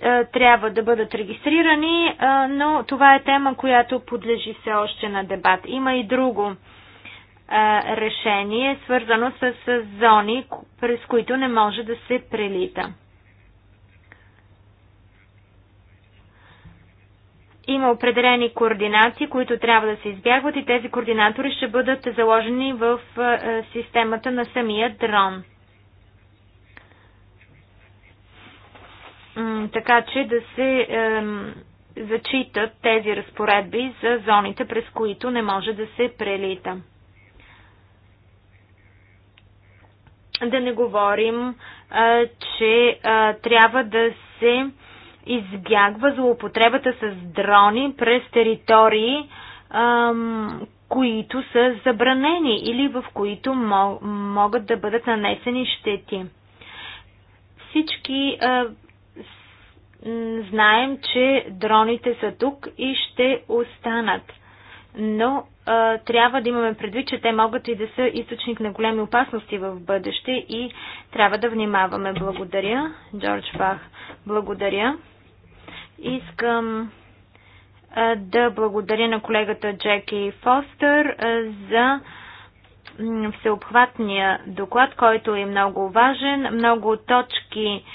Е, трябва да бъдат регистрирани, е, но това е тема, която подлежи все още на дебат. Има и друго е, решение, свързано с зони, през които не може да се прелита. Има определени координати, които трябва да се избягват и тези координатори ще бъдат заложени в системата на самия дрон. така че да се зачитат тези разпоредби за зоните, през които не може да се прелита. Да не говорим, че трябва да се избягва злоупотребата с дрони през територии, които са забранени или в които могат да бъдат нанесени щети. Всички знаем, че дроните са тук и ще останат. Но а, трябва да имаме предвид, че те могат и да са източник на големи опасности в бъдеще и трябва да внимаваме. Благодаря, Джордж Бах. Благодаря. Искам а, да благодаря на колегата Джеки Фостер а, за всеобхватния доклад, който е много важен. Много точки а,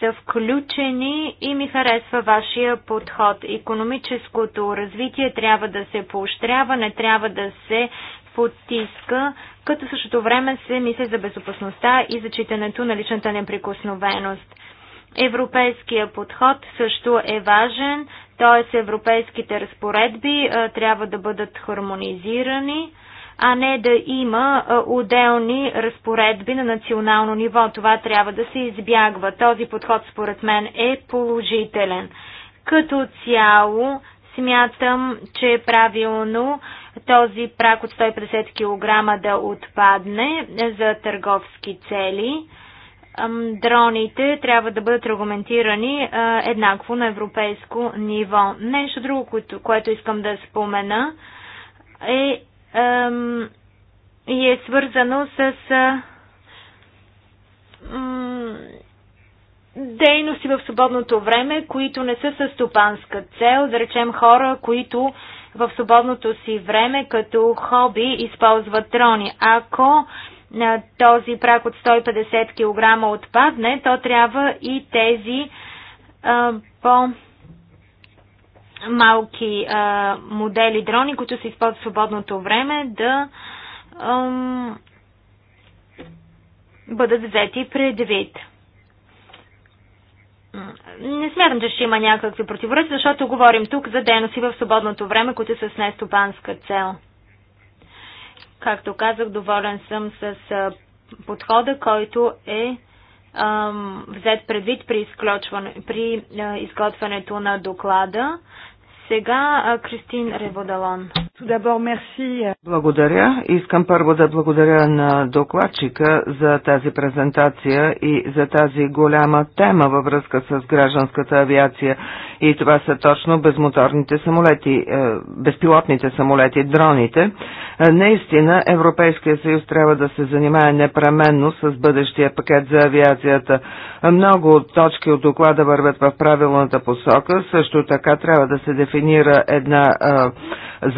са включени и ми харесва вашия подход. Економическото развитие трябва да се поощрява, не трябва да се потиска, като същото време се мисли за безопасността и зачитането на личната неприкосновеност. Европейския подход също е важен, т.е. европейските разпоредби а, трябва да бъдат хармонизирани а не да има отделни разпоредби на национално ниво. Това трябва да се избягва. Този подход според мен е положителен. Като цяло смятам, че е правилно този прак от 150 кг да отпадне за търговски цели. Дроните трябва да бъдат регламентирани еднакво на европейско ниво. Нещо друго, което искам да спомена е и е свързано с дейности в свободното време, които не са със стопанска цел, да речем хора, които в свободното си време като хоби използват трони. Ако на този прак от 150 кг отпадне, то трябва и тези а, по малки а, модели дрони, които се използват в свободното време, да ам, бъдат взети предвид. Не смятам, че ще има някакви противоречия, защото говорим тук за дейности в свободното време, които са с нестопанска цел. Както казах, доволен съм с подхода, който е взет предвид при, при изготвянето на доклада. Сега Кристин Реводалон. Благодаря. Искам първо да благодаря на докладчика за тази презентация и за тази голяма тема във връзка с гражданската авиация. И това са точно безмоторните самолети, е, безпилотните самолети, дроните. Е, наистина Европейския съюз трябва да се занимае непременно с бъдещия пакет за авиацията. Много точки от доклада вървят в правилната посока. Също така трябва да се дефинира дефинира една а,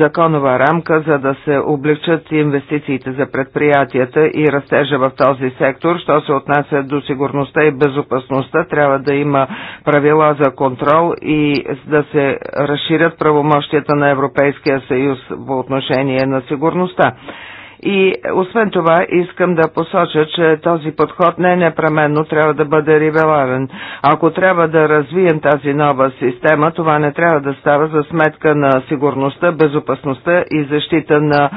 законова рамка, за да се облегчат инвестициите за предприятията и растежа в този сектор. Що се отнася до сигурността и безопасността, трябва да има правила за контрол и да се разширят правомощията на Европейския съюз по отношение на сигурността. И освен това искам да посоча, че този подход не е непременно трябва да бъде ревеларен. Ако трябва да развием тази нова система, това не трябва да става за сметка на сигурността, безопасността и защита на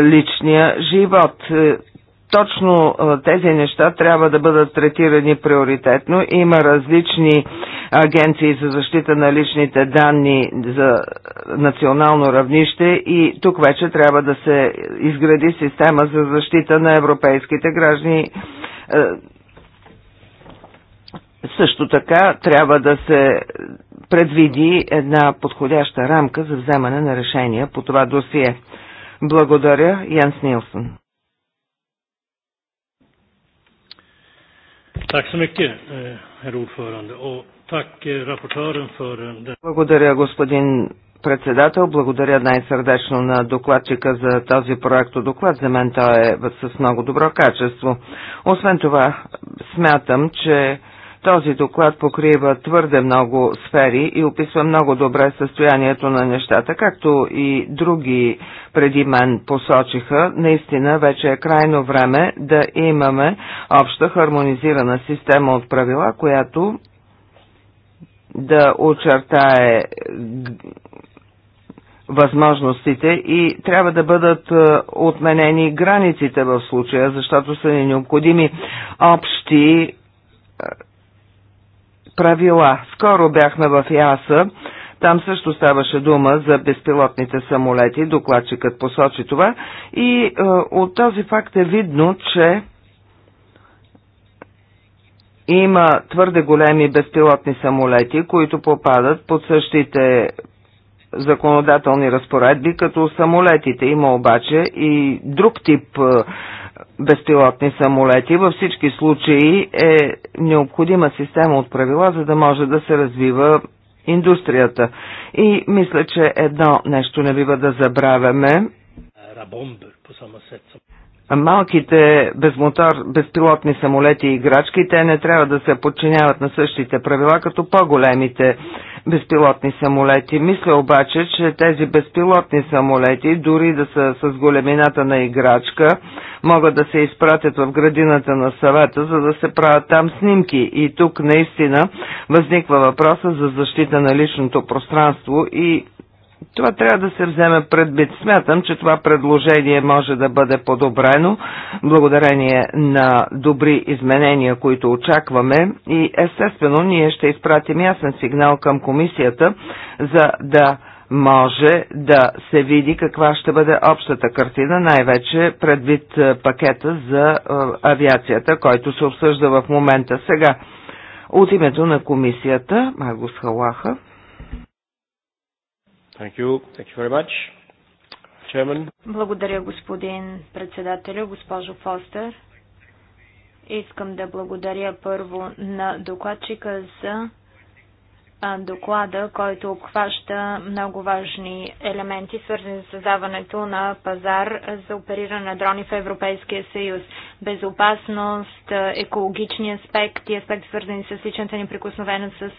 личния живот точно тези неща трябва да бъдат третирани приоритетно. Има различни агенции за защита на личните данни за национално равнище и тук вече трябва да се изгради система за защита на европейските граждани. Също така трябва да се предвиди една подходяща рамка за вземане на решения по това досие. Благодаря, Янс Нилсон. Tack tack så mycket, eh, herr ordförande. Och eh, rapportören för eh, Благодаря, господин председател. Благодаря най-сърдечно на докладчика за този проект доклад. За мен той е с много добро качество. Освен това, смятам, че този доклад покрива твърде много сфери и описва много добре състоянието на нещата, както и други преди мен посочиха. Наистина вече е крайно време да имаме обща хармонизирана система от правила, която да очертае възможностите и трябва да бъдат е, отменени границите в случая, защото са ни необходими общи е, правила. Скоро бяхме в ЯСА. Там също ставаше дума за безпилотните самолети, докладчикът посочи това. И е, от този факт е видно, че има твърде големи безпилотни самолети, които попадат под същите законодателни разпоредби, като самолетите. Има обаче и друг тип е, безпилотни самолети. Във всички случаи е необходима система от правила, за да може да се развива индустрията. И мисля, че едно нещо не бива да забравяме. Малките безмотор, безпилотни самолети и играчки, те не трябва да се подчиняват на същите правила като по-големите безпилотни самолети. Мисля обаче, че тези безпилотни самолети, дори да са с големината на играчка, могат да се изпратят в градината на съвета, за да се правят там снимки. И тук наистина възниква въпроса за защита на личното пространство и това трябва да се вземе предвид. Смятам, че това предложение може да бъде подобрено благодарение на добри изменения, които очакваме и естествено ние ще изпратим ясен сигнал към комисията, за да може да се види каква ще бъде общата картина, най-вече предвид е, пакета за е, авиацията, който се обсъжда в момента сега. От името на комисията, Магус Халаха, Thank you. Thank you very much. Chairman. Благодаря, господин председателю, госпожо Фостер. Искам да благодаря първо на докладчика за доклада, който обхваща много важни елементи, свързани с създаването на пазар за опериране на дрони в Европейския съюз. Безопасност, екологични аспекти, аспекти свързани с личната ни с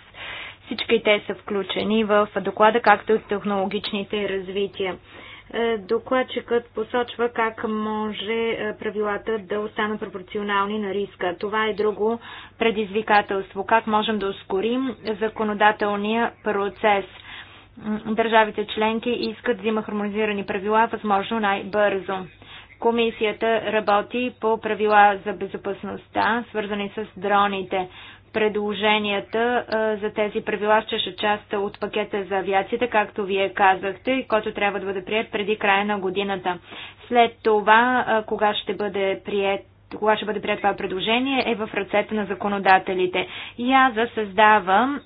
всички те са включени в доклада, както и технологичните развития. Е, докладчикът посочва как може е, правилата да останат пропорционални на риска. Това е друго предизвикателство. Как можем да ускорим законодателния процес? Държавите членки искат да има хармонизирани правила възможно най-бързо. Комисията работи по правила за безопасността, свързани с дроните предложенията за тези правила ще част от пакета за авиацията, както вие казахте, и който трябва да бъде прият преди края на годината. След това, кога ще бъде прият кога ще бъде прият това предложение, е в ръцете на законодателите. ИАЗа създава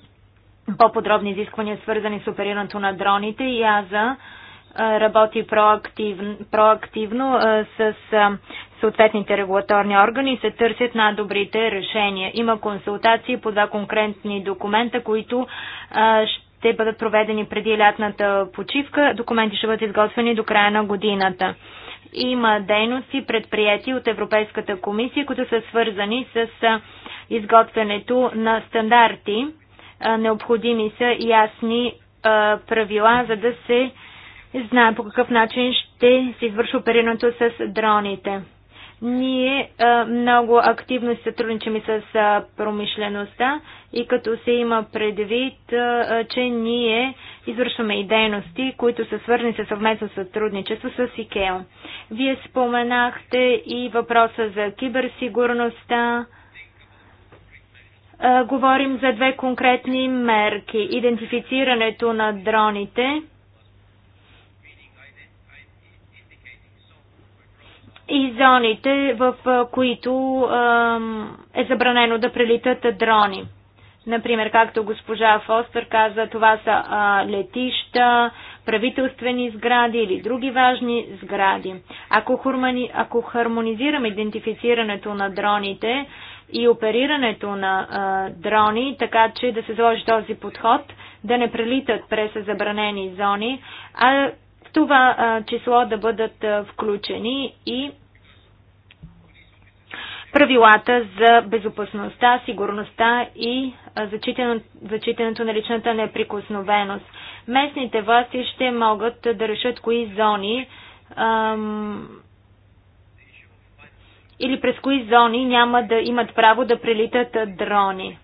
по-подробни изисквания, свързани с оперирането на дроните. ИАЗа работи проактивно, проактивно с съответните регулаторни органи и се търсят най-добрите решения. Има консултации по два конкретни документа, които ще бъдат проведени преди лятната почивка. Документи ще бъдат изготвени до края на годината. Има дейности, предприяти от Европейската комисия, които са свързани с изготвянето на стандарти. Необходими са ясни правила, за да се знаем по какъв начин ще се извърши оперирането с дроните. Ние а, много активно се сътрудничим с а, промишлеността и като се има предвид, а, че ние извършваме и дейности, които са свързани с съвместно сътрудничество с ИКЕО. Вие споменахте и въпроса за киберсигурността. А, говорим за две конкретни мерки. Идентифицирането на дроните и зоните, в които е забранено да прелитат дрони. Например, както госпожа Фостер каза, това са летища, правителствени сгради или други важни сгради. Ако, хармонизираме идентифицирането на дроните и оперирането на дрони, така че да се сложи този подход, да не прелитат през забранени зони, а това число да бъдат включени и правилата за безопасността, сигурността и зачитането на личната неприкосновеност. Местните власти ще могат да решат кои зони ам, или през кои зони няма да имат право да прилитат дрони.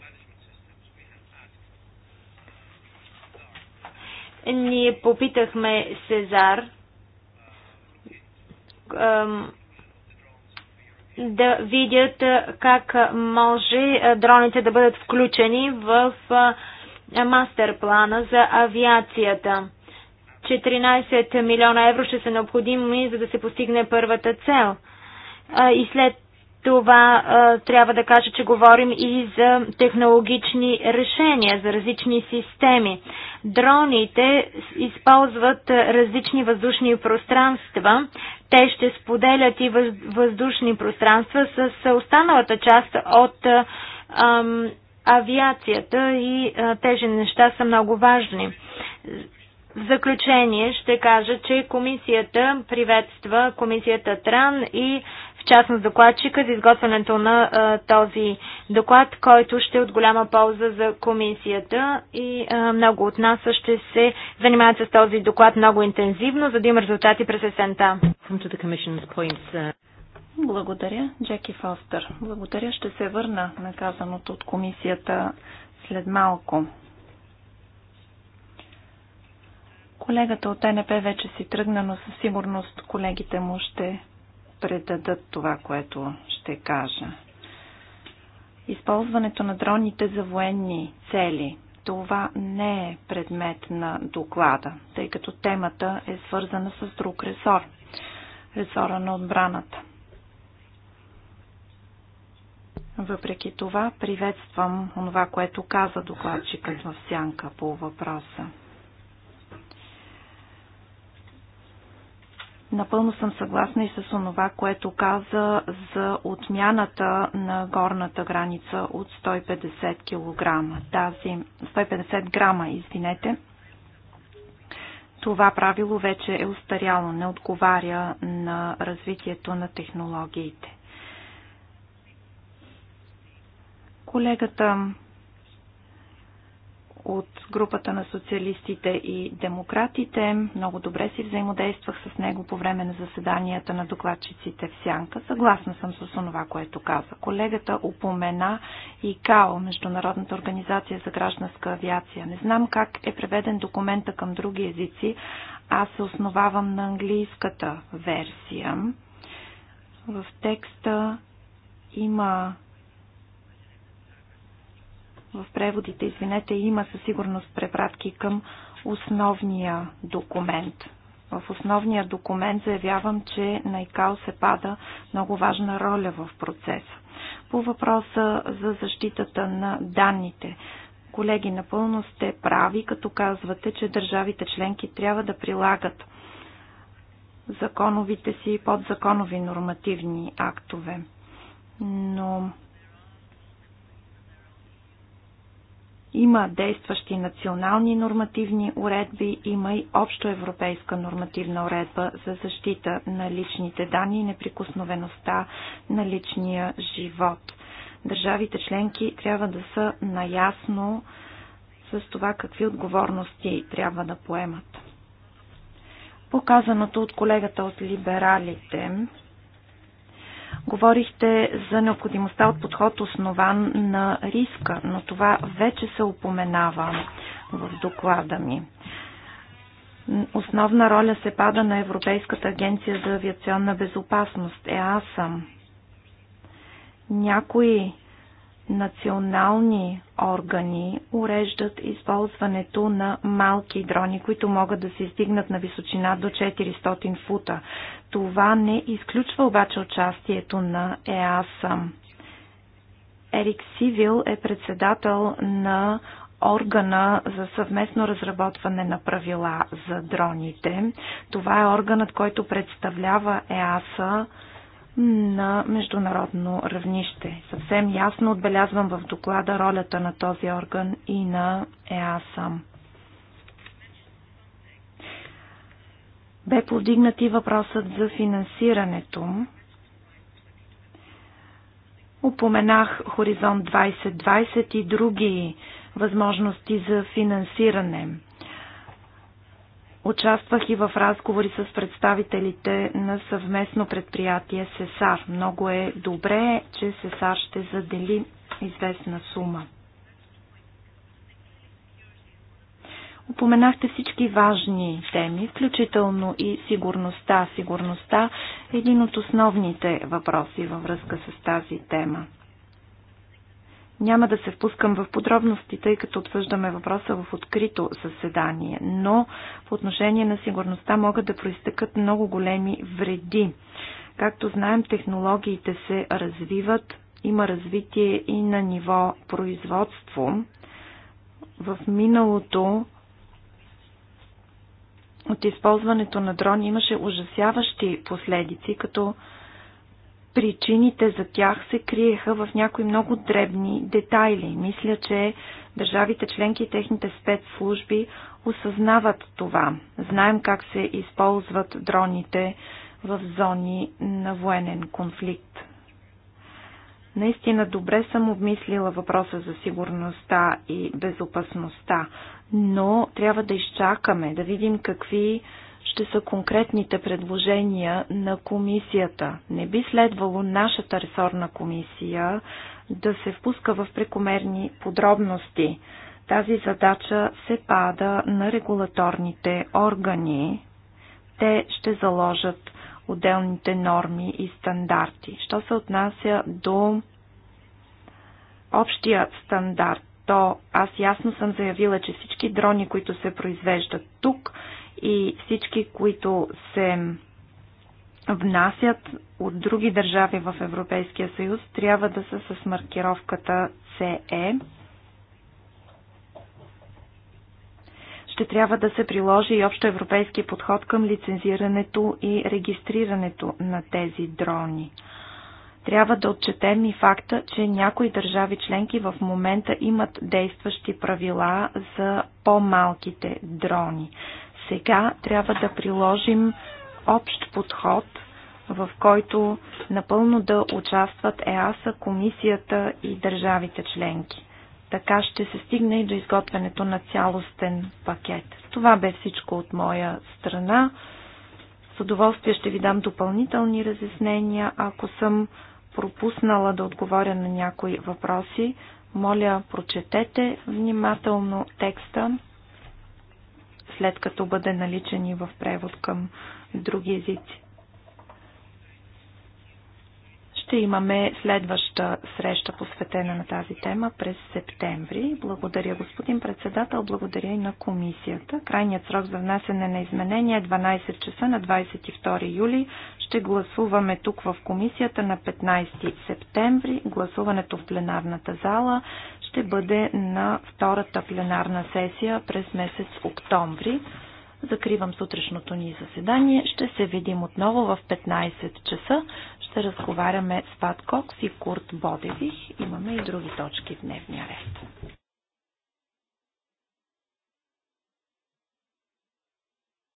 Ние попитахме Сезар ам, да видят как може дроните да бъдат включени в мастер плана за авиацията. 14 милиона евро ще са необходими, за да се постигне първата цел. И след това а, трябва да кажа, че говорим и за технологични решения, за различни системи. Дроните използват различни въздушни пространства. Те ще споделят и въздушни пространства с останалата част от ам, авиацията и а, тези неща са много важни. В заключение ще кажа, че комисията приветства комисията Тран и частност докладчика за изготвянето на а, този доклад, който ще е от голяма полза за комисията и а, много от нас ще се занимават с този доклад много интензивно, за да има резултати през есента. Uh, Благодаря, Джеки Фостер. Благодаря, ще се върна на казаното от комисията след малко. Колегата от НП вече си тръгна, но със сигурност колегите му ще предадат това, което ще кажа. Използването на дроните за военни цели. Това не е предмет на доклада, тъй като темата е свързана с друг ресор. Ресора на отбраната. Въпреки това, приветствам онова, което каза докладчикът в сянка по въпроса. Напълно съм съгласна и с онова, което каза за отмяната на горната граница от 150 кг. Тази 150 грама, извинете. Това правило вече е устаряло, не отговаря на развитието на технологиите. Колегата от групата на социалистите и демократите. Много добре си взаимодействах с него по време на заседанията на докладчиците в Сянка. Съгласна съм с онова, което каза. Колегата упомена и КАО, Международната организация за гражданска авиация. Не знам как е преведен документа към други езици. Аз се основавам на английската версия. В текста има в преводите, извинете, има със сигурност препратки към основния документ. В основния документ заявявам, че на ИКАО се пада много важна роля в процеса. По въпроса за защитата на данните, колеги, напълно сте прави, като казвате, че държавите членки трябва да прилагат законовите си и подзаконови нормативни актове. Но Има действащи национални нормативни уредби, има и общо европейска нормативна уредба за защита на личните данни и неприкосновеността на личния живот. Държавите членки трябва да са наясно с това какви отговорности трябва да поемат. Показаното от колегата от либералите Говорихте за необходимостта от подход основан на риска, но това вече се упоменава в доклада ми. Основна роля се пада на Европейската агенция за авиационна безопасност, ЕАСА. Някои национални органи уреждат използването на малки дрони, които могат да се издигнат на височина до 400 фута. Това не изключва обаче участието на ЕАСА. Ерик Сивил е председател на органа за съвместно разработване на правила за дроните. Това е органът, който представлява ЕАСА на международно равнище. Съвсем ясно отбелязвам в доклада ролята на този орган и на ЕАСАМ. Бе повдигнат и въпросът за финансирането. Упоменах Хоризонт 2020 и други възможности за финансиране. Участвах и в разговори с представителите на съвместно предприятие СЕСАР. Много е добре, че СЕСАР ще задели известна сума. Упоменахте всички важни теми, включително и сигурността. Сигурността е един от основните въпроси във връзка с тази тема. Няма да се впускам в подробности, тъй като обсъждаме въпроса в открито съседание, но по отношение на сигурността могат да проистъкат много големи вреди. Както знаем, технологиите се развиват, има развитие и на ниво производство. В миналото от използването на дрони имаше ужасяващи последици, като причините за тях се криеха в някои много дребни детайли. Мисля, че държавите членки и техните спецслужби осъзнават това. Знаем как се използват дроните в зони на военен конфликт. Наистина добре съм обмислила въпроса за сигурността и безопасността, но трябва да изчакаме, да видим какви ще са конкретните предложения на комисията. Не би следвало нашата ресорна комисия да се впуска в прекомерни подробности. Тази задача се пада на регулаторните органи. Те ще заложат отделните норми и стандарти. Що се отнася до общия стандарт, то аз ясно съм заявила, че всички дрони, които се произвеждат тук, и всички, които се внасят от други държави в Европейския съюз, трябва да са с маркировката CE. Ще трябва да се приложи и общо европейски подход към лицензирането и регистрирането на тези дрони. Трябва да отчетем и факта, че някои държави членки в момента имат действащи правила за по-малките дрони. Сега трябва да приложим общ подход, в който напълно да участват ЕАСА, комисията и държавите членки. Така ще се стигне и до изготвянето на цялостен пакет. Това бе всичко от моя страна. С удоволствие ще ви дам допълнителни разяснения. Ако съм пропуснала да отговоря на някои въпроси, моля, прочетете внимателно текста след като бъде наличен и в превод към други езици. Ще имаме следваща среща посветена на тази тема през септември. Благодаря господин председател, благодаря и на комисията. Крайният срок за внасене на изменения е 12 часа на 22 юли. Ще гласуваме тук в комисията на 15 септември. Гласуването в пленарната зала ще бъде на втората пленарна сесия през месец октомври. Закривам сутрешното ни заседание. Ще се видим отново в 15 часа. Ще разговаряме с Пат Кокс и Курт Бодевих. Имаме и други точки в дневния ред.